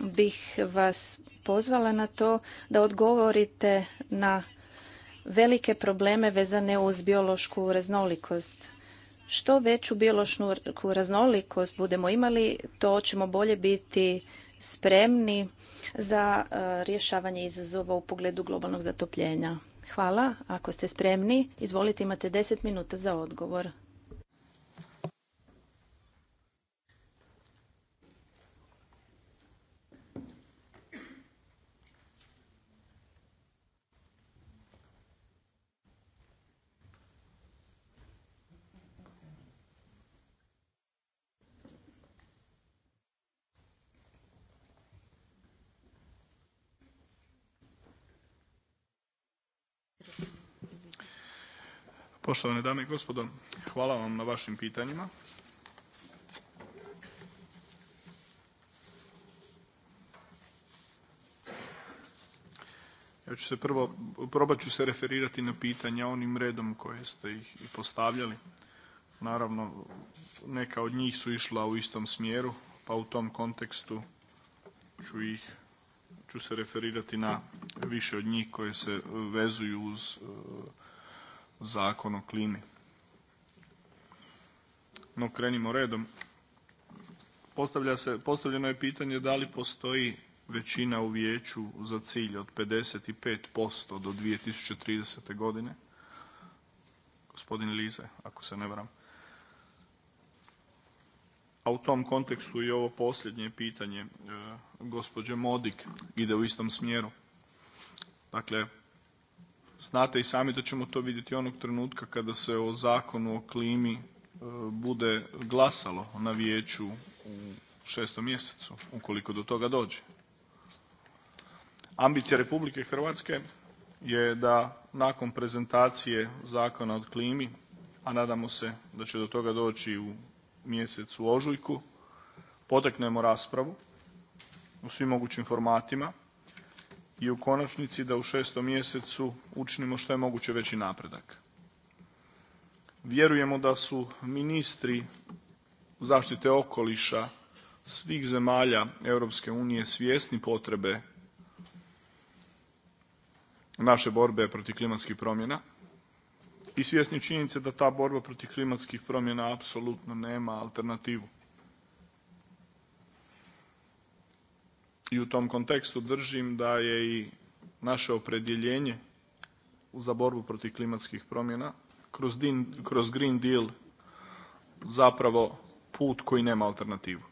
bih vas pozvala na to da odgovorite na velike probleme vezane uz biološku raznolikost. Što veću biološku raznolikost budemo imali, to ćemo bolje biti spremni za e, rješavanje izazova u pogledu globalnog zatopljenja. Hvala. Ako ste spremni, izvolite imate 10 minuta za odgovor. Poštovane dame i gospodo, hvala vam na vašim pitanjima. Ja ću se prvo, probat ću se referirati na pitanja onim redom koje ste ih i postavljali. Naravno, neka od njih su išla u istom smjeru, pa u tom kontekstu ću ih, ću se referirati na više od njih koje se vezuju uz Zakon o klimi. No krenimo redom. Postavlja se, postavljeno je pitanje da li postoji većina u vijeću za cilj od 55% do 2030. godine. Gospodin Lize, ako se ne varam. A u tom kontekstu i ovo posljednje pitanje e, gospođe Modik ide u istom smjeru. Dakle, Znate i sami da ćemo to vidjeti onog trenutka kada se o Zakonu o klimi e, bude glasalo na vijeću u šestom mjesecu ukoliko do toga dođe. Ambicija Republike Hrvatske je da nakon prezentacije Zakona o klimi, a nadamo se da će do toga doći u mjesecu ožujku, potaknemo raspravu u svim mogućim formatima i u konačnici da u šestom mjesecu učinimo što je moguće veći napredak. Vjerujemo da su ministri zaštite okoliša svih zemalja Europske unije svjesni potrebe naše borbe protiv klimatskih promjena i svjesni činjenice da ta borba protiv klimatskih promjena apsolutno nema alternativu. i u tom kontekstu držim da je i naše opredjeljenje za borbu protiv klimatskih promjena kroz, kroz Green Deal zapravo put koji nema alternativu.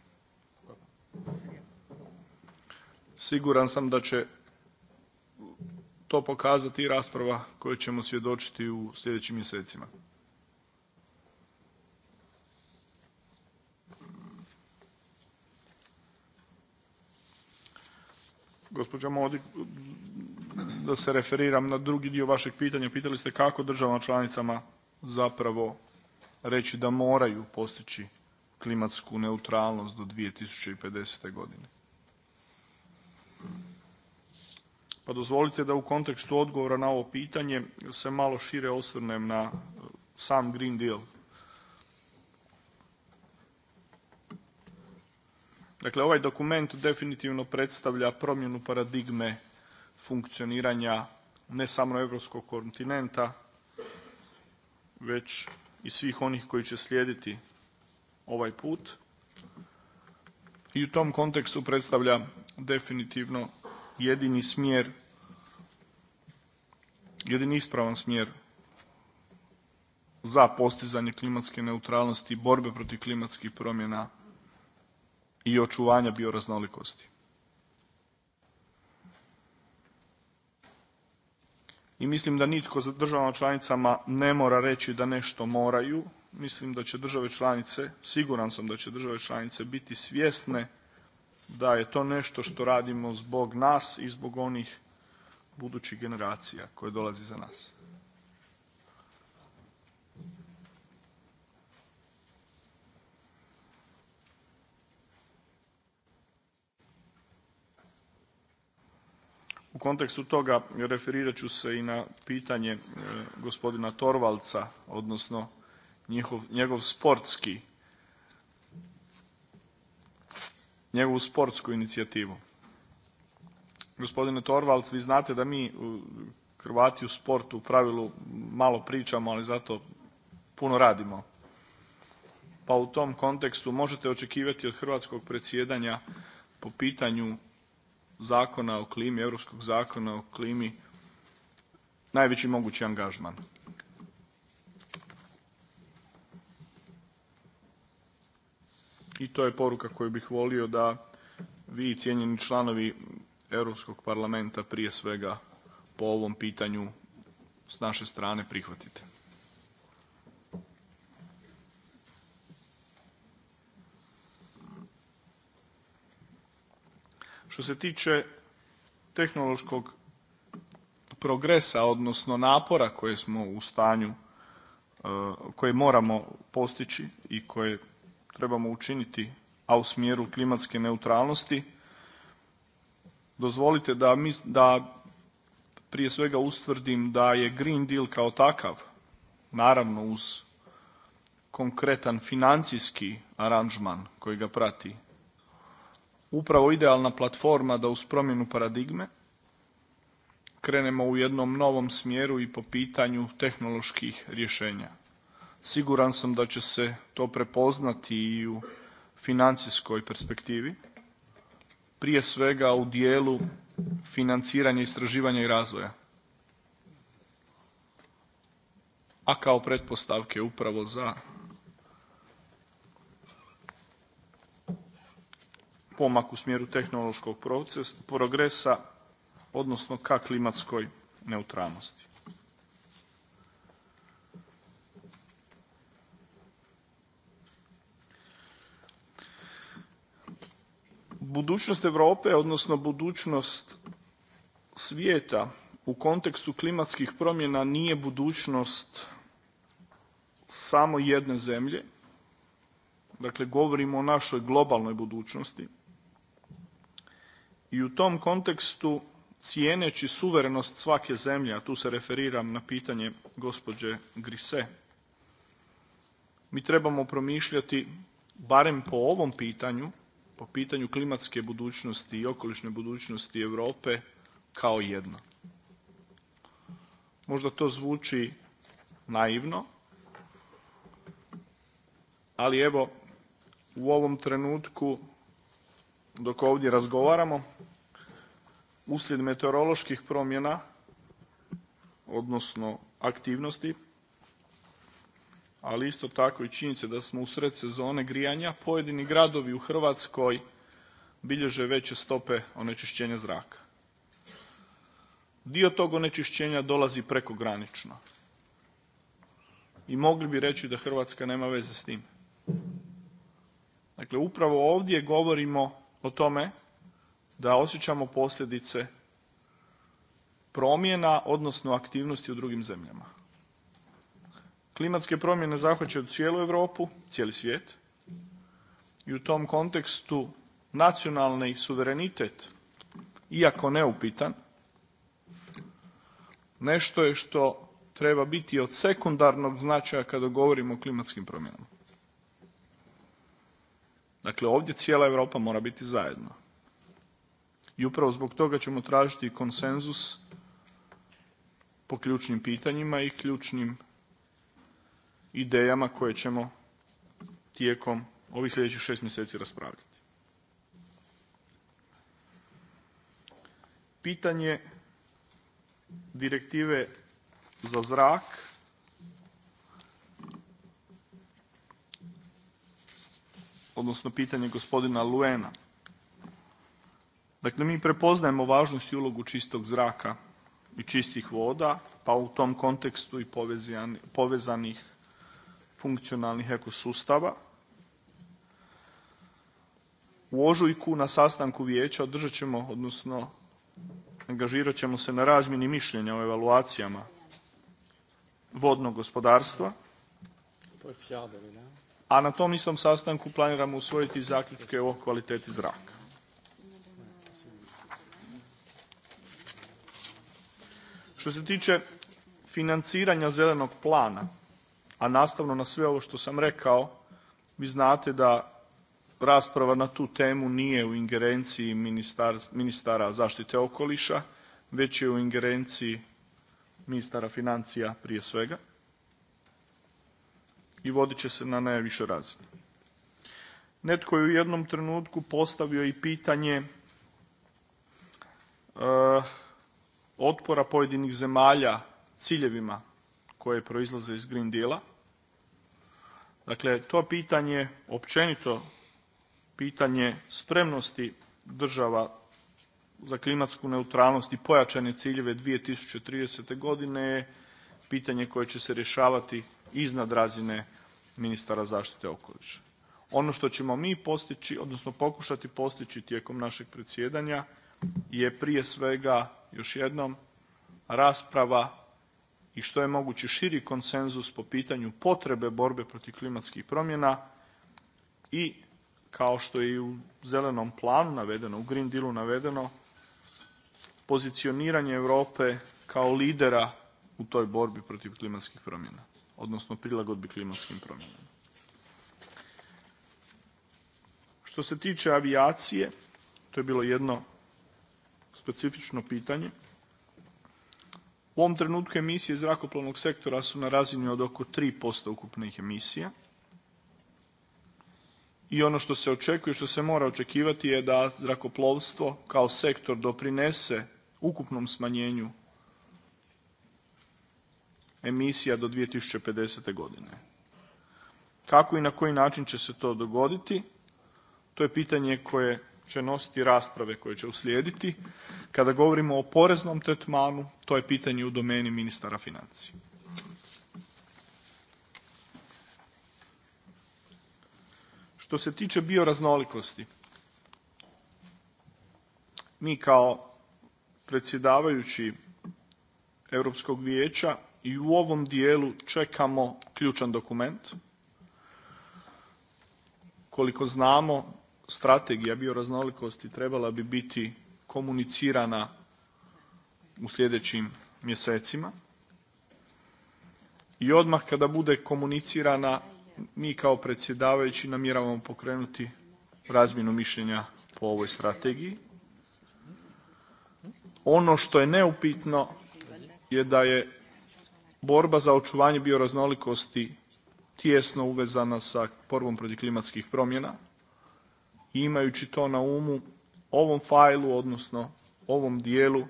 Siguran sam da će to pokazati i rasprava koju ćemo svjedočiti u sljedećim mjesecima. gospođa Modi, da se referiram na drugi dio vašeg pitanja. Pitali ste kako državama članicama zapravo reći da moraju postići klimatsku neutralnost do 2050. godine. Pa dozvolite da u kontekstu odgovora na ovo pitanje se malo šire osvrnem na sam Green Deal Dakle, ovaj dokument definitivno predstavlja promjenu paradigme funkcioniranja ne samo europskog kontinenta, već i svih onih koji će slijediti ovaj put i u tom kontekstu predstavlja definitivno jedini smjer, jedini ispravan smjer za postizanje klimatske neutralnosti i borbe protiv klimatskih promjena i očuvanja bioraznolikosti. I mislim da nitko za državama članicama ne mora reći da nešto moraju. Mislim da će države članice, siguran sam da će države članice biti svjesne da je to nešto što radimo zbog nas i zbog onih budućih generacija koje dolazi za nas. U kontekstu toga referirat ću se i na pitanje e, gospodina Torvalca, odnosno njegov sportski, njegovu sportsku inicijativu. Gospodine Torvalc, vi znate da mi e, Hrvati u sportu u pravilu malo pričamo, ali zato puno radimo. Pa u tom kontekstu možete očekivati od hrvatskog predsjedanja po pitanju zakona o klimi, Europskog zakona o klimi najveći mogući angažman. I to je poruka koju bih volio da vi cijenjeni članovi Europskog parlamenta prije svega po ovom pitanju s naše strane prihvatite. Što se tiče tehnološkog progresa, odnosno napora koje smo u stanju, e, koje moramo postići i koje trebamo učiniti, a u smjeru klimatske neutralnosti, dozvolite da, da prije svega ustvrdim da je Green Deal kao takav, naravno uz konkretan financijski aranžman koji ga prati, upravo idealna platforma da uz promjenu paradigme krenemo u jednom novom smjeru i po pitanju tehnoloških rješenja. Siguran sam da će se to prepoznati i u financijskoj perspektivi, prije svega u dijelu financiranja istraživanja i razvoja, a kao pretpostavke upravo za pomak u smjeru tehnološkog progresa, odnosno ka klimatskoj neutralnosti. Budućnost Europe, odnosno budućnost svijeta u kontekstu klimatskih promjena nije budućnost samo jedne zemlje, dakle govorimo o našoj globalnoj budućnosti i u tom kontekstu cijeneći suverenost svake zemlje, a tu se referiram na pitanje gospođe Grise, mi trebamo promišljati barem po ovom pitanju, po pitanju klimatske budućnosti i okolišne budućnosti Europe kao jedno. Možda to zvuči naivno, ali evo u ovom trenutku dok ovdje razgovaramo uslijed meteoroloških promjena, odnosno aktivnosti, ali isto tako i činjenice da smo u usred sezone grijanja pojedini gradovi u Hrvatskoj bilježe veće stope onečišćenja zraka. Dio tog onečišćenja dolazi prekogranično i mogli bi reći da Hrvatska nema veze s tim. Dakle, upravo ovdje govorimo o tome da osjećamo posljedice promjena, odnosno aktivnosti u drugim zemljama. Klimatske promjene zahvaćaju cijelu Europu, cijeli svijet i u tom kontekstu nacionalni suverenitet, iako neupitan, nešto je što treba biti od sekundarnog značaja kada govorimo o klimatskim promjenama. Dakle, ovdje cijela Europa mora biti zajedno. I upravo zbog toga ćemo tražiti konsenzus po ključnim pitanjima i ključnim idejama koje ćemo tijekom ovih sljedećih šest mjeseci raspravljati. Pitanje direktive za zrak odnosno pitanje gospodina Luena. Dakle, mi prepoznajemo važnost i ulogu čistog zraka i čistih voda, pa u tom kontekstu i povezanih funkcionalnih ekosustava. U ožujku na sastanku vijeća održat ćemo, odnosno angažirat ćemo se na razmjeni mišljenja o evaluacijama vodnog gospodarstva a na tom istom sastanku planiramo usvojiti zaključke o kvaliteti zraka. Što se tiče financiranja zelenog plana, a nastavno na sve ovo što sam rekao, vi znate da rasprava na tu temu nije u ingerenciji ministara zaštite okoliša, već je u ingerenciji ministara financija prije svega i vodit će se na najvišoj razini. Netko je u jednom trenutku postavio i pitanje e, otpora pojedinih zemalja ciljevima koje proizlaze iz Green Deala. Dakle, to pitanje općenito pitanje spremnosti država za klimatsku neutralnost i pojačane ciljeve 2030. godine je pitanje koje će se rješavati iznad razine ministara zaštite okoliša. Ono što ćemo mi postići, odnosno pokušati postići tijekom našeg predsjedanja je prije svega još jednom rasprava i što je moguće širi konsenzus po pitanju potrebe borbe protiv klimatskih promjena i kao što je i u zelenom planu navedeno, u Green Dealu navedeno, pozicioniranje Europe kao lidera u toj borbi protiv klimatskih promjena, odnosno prilagodbi klimatskim promjenama. Što se tiče avijacije, to je bilo jedno specifično pitanje. U ovom trenutku emisije zrakoplovnog sektora su na razini od oko 3% ukupnih emisija. I ono što se očekuje, što se mora očekivati je da zrakoplovstvo kao sektor doprinese ukupnom smanjenju emisija do 2050. godine. Kako i na koji način će se to dogoditi, to je pitanje koje će nositi rasprave koje će uslijediti. Kada govorimo o poreznom tretmanu, to je pitanje u domeni ministara financija. Što se tiče bioraznolikosti, mi kao predsjedavajući Europskog vijeća i u ovom dijelu čekamo ključan dokument. Koliko znamo, strategija bioraznolikosti trebala bi biti komunicirana u sljedećim mjesecima. I odmah kada bude komunicirana, mi kao predsjedavajući namjeravamo pokrenuti razmjenu mišljenja po ovoj strategiji. Ono što je neupitno je da je borba za očuvanje bioraznolikosti tijesno uvezana sa borbom protiv klimatskih promjena i imajući to na umu ovom fajlu, odnosno ovom dijelu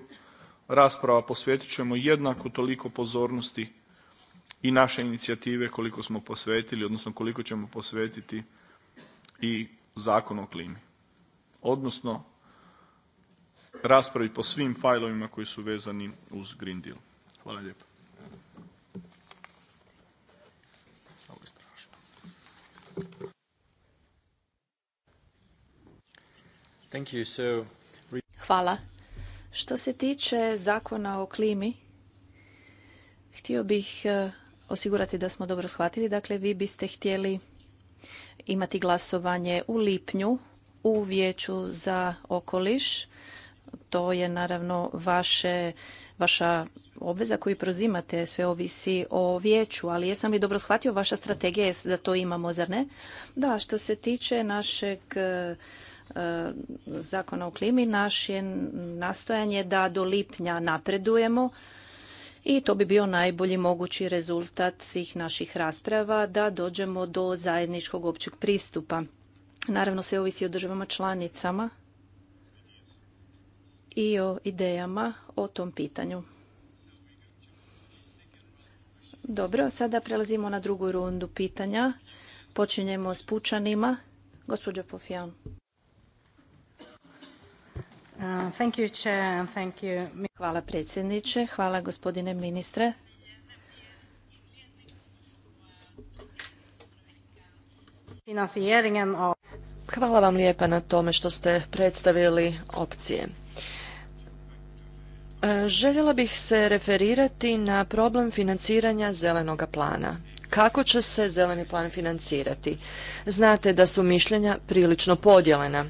rasprava posvetit ćemo jednako toliko pozornosti i naše inicijative koliko smo posvetili, odnosno koliko ćemo posvetiti i zakon o klimi. Odnosno, raspravi po svim fajlovima koji su vezani uz Green Deal. Hvala lijepo. Hvala. Što se tiče zakona o klimi, htio bih e, osigurati da smo dobro shvatili. Dakle, vi biste htjeli imati glasovanje u lipnju u vijeću za okoliš. To je naravno vaše Vaša obveza koju prozimate sve ovisi o vijeću, ali jesam li dobro shvatio, vaša strategija da to imamo, zar ne? Da, što se tiče našeg e, e, zakona o klimi, naše nastojanje da do lipnja napredujemo i to bi bio najbolji mogući rezultat svih naših rasprava da dođemo do zajedničkog općeg pristupa. Naravno, sve ovisi o državama članicama i o idejama o tom pitanju. Dobro, sada prelazimo na drugu rundu pitanja. Počinjemo s pučanima. Gospođo Pofijan. Uh, hvala predsjedniče, hvala gospodine ministre. Hvala vam lijepa na tome što ste predstavili opcije. E, željela bih se referirati na problem financiranja zelenoga plana. Kako će se zeleni plan financirati? Znate da su mišljenja prilično podijeljena.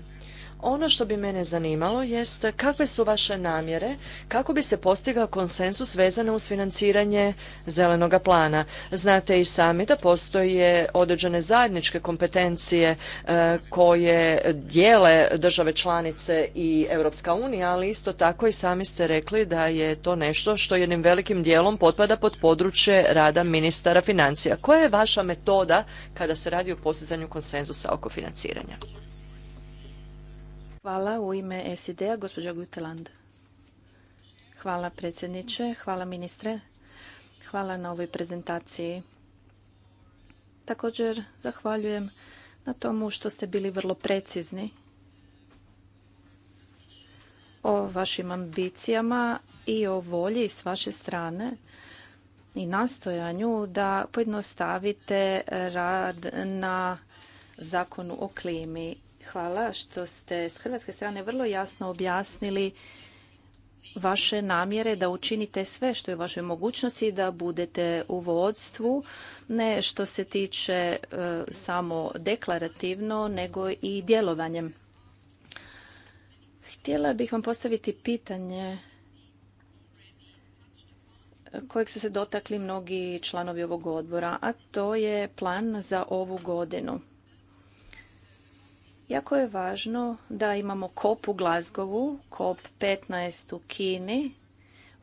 Ono što bi mene zanimalo jest kakve su vaše namjere kako bi se postigao konsensus vezano uz financiranje zelenoga plana. Znate i sami da postoje određene zajedničke kompetencije e, koje dijele države članice i Europska unija, ali isto tako i sami ste rekli da je to nešto što jednim velikim dijelom potpada pod područje rada ministara financija. Koja je vaša metoda kada se radi o postizanju konsenzusa oko financiranja? Hvala u ime SID-a, gospođa Guteland. Hvala predsjedniče, hvala ministre, hvala na ovoj prezentaciji. Također zahvaljujem na tomu što ste bili vrlo precizni o vašim ambicijama i o volji s vaše strane i nastojanju da pojednostavite rad na zakonu o klimi Hvala što ste s hrvatske strane vrlo jasno objasnili vaše namjere da učinite sve što je u vašoj mogućnosti da budete u vodstvu, ne što se tiče e, samo deklarativno, nego i djelovanjem. Htjela bih vam postaviti pitanje kojeg su se dotakli mnogi članovi ovog odbora, a to je plan za ovu godinu. Jako je važno da imamo COP u Glazgovu, kop 15 u Kini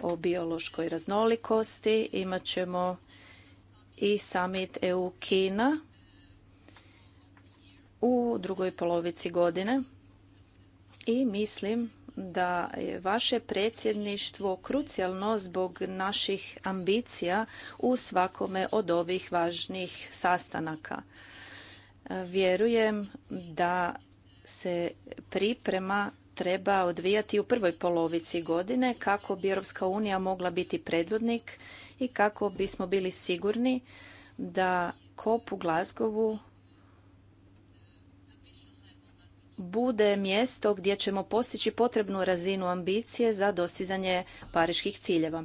o biološkoj raznolikosti. Imat ćemo i summit EU-Kina u drugoj polovici godine. I mislim da je vaše predsjedništvo krucijalno zbog naših ambicija u svakome od ovih važnih sastanaka. Vjerujem da se priprema treba odvijati u prvoj polovici godine kako bi Europska unija mogla biti predvodnik i kako bismo bili sigurni da kop u Glazgovu bude mjesto gdje ćemo postići potrebnu razinu ambicije za dostizanje pariških ciljeva.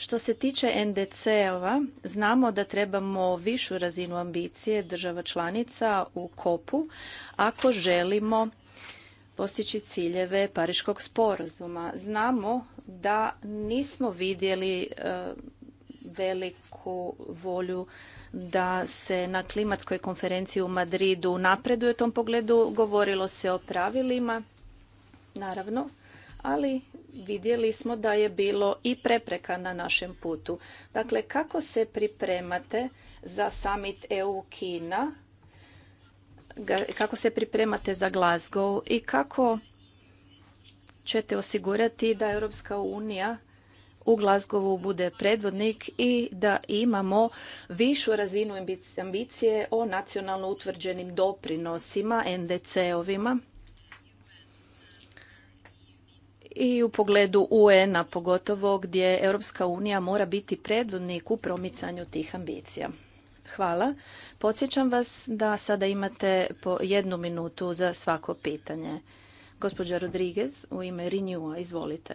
Što se tiče NDC-ova, znamo da trebamo višu razinu ambicije država članica u kopu ako želimo postići ciljeve Pariškog sporazuma. Znamo da nismo vidjeli e, veliku volju da se na klimatskoj konferenciji u Madridu napreduje u tom pogledu. Govorilo se o pravilima, naravno, ali vidjeli smo da je bilo i prepreka na našem putu. Dakle, kako se pripremate za summit EU-Kina? Kako se pripremate za Glasgow i kako ćete osigurati da Europska unija u Glasgowu bude predvodnik i da imamo višu razinu ambicije o nacionalno utvrđenim doprinosima, NDC-ovima i u pogledu UN-a pogotovo gdje Europska unija mora biti predvodnik u promicanju tih ambicija. Hvala. Podsjećam vas da sada imate po jednu minutu za svako pitanje. Gospođa Rodriguez u ime Renewa, izvolite.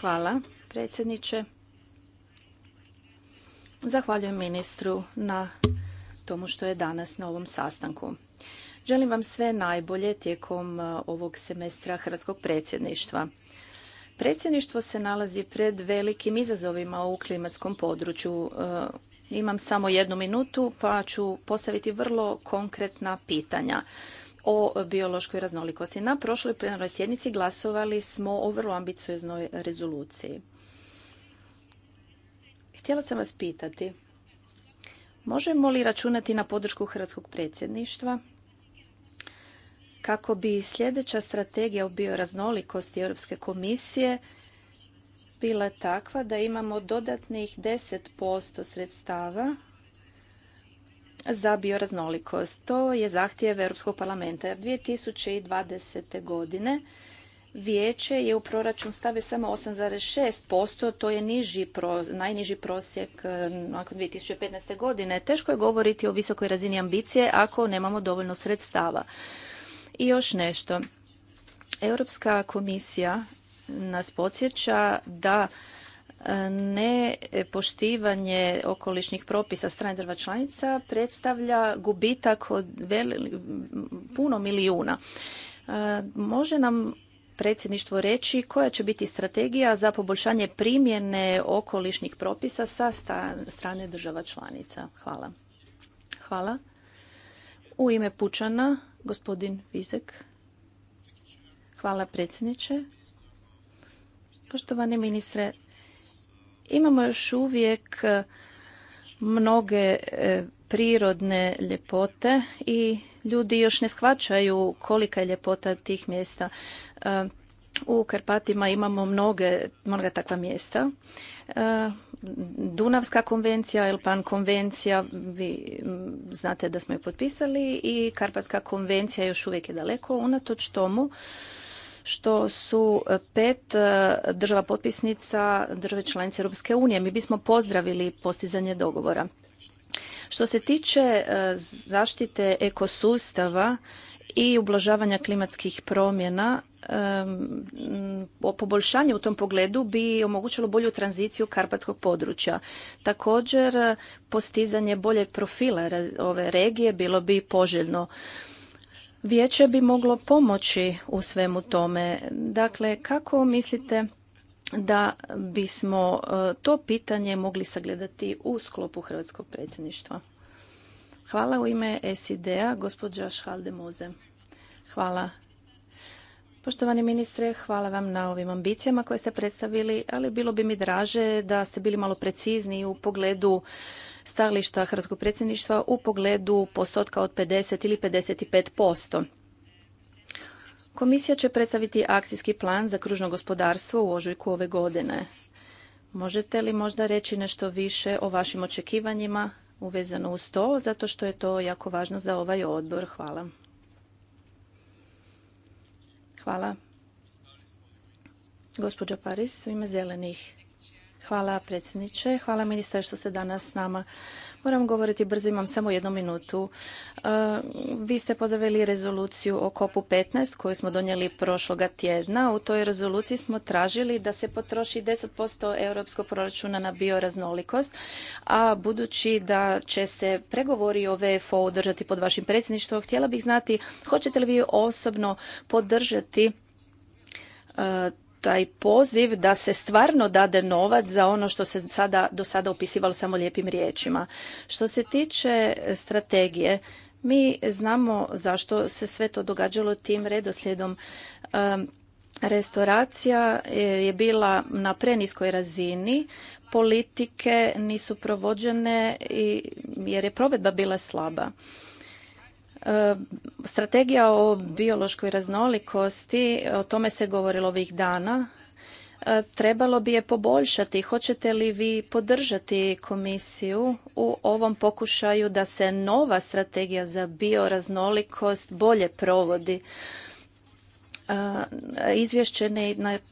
Hvala, predsjedniče. Zahvaljujem ministru na tomu što je danas na ovom sastanku. Želim vam sve najbolje tijekom e, ovog semestra Hrvatskog predsjedništva. Predsjedništvo se nalazi pred velikim izazovima u klimatskom području. E, imam samo jednu minutu pa ću postaviti vrlo konkretna pitanja o biološkoj raznolikosti. Na prošloj plenarnoj sjednici glasovali smo o vrlo ambicioznoj rezoluciji. Htjela sam vas pitati, možemo li računati na podršku Hrvatskog predsjedništva kako bi sljedeća strategija o bioraznolikosti Europske komisije bila takva da imamo dodatnih 10% sredstava za bioraznolikost. To je zahtjev Europskog parlamenta. 2020. godine vijeće je u proračun stavi samo 8,6%, to je niži najniži prosjek e, nakon 2015. godine. Teško je govoriti o visokoj razini ambicije ako nemamo dovoljno sredstava. I još nešto. Europska komisija nas podsjeća da e, ne poštivanje okolišnih propisa strane država članica predstavlja gubitak od puno milijuna. E, može nam predsjedništvo reći koja će biti strategija za poboljšanje primjene okolišnih propisa sa strane država članica? Hvala. Hvala. U ime Pučana, gospodin Vizek. Hvala predsjedniče. Poštovani ministre, imamo još uvijek e, mnoge e, prirodne ljepote i ljudi još ne shvaćaju kolika je ljepota tih mjesta. E, u Karpatima imamo mnoge, mnoga takva mjesta. Dunavska konvencija ili Pan konvencija, vi znate da smo ju potpisali i Karpatska konvencija još uvijek je daleko, unatoč tomu što su e, pet e, država potpisnica države članice Europske unije. Mi bismo pozdravili postizanje dogovora. Što se tiče e, zaštite ekosustava i ublažavanja klimatskih promjena, poboljšanje u tom pogledu bi omogućilo bolju tranziciju karpatskog područja. Također, postizanje boljeg profila ove regije bilo bi poželjno. Vijeće bi moglo pomoći u svemu tome. Dakle, kako mislite da bismo e, to pitanje mogli sagledati u sklopu Hrvatskog predsjedništva? Hvala u ime SID-a, gospođa Moze. Hvala Poštovani ministre, hvala vam na ovim ambicijama koje ste predstavili, ali bilo bi mi draže da ste bili malo precizni u pogledu stajališta Hrvatskog predsjedništva u pogledu posotka od 50 ili 55%. Komisija će predstaviti akcijski plan za kružno gospodarstvo u ožujku ove godine. Možete li možda reći nešto više o vašim očekivanjima uvezano uz to, zato što je to jako važno za ovaj odbor. Hvala. Hvala. Gospođa Paris u ime zelenih. Hvala predsjedniče, hvala ministre što ste danas s nama. Moram govoriti brzo, imam samo jednu minutu. E, vi ste pozdravili rezoluciju o kopu 15 koju smo donijeli prošloga tjedna. U toj rezoluciji smo tražili da se potroši 10% europskog proračuna na bioraznolikost, a budući da će se pregovori o VFO održati pod vašim predsjedništvom, htjela bih znati hoćete li vi osobno podržati e, taj poziv da se stvarno dade novac za ono što se sada, do sada opisivalo samo lijepim riječima. Što se tiče strategije, mi znamo zašto se sve to događalo tim redoslijedom. Restoracija je bila na preniskoj razini, politike nisu provođene jer je provedba bila slaba. Strategija o biološkoj raznolikosti, o tome se govorilo ovih dana, e, trebalo bi je poboljšati. Hoćete li vi podržati komisiju u ovom pokušaju da se nova strategija za bioraznolikost bolje provodi? E, izvješće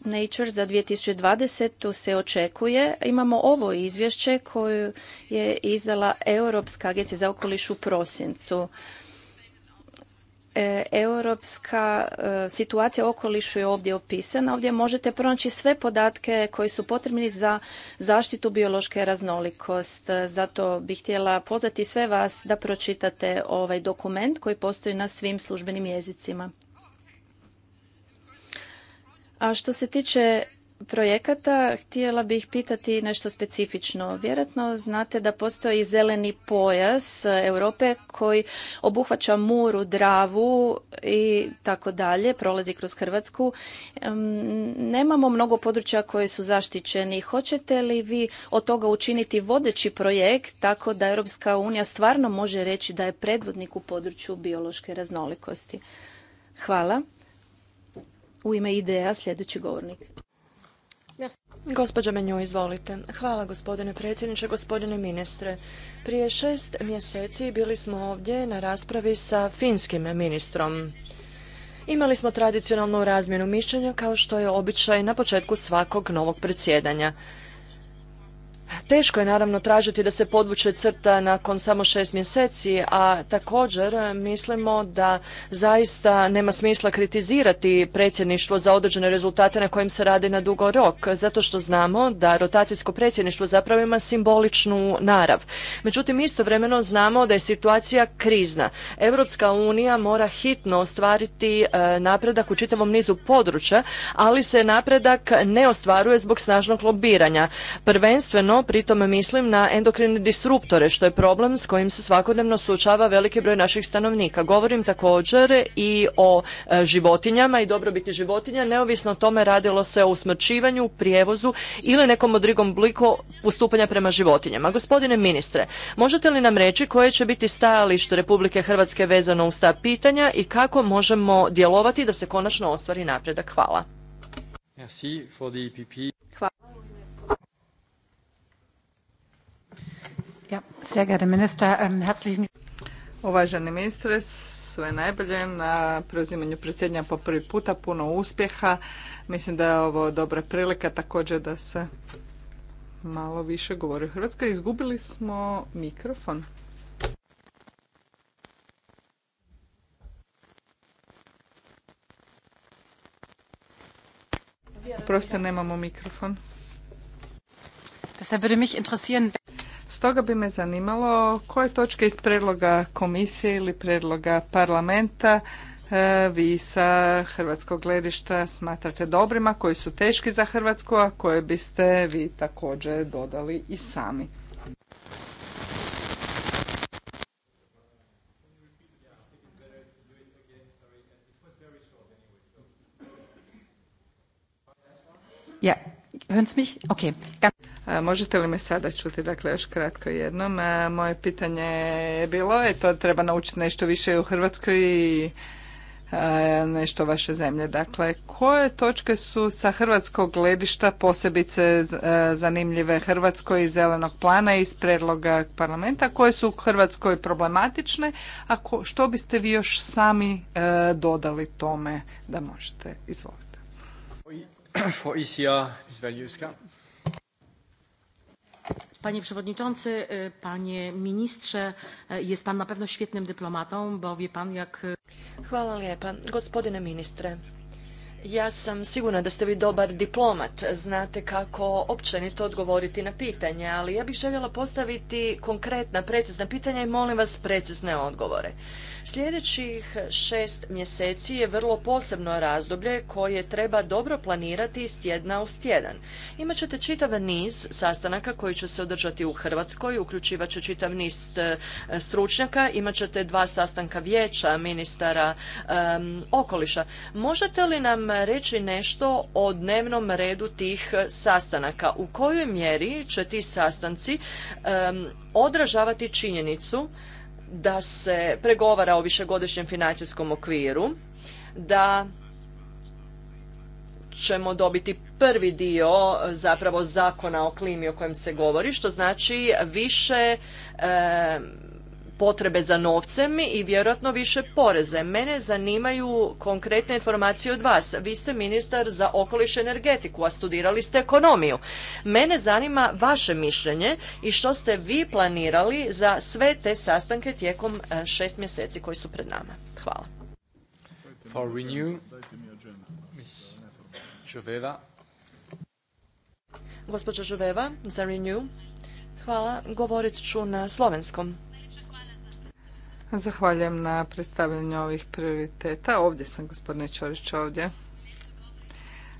Nature za 2020. se očekuje. Imamo ovo izvješće koje je izdala Europska agencija za okoliš u prosincu. E, europska e, situacija u okolišu je ovdje opisana. Ovdje možete pronaći sve podatke koji su potrebni za zaštitu biološke raznolikost. Zato bih htjela pozvati sve vas da pročitate ovaj dokument koji postoji na svim službenim jezicima. A što se tiče projekata htjela bih pitati nešto specifično. Vjerojatno znate da postoji zeleni pojas Europe koji obuhvaća Muru, Dravu i tako dalje, prolazi kroz Hrvatsku. Nemamo mnogo područja koji su zaštićeni. Hoćete li vi od toga učiniti vodeći projekt tako da Europska unija stvarno može reći da je predvodnik u području biološke raznolikosti? Hvala. U ime ideja sljedeći govornik. Gospođa Menju, izvolite. Hvala gospodine predsjedniče, gospodine ministre. Prije šest mjeseci bili smo ovdje na raspravi sa finskim ministrom. Imali smo tradicionalnu razmjenu mišljenja kao što je običaj na početku svakog novog predsjedanja. Teško je naravno tražiti da se podvuče crta nakon samo šest mjeseci, a također e, mislimo da zaista nema smisla kritizirati predsjedništvo za određene rezultate na kojim se radi na dugo rok, zato što znamo da rotacijsko predsjedništvo zapravo ima simboličnu narav. Međutim, istovremeno znamo da je situacija krizna. Europska unija mora hitno ostvariti e, napredak u čitavom nizu područja, ali se napredak ne ostvaruje zbog snažnog lobiranja. Prvenstveno pritom mislim na endokrine disruptore, što je problem s kojim se svakodnevno suočava veliki broj naših stanovnika. Govorim također i o e, životinjama i dobrobiti životinja, neovisno o tome radilo se o usmrčivanju, prijevozu ili nekom od drugom postupanja prema životinjama. Gospodine ministre, možete li nam reći koje će biti stajalište Republike Hrvatske vezano uz ta pitanja i kako možemo djelovati da se konačno ostvari napredak? Hvala. E Hvala. Ja, sehr ähm, Uvaženi ministre, sve najbolje na preuzimanju predsjednja po prvi puta, puno uspjeha. Mislim da je ovo dobra prilika također da se malo više govori o Hrvatskoj. Izgubili smo mikrofon. proste nemamo mikrofon. Das würde mich interessieren. Stoga bi me zanimalo koje točke iz predloga komisije ili predloga parlamenta e, vi sa hrvatskog gledišta smatrate dobrima, koji su teški za Hrvatsku, a koje biste vi također dodali i sami. Ja, hören mich? Okay. Možete li me sada čuti, dakle, još kratko jednom? Moje pitanje je bilo, je to treba naučiti nešto više u Hrvatskoj i nešto vaše zemlje. Dakle, koje točke su sa hrvatskog gledišta posebice zanimljive Hrvatskoj i zelenog plana iz predloga parlamenta, koje su u Hrvatskoj problematične, a što biste vi još sami dodali tome da možete? Izvolite. Panie przewodniczący, e, panie ministrze, e, jest pan na pewno świetnym dyplomatą, bo wie pan jak... Hvala lijepa. Gospodine ministre, ja sam sigurna da ste vi dobar diplomat, znate kako općenito odgovoriti na pitanje, ali ja bih željela postaviti konkretna, precizna pitanja i molim vas precizne odgovore. Sljedećih šest mjeseci je vrlo posebno razdoblje koje treba dobro planirati iz tjedna u tjedan. Imaćete čitav niz sastanaka koji će se održati u Hrvatskoj, uključivat će čitav niz e, stručnjaka, imat ćete dva sastanka vijeća ministara okoliša. Možete li nam reći nešto o dnevnom redu tih e, sastanaka. U kojoj mjeri će ti sastanci odražavati činjenicu da se pregovara o višegodišnjem financijskom okviru, da ćemo dobiti prvi dio e, zapravo zakona o klimi o kojem se govori, što znači više potrebe za novcem i vjerojatno više poreze. Mene zanimaju konkretne informacije od vas. Vi ste ministar za okoliš i energetiku, a studirali ste ekonomiju. Mene zanima vaše mišljenje i što ste vi planirali za sve te sastanke tijekom e, šest mjeseci koji su pred nama. Hvala. For renew, za Renew. Hvala. Govorit ću na slovenskom. Zahvaljujem na predstavljanju ovih prioriteta. Ovdje sam, gospodine Ćorić, ovdje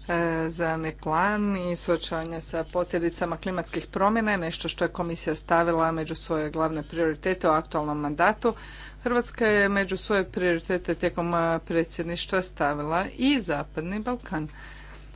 e, Za plan i suočavanje sa posljedicama klimatskih promjena je nešto što je komisija stavila među svoje glavne prioritete u aktualnom mandatu. Hrvatska je među svoje prioritete tijekom e, predsjedništva stavila i Zapadni Balkan.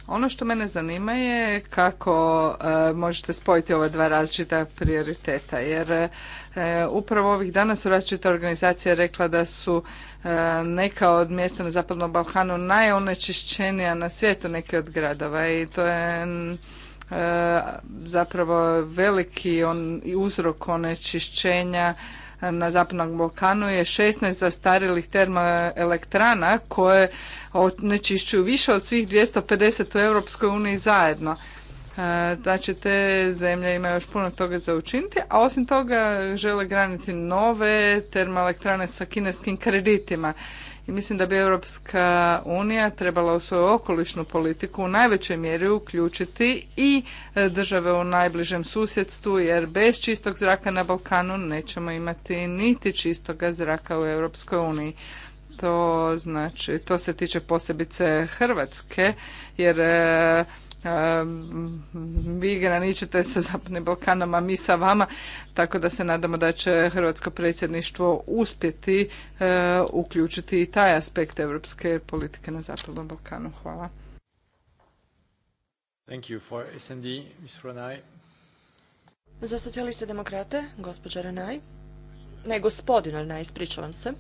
Ono što mene zanima je kako e, možete spojiti ova dva različita prioriteta, jer E, upravo ovih dana su različite organizacije rekla da su e, neka od mjesta na Zapadnom Balkanu najonečišćenija na svijetu, neke od gradova i to je e, zapravo veliki on, uzrok onečišćenja na Zapadnom Balkanu je 16 zastarilih termoelektrana koje onečišćuju više od svih 250 u Europskoj uniji zajedno. Znači, te zemlje imaju još puno toga za učiniti, a osim toga žele graniti nove termoelektrane sa kineskim kreditima. I mislim da bi Europska unija trebala u svoju okolišnu politiku u najvećoj mjeri uključiti i e, države u najbližem susjedstvu, jer bez čistog zraka na Balkanu nećemo imati niti čistoga zraka u Europskoj uniji to znači to se tiče posebice Hrvatske jer e, vi graničite sa Zapadnim Balkanom, a mi sa vama, tako da se nadamo da će Hrvatsko predsjedništvo uspjeti e, uključiti i taj aspekt europske politike na Zapadnom Balkanu. Hvala. Thank you for SND, Ms. Za socijaliste demokrate, gospođa Ranaj. Ne, gospodin Ranaj, ispričavam se.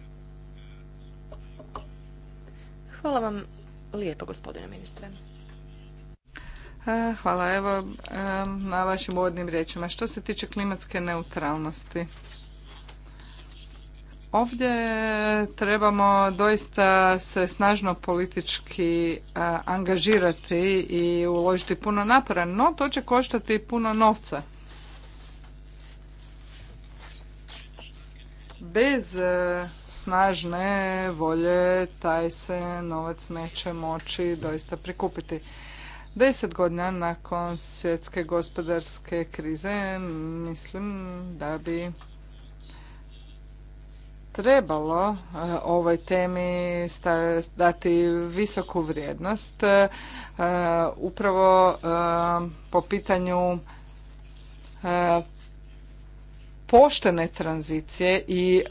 Hvala vam lijepo, gospodine ministre. E, hvala. Evo, e, na vašim uvodnim riječima. Što se tiče klimatske neutralnosti? Ovdje trebamo doista se snažno politički e, angažirati i uložiti puno napora, no to će koštati puno novca. Bez snažne volje taj se novac neće moći doista prikupiti. Deset godina nakon svjetske gospodarske krize mislim da bi trebalo e, ovoj temi dati visoku vrijednost e, upravo e, po pitanju poštene tranzicije i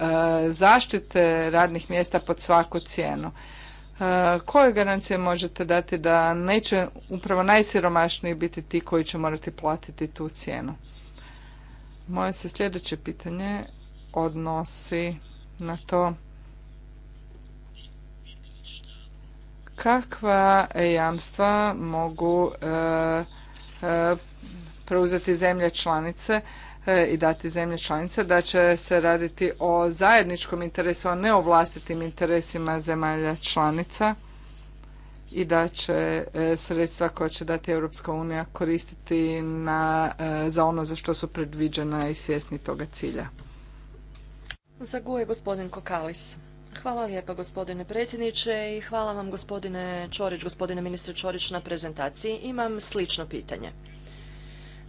zaštite radnih mjesta pod svaku cijenu. E, koje garancije možete dati da neće upravo najsiromašniji biti ti koji će morati platiti tu cijenu? Moje se sljedeće pitanje odnosi na to kakva jamstva mogu e, e, preuzeti zemlje članice E, i dati zemlje članice, da će se raditi o zajedničkom interesu, a ne o vlastitim interesima zemalja članica i da će e, sredstva koja će dati Europska unija koristiti na, e, za ono za što su predviđena i svjesni toga cilja. Zaguje gospodin Kokalis. Hvala lijepa gospodine predsjedniče i hvala vam gospodine Čorić, gospodine ministre Čorić na prezentaciji. Imam slično pitanje.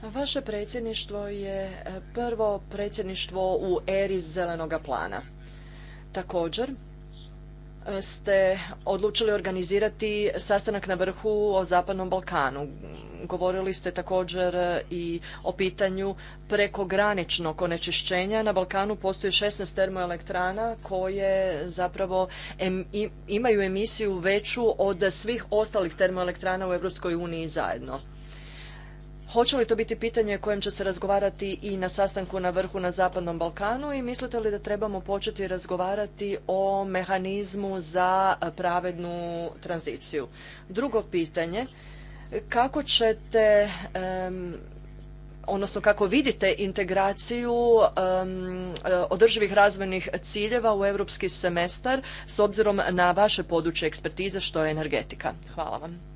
Vaše predsjedništvo je e, prvo predsjedništvo u eri zelenoga plana. Također, e, ste odlučili organizirati sastanak na vrhu o Zapadnom Balkanu. Govorili ste također e, i o pitanju prekograničnog onečišćenja. Na Balkanu postoji 16 termoelektrana koje zapravo imaju emisiju veću od svih ostalih termoelektrana u Europskoj uniji zajedno. Hoće li to biti pitanje kojem će se razgovarati i na sastanku na vrhu na Zapadnom Balkanu i mislite li da trebamo početi razgovarati o mehanizmu za pravednu tranziciju? Drugo pitanje, kako ćete odnosno kako vidite integraciju održivih razvojnih ciljeva u europski semestar s obzirom na vaše područje ekspertize što je energetika. Hvala vam.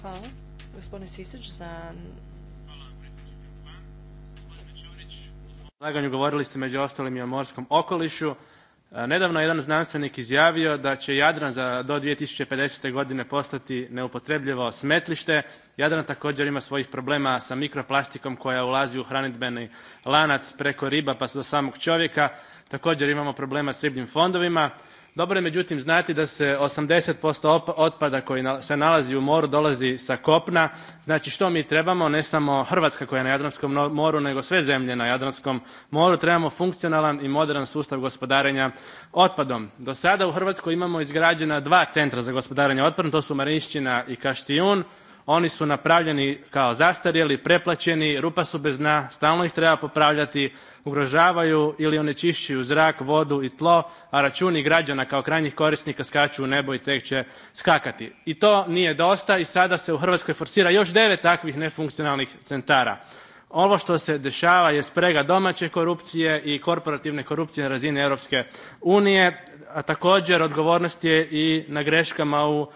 Hvala. Gospodine Sisić za... govorili ste među ostalim i o morskom okolišu. E, nedavno je jedan znanstvenik izjavio da će Jadran za do 2050. godine postati neupotrebljivo smetlište. Jadran također ima svojih problema sa mikroplastikom koja ulazi u hranidbeni lanac preko riba pa do samog čovjeka. Također imamo problema s ribljim fondovima dobro je međutim znati da se 80% otpada koji se nalazi u moru dolazi sa kopna znači što mi trebamo ne samo hrvatska koja je na jadranskom moru nego sve zemlje na jadranskom moru trebamo funkcionalan i moderan sustav gospodarenja otpadom do sada u hrvatskoj imamo izgrađena dva centra za gospodarenje otpadom to su marišćina i kaštijun oni su napravljeni kao zastarjeli, preplaćeni, rupa su bez dna, stalno ih treba popravljati, ugrožavaju ili onečišćuju zrak, vodu i tlo, a računi građana kao krajnjih korisnika skaču u nebo i tek će skakati. I to nije dosta i sada se u Hrvatskoj forsira još devet takvih nefunkcionalnih centara. Ovo što se dešava je sprega domaće korupcije i korporativne korupcije na razini Europske unije, a također odgovornost je i na greškama u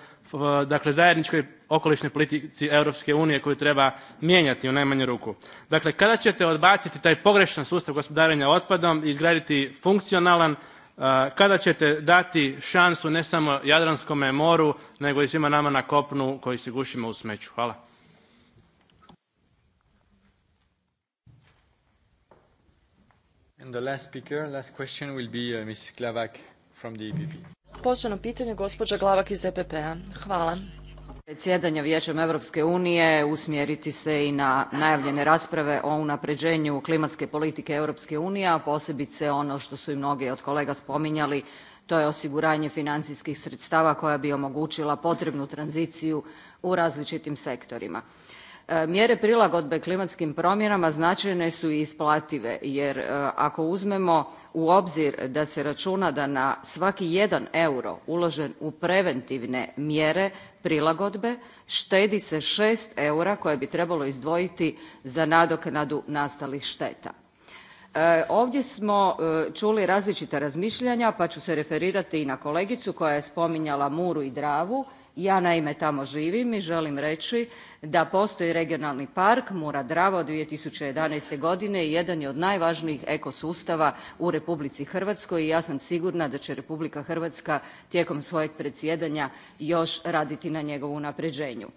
dakle zajedničkoj okolišnoj politici Europske unije koju treba mijenjati u najmanju ruku. Dakle, kada ćete odbaciti taj pogrešan sustav gospodarenja otpadom i izgraditi funkcionalan, kada ćete dati šansu ne samo Jadranskome moru, nego i svima nama na kopnu koji se gušimo u smeću? Hvala. And the last speaker, last question will be uh, Ms. Klavak from the EPP. Posebno pitanje gospođa Glavak iz EPP-a. Hvala. Predsjedanje Vijećem Europske unije usmjeriti se i na najavljene rasprave o unapređenju klimatske politike Europske unije, a posebice ono što su i mnogi od kolega spominjali, to je osiguranje financijskih sredstava koja bi omogućila potrebnu tranziciju u različitim sektorima. Mjere prilagodbe klimatskim promjenama značajne su i isplative jer e, ako uzmemo u obzir da se računa da na svaki jedan euro uložen u preventivne mjere prilagodbe štedi se šest eura koje bi trebalo izdvojiti za nadoknadu nastalih šteta. E, ovdje smo e, čuli različita razmišljanja pa ću se referirati i na kolegicu koja je spominjala Muru i Dravu ja naime tamo živim i želim reći da postoji regionalni park Mura Drava od 2011. godine i jedan je od najvažnijih ekosustava u Republici Hrvatskoj i ja sam sigurna da će Republika Hrvatska tijekom svojeg predsjedanja još raditi na njegovu unapređenju.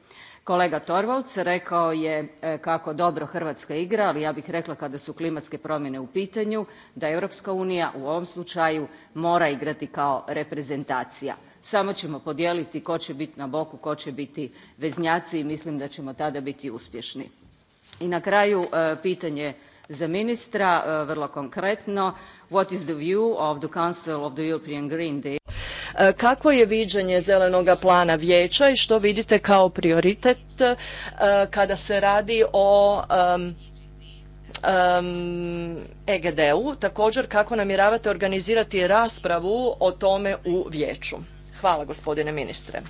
Kolega Torvalds rekao je e, kako dobro Hrvatska igra, ali ja bih rekla kada su klimatske promjene u pitanju da Europska unija u ovom slučaju mora igrati kao reprezentacija samo ćemo podijeliti tko će biti na boku, tko će biti veznjaci i mislim da ćemo tada biti uspješni. I na kraju e, pitanje za ministra, e, vrlo konkretno. What is the view of the Council of the European Green Deal? E, kakvo je viđenje zelenoga plana vijeća i što vidite kao prioritet kada se radi o EGDU EGD-u? Također kako namjeravate organizirati raspravu o tome u vijeću? Hvala gospodine ministre.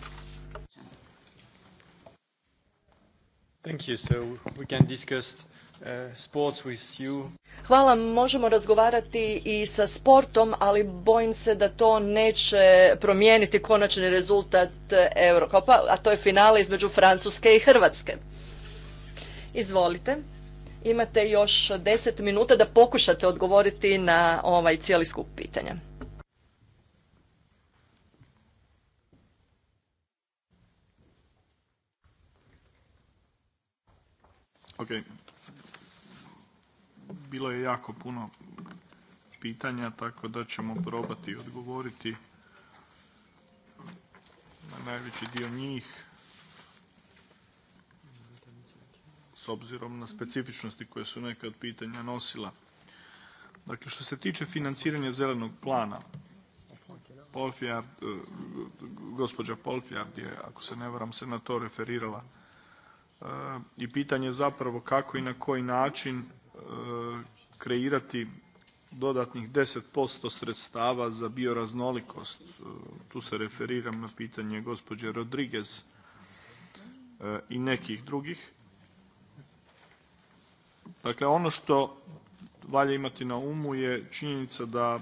Uh, Hvala, možemo razgovarati i sa sportom, ali bojim se da to neće promijeniti konačni rezultat eh, Eurokopa, a to je finale između Francuske i Hrvatske. Izvolite, imate još 10 minuta da pokušate odgovoriti na ovaj cijeli skup pitanja. Ok. Bilo je jako puno pitanja, tako da ćemo probati odgovoriti na najveći dio njih s obzirom na specifičnosti koje su neka od pitanja nosila. Dakle, što se tiče financiranja zelenog plana, eh, gospođa Polfjard je, ako se ne varam, se na to referirala i pitanje zapravo kako i na koji način e, kreirati dodatnih 10% sredstava za bioraznolikost. E, tu se referiram na pitanje gospođe Rodriguez e, i nekih drugih. Dakle, ono što valja imati na umu je činjenica da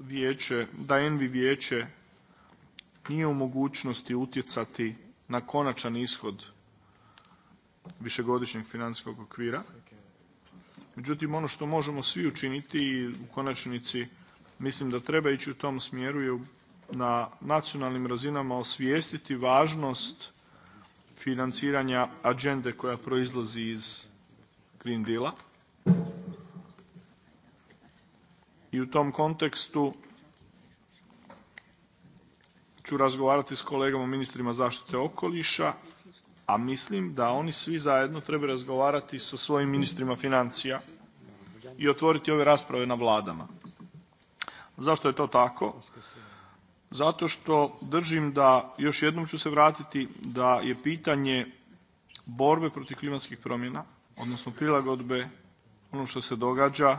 vijeće, da Envi vijeće nije u mogućnosti utjecati na konačan ishod višegodišnjeg financijskog okvira. Međutim, ono što možemo svi učiniti i u konačnici mislim da treba ići u tom smjeru je na nacionalnim razinama osvijestiti važnost financiranja agende koja proizlazi iz Green Deala. I u tom kontekstu ću razgovarati s kolegama ministrima zaštite okoliša, a mislim da oni svi zajedno trebaju razgovarati sa svojim ministrima financija i otvoriti ove rasprave na vladama. Zašto je to tako? Zato što držim da, još jednom ću se vratiti, da je pitanje borbe protiv klimatskih promjena, odnosno prilagodbe ono što se događa,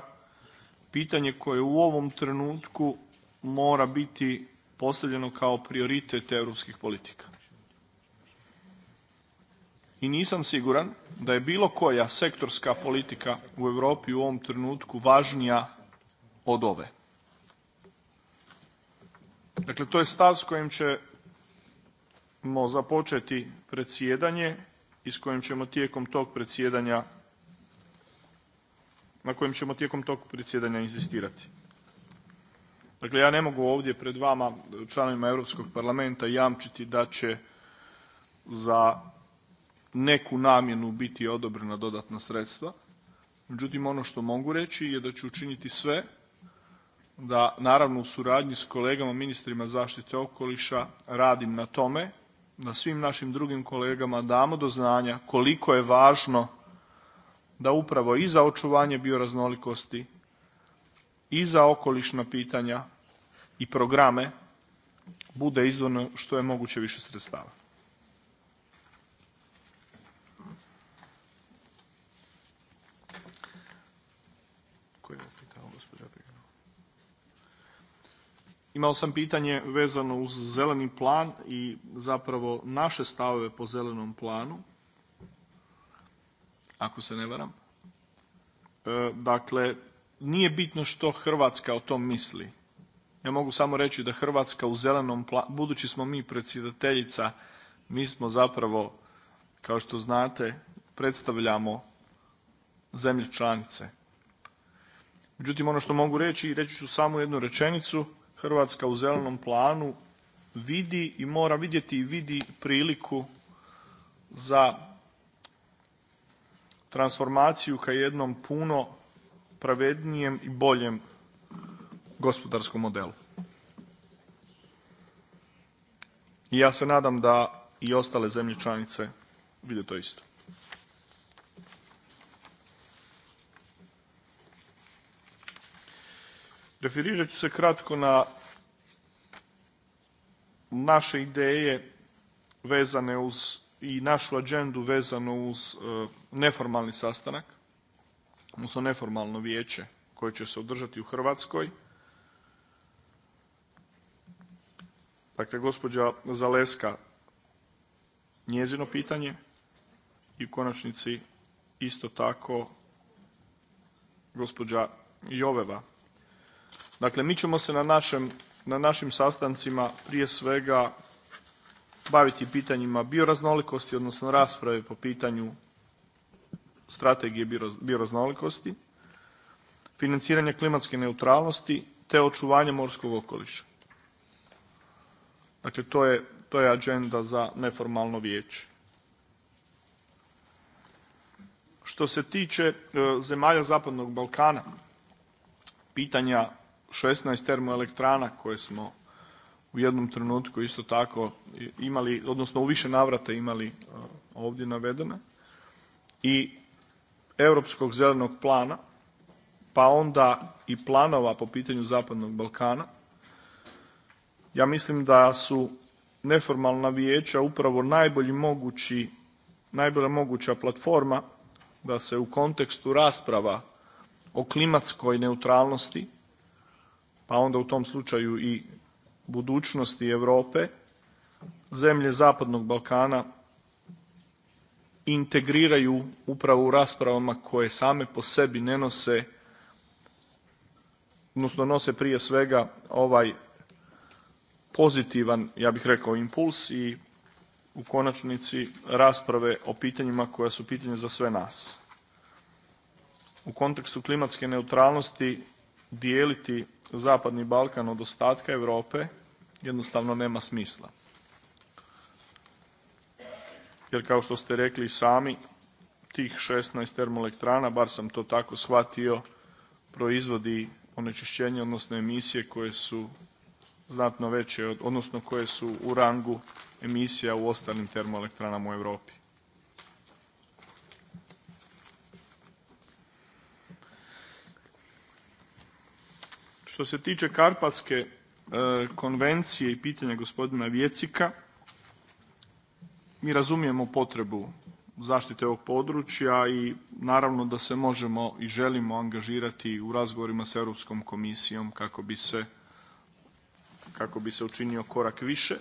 pitanje koje u ovom trenutku mora biti postavljeno kao prioritet europskih politika. I nisam siguran da je bilo koja sektorska politika u Europi u ovom trenutku važnija od ove. Dakle, to je stav s kojim ćemo započeti predsjedanje i s kojim ćemo tijekom tog predsjedanja na kojem ćemo tijekom tog predsjedanja inzistirati. Dakle, ja ne mogu ovdje pred vama, članovima Europskog parlamenta, jamčiti da će za neku namjenu biti odobrena dodatna sredstva. Međutim, ono što mogu reći je da ću učiniti sve da naravno u suradnji s kolegama ministrima zaštite okoliša radim na tome da svim našim drugim kolegama damo do znanja koliko je važno da upravo i za očuvanje bioraznolikosti i za okolišna pitanja i programe bude izvorno što je moguće više sredstava. Imao sam pitanje vezano uz zeleni plan i zapravo naše stavove po zelenom planu, ako se ne varam. E, dakle, nije bitno što Hrvatska o tom misli. Ja mogu samo reći da Hrvatska u zelenom, planu, budući smo mi predsjedateljica, mi smo zapravo kao što znate predstavljamo zemlje članice. Međutim, ono što mogu reći i reći ću samo jednu rečenicu, Hrvatska u zelenom planu vidi i mora vidjeti i vidi priliku za transformaciju ka jednom puno pravednijem i boljem gospodarskom modelu. I ja se nadam da i ostale zemlje članice vide to isto. Referirat ću se kratko na naše ideje vezane uz i našu agendu vezanu uz e, neformalni sastanak odnosno neformalno vijeće koje će se održati u Hrvatskoj. Dakle, gospođa Zaleska njezino pitanje i u konačnici isto tako gospođa Joveva. Dakle, mi ćemo se na našem, na našim sastancima prije svega baviti pitanjima bioraznolikosti, odnosno rasprave po pitanju strategije bioraznolikosti, financiranje klimatske neutralnosti te očuvanje morskog okoliša. Dakle, to je agenda za neformalno vijeće. Što se tiče e, zemalja Zapadnog Balkana, pitanja 16 termoelektrana koje smo u jednom trenutku isto tako imali, odnosno u više navrata imali e, ovdje navedene i europskog zelenog plana, pa onda i planova po pitanju Zapadnog Balkana. Ja mislim da su neformalna vijeća upravo najbolji mogući, najbolja moguća platforma da se u kontekstu rasprava o klimatskoj neutralnosti, pa onda u tom slučaju i budućnosti Europe, zemlje Zapadnog Balkana integriraju upravo u raspravama koje same po sebi ne nose, odnosno nose prije svega ovaj pozitivan, ja bih rekao, impuls i u konačnici rasprave o pitanjima koja su pitanja za sve nas. U kontekstu klimatske neutralnosti dijeliti Zapadni Balkan od ostatka Europe jednostavno nema smisla jer kao što ste rekli sami tih 16 termoelektrana, bar sam to tako shvatio, proizvodi onečišćenje odnosno emisije koje su znatno veće od, odnosno koje su u rangu emisija u ostalim termoelektranama u Europi. Što se tiče Karpatske e, konvencije i pitanja gospodina Vjecika, mi razumijemo potrebu zaštite ovog područja i naravno da se možemo i želimo angažirati u razgovorima sa Europskom komisijom kako bi se učinio korak više.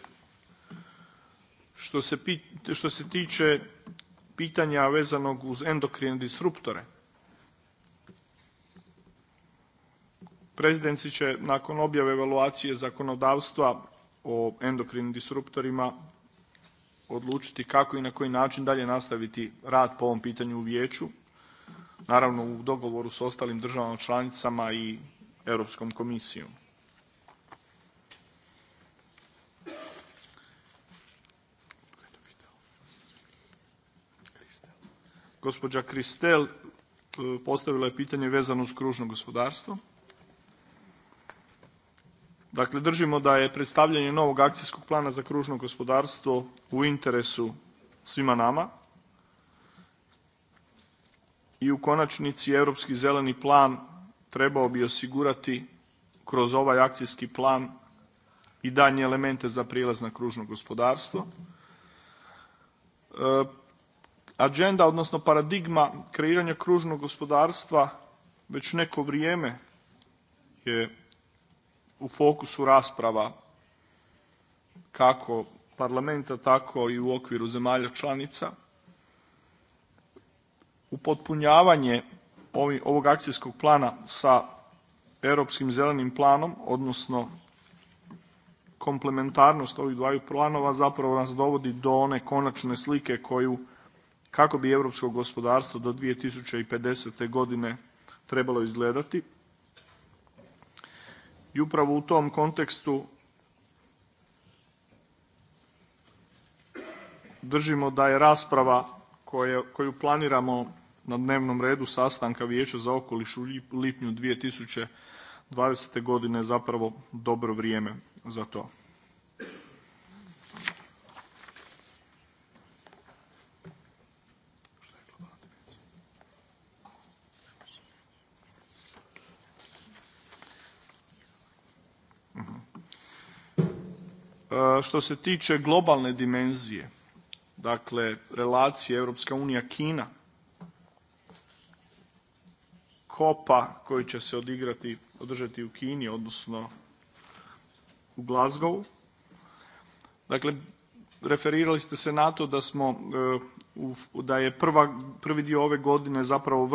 Što se tiče pitanja vezanog uz endokrine disruptore, Predsjednici će nakon objave evaluacije zakonodavstva o endokrinim disruptorima odlučiti kako i na koji način dalje nastaviti rad po ovom pitanju u vijeću, naravno u dogovoru s ostalim državama članicama i Europskom komisijom. Gospođa Kristel e, postavila je pitanje vezano uz kružno gospodarstvo. Dakle, držimo da je predstavljanje novog akcijskog plana za kružno gospodarstvo u interesu svima nama i u konačnici Europski zeleni plan trebao bi osigurati kroz ovaj akcijski plan i danje elemente za prilaz na kružno gospodarstvo. E, agenda, odnosno paradigma kreiranja kružnog gospodarstva već neko vrijeme je u fokusu rasprava kako parlamenta, tako i u okviru zemalja članica. Upotpunjavanje ovog akcijskog plana sa europskim zelenim planom, odnosno komplementarnost ovih dvaju planova zapravo nas dovodi do one konačne slike koju kako bi europsko gospodarstvo do 2050. godine trebalo izgledati. I upravo u tom kontekstu držimo da je rasprava koju planiramo na dnevnom redu sastanka Vijeća za okoliš u lipnju 2020. godine zapravo dobro vrijeme za to. E, što se tiče globalne dimenzije, dakle relacije Europska unija Kina, kopa koji će se odigrati, održati u Kini, odnosno u Glasgowu. Dakle, referirali ste se na to da smo e, da je prvi dio ove godine zapravo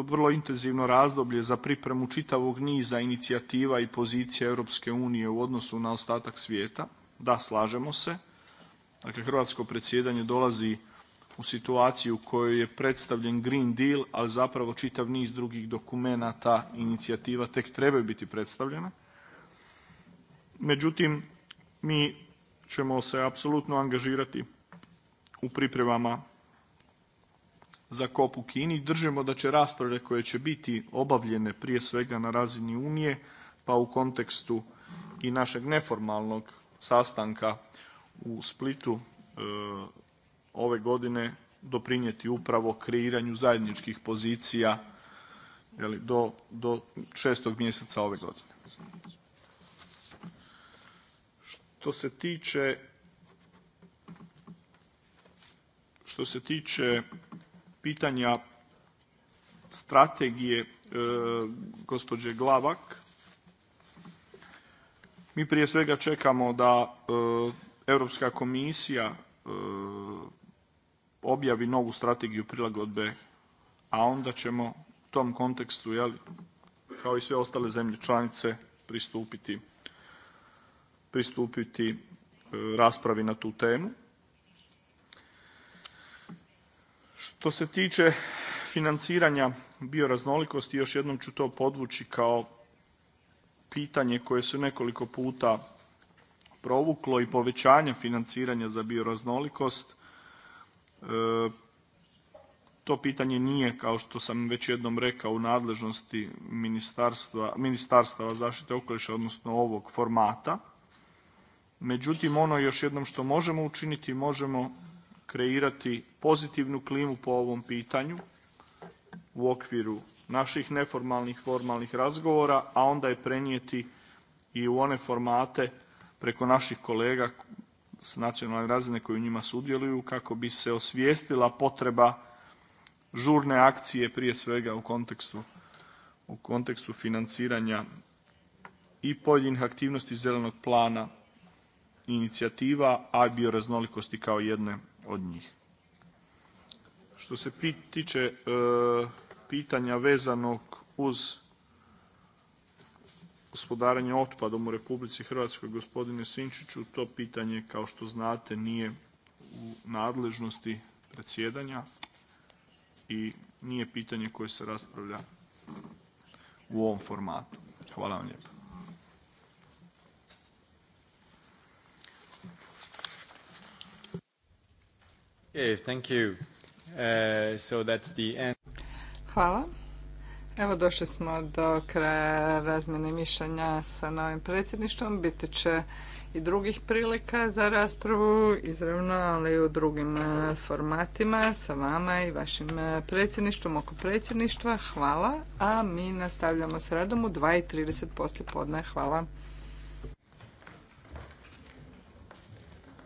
vrlo intenzivno razdoblje za pripremu čitavog niza inicijativa i pozicija Europske unije u odnosu na ostatak svijeta. Da, slažemo se. Dakle, hrvatsko predsjedanje dolazi u situaciju u kojoj je predstavljen Green Deal, ali zapravo čitav niz drugih dokumenata, inicijativa tek trebaju biti predstavljena. Međutim, mi ćemo se apsolutno angažirati u pripremama za kop u Kini. Držimo da će rasprave koje će biti obavljene prije svega na razini Unije, pa u kontekstu i našeg neformalnog sastanka u Splitu e, ove godine doprinijeti upravo kreiranju zajedničkih pozicija do, do šestog mjeseca ove godine. Što se tiče Što se tiče pitanja strategije e, gospođe Glavak, mi prije svega čekamo da e, Europska komisija e, objavi novu strategiju prilagodbe, a onda ćemo u tom kontekstu, kao i sve ostale zemlje članice, pristupiti, pristupiti raspravi na tu temu. Što se tiče financiranja bioraznolikosti, još jednom ću to podvući kao pitanje koje se nekoliko puta provuklo i povećanje financiranja za bioraznolikost. E, to pitanje nije, kao što sam već jednom rekao, u nadležnosti ministarstva, ministarstava zaštite okoliša, odnosno ovog formata. Međutim, ono još jednom što možemo učiniti, možemo kreirati pozitivnu klimu po ovom pitanju u okviru naših neformalnih, formalnih razgovora, a onda je prenijeti i u one formate preko naših kolega s nacionalne razine koji u njima sudjeluju kako bi se osvijestila potreba žurne akcije prije svega u kontekstu, u kontekstu financiranja i pojedinih aktivnosti zelenog plana inicijativa, a bioraznolikosti kao jedne od njih. Što se tiče e, pitanja vezanog uz gospodarenje otpadom u Republici Hrvatskoj, gospodine Sinčiću, to pitanje kao što znate nije u nadležnosti predsjedanja i nije pitanje koje se raspravlja u ovom formatu. Hvala vam lijepa. Uh, Hvala. Evo došli smo do kraja razmjene mišljenja sa novim predsjedništvom. Biti će i drugih prilika za raspravu izravno, ali i u drugim uh, formatima sa vama i vašim uh, predsjedništvom oko predsjedništva. Hvala, a mi nastavljamo s radom u 2.30 poslije podne. Hvala.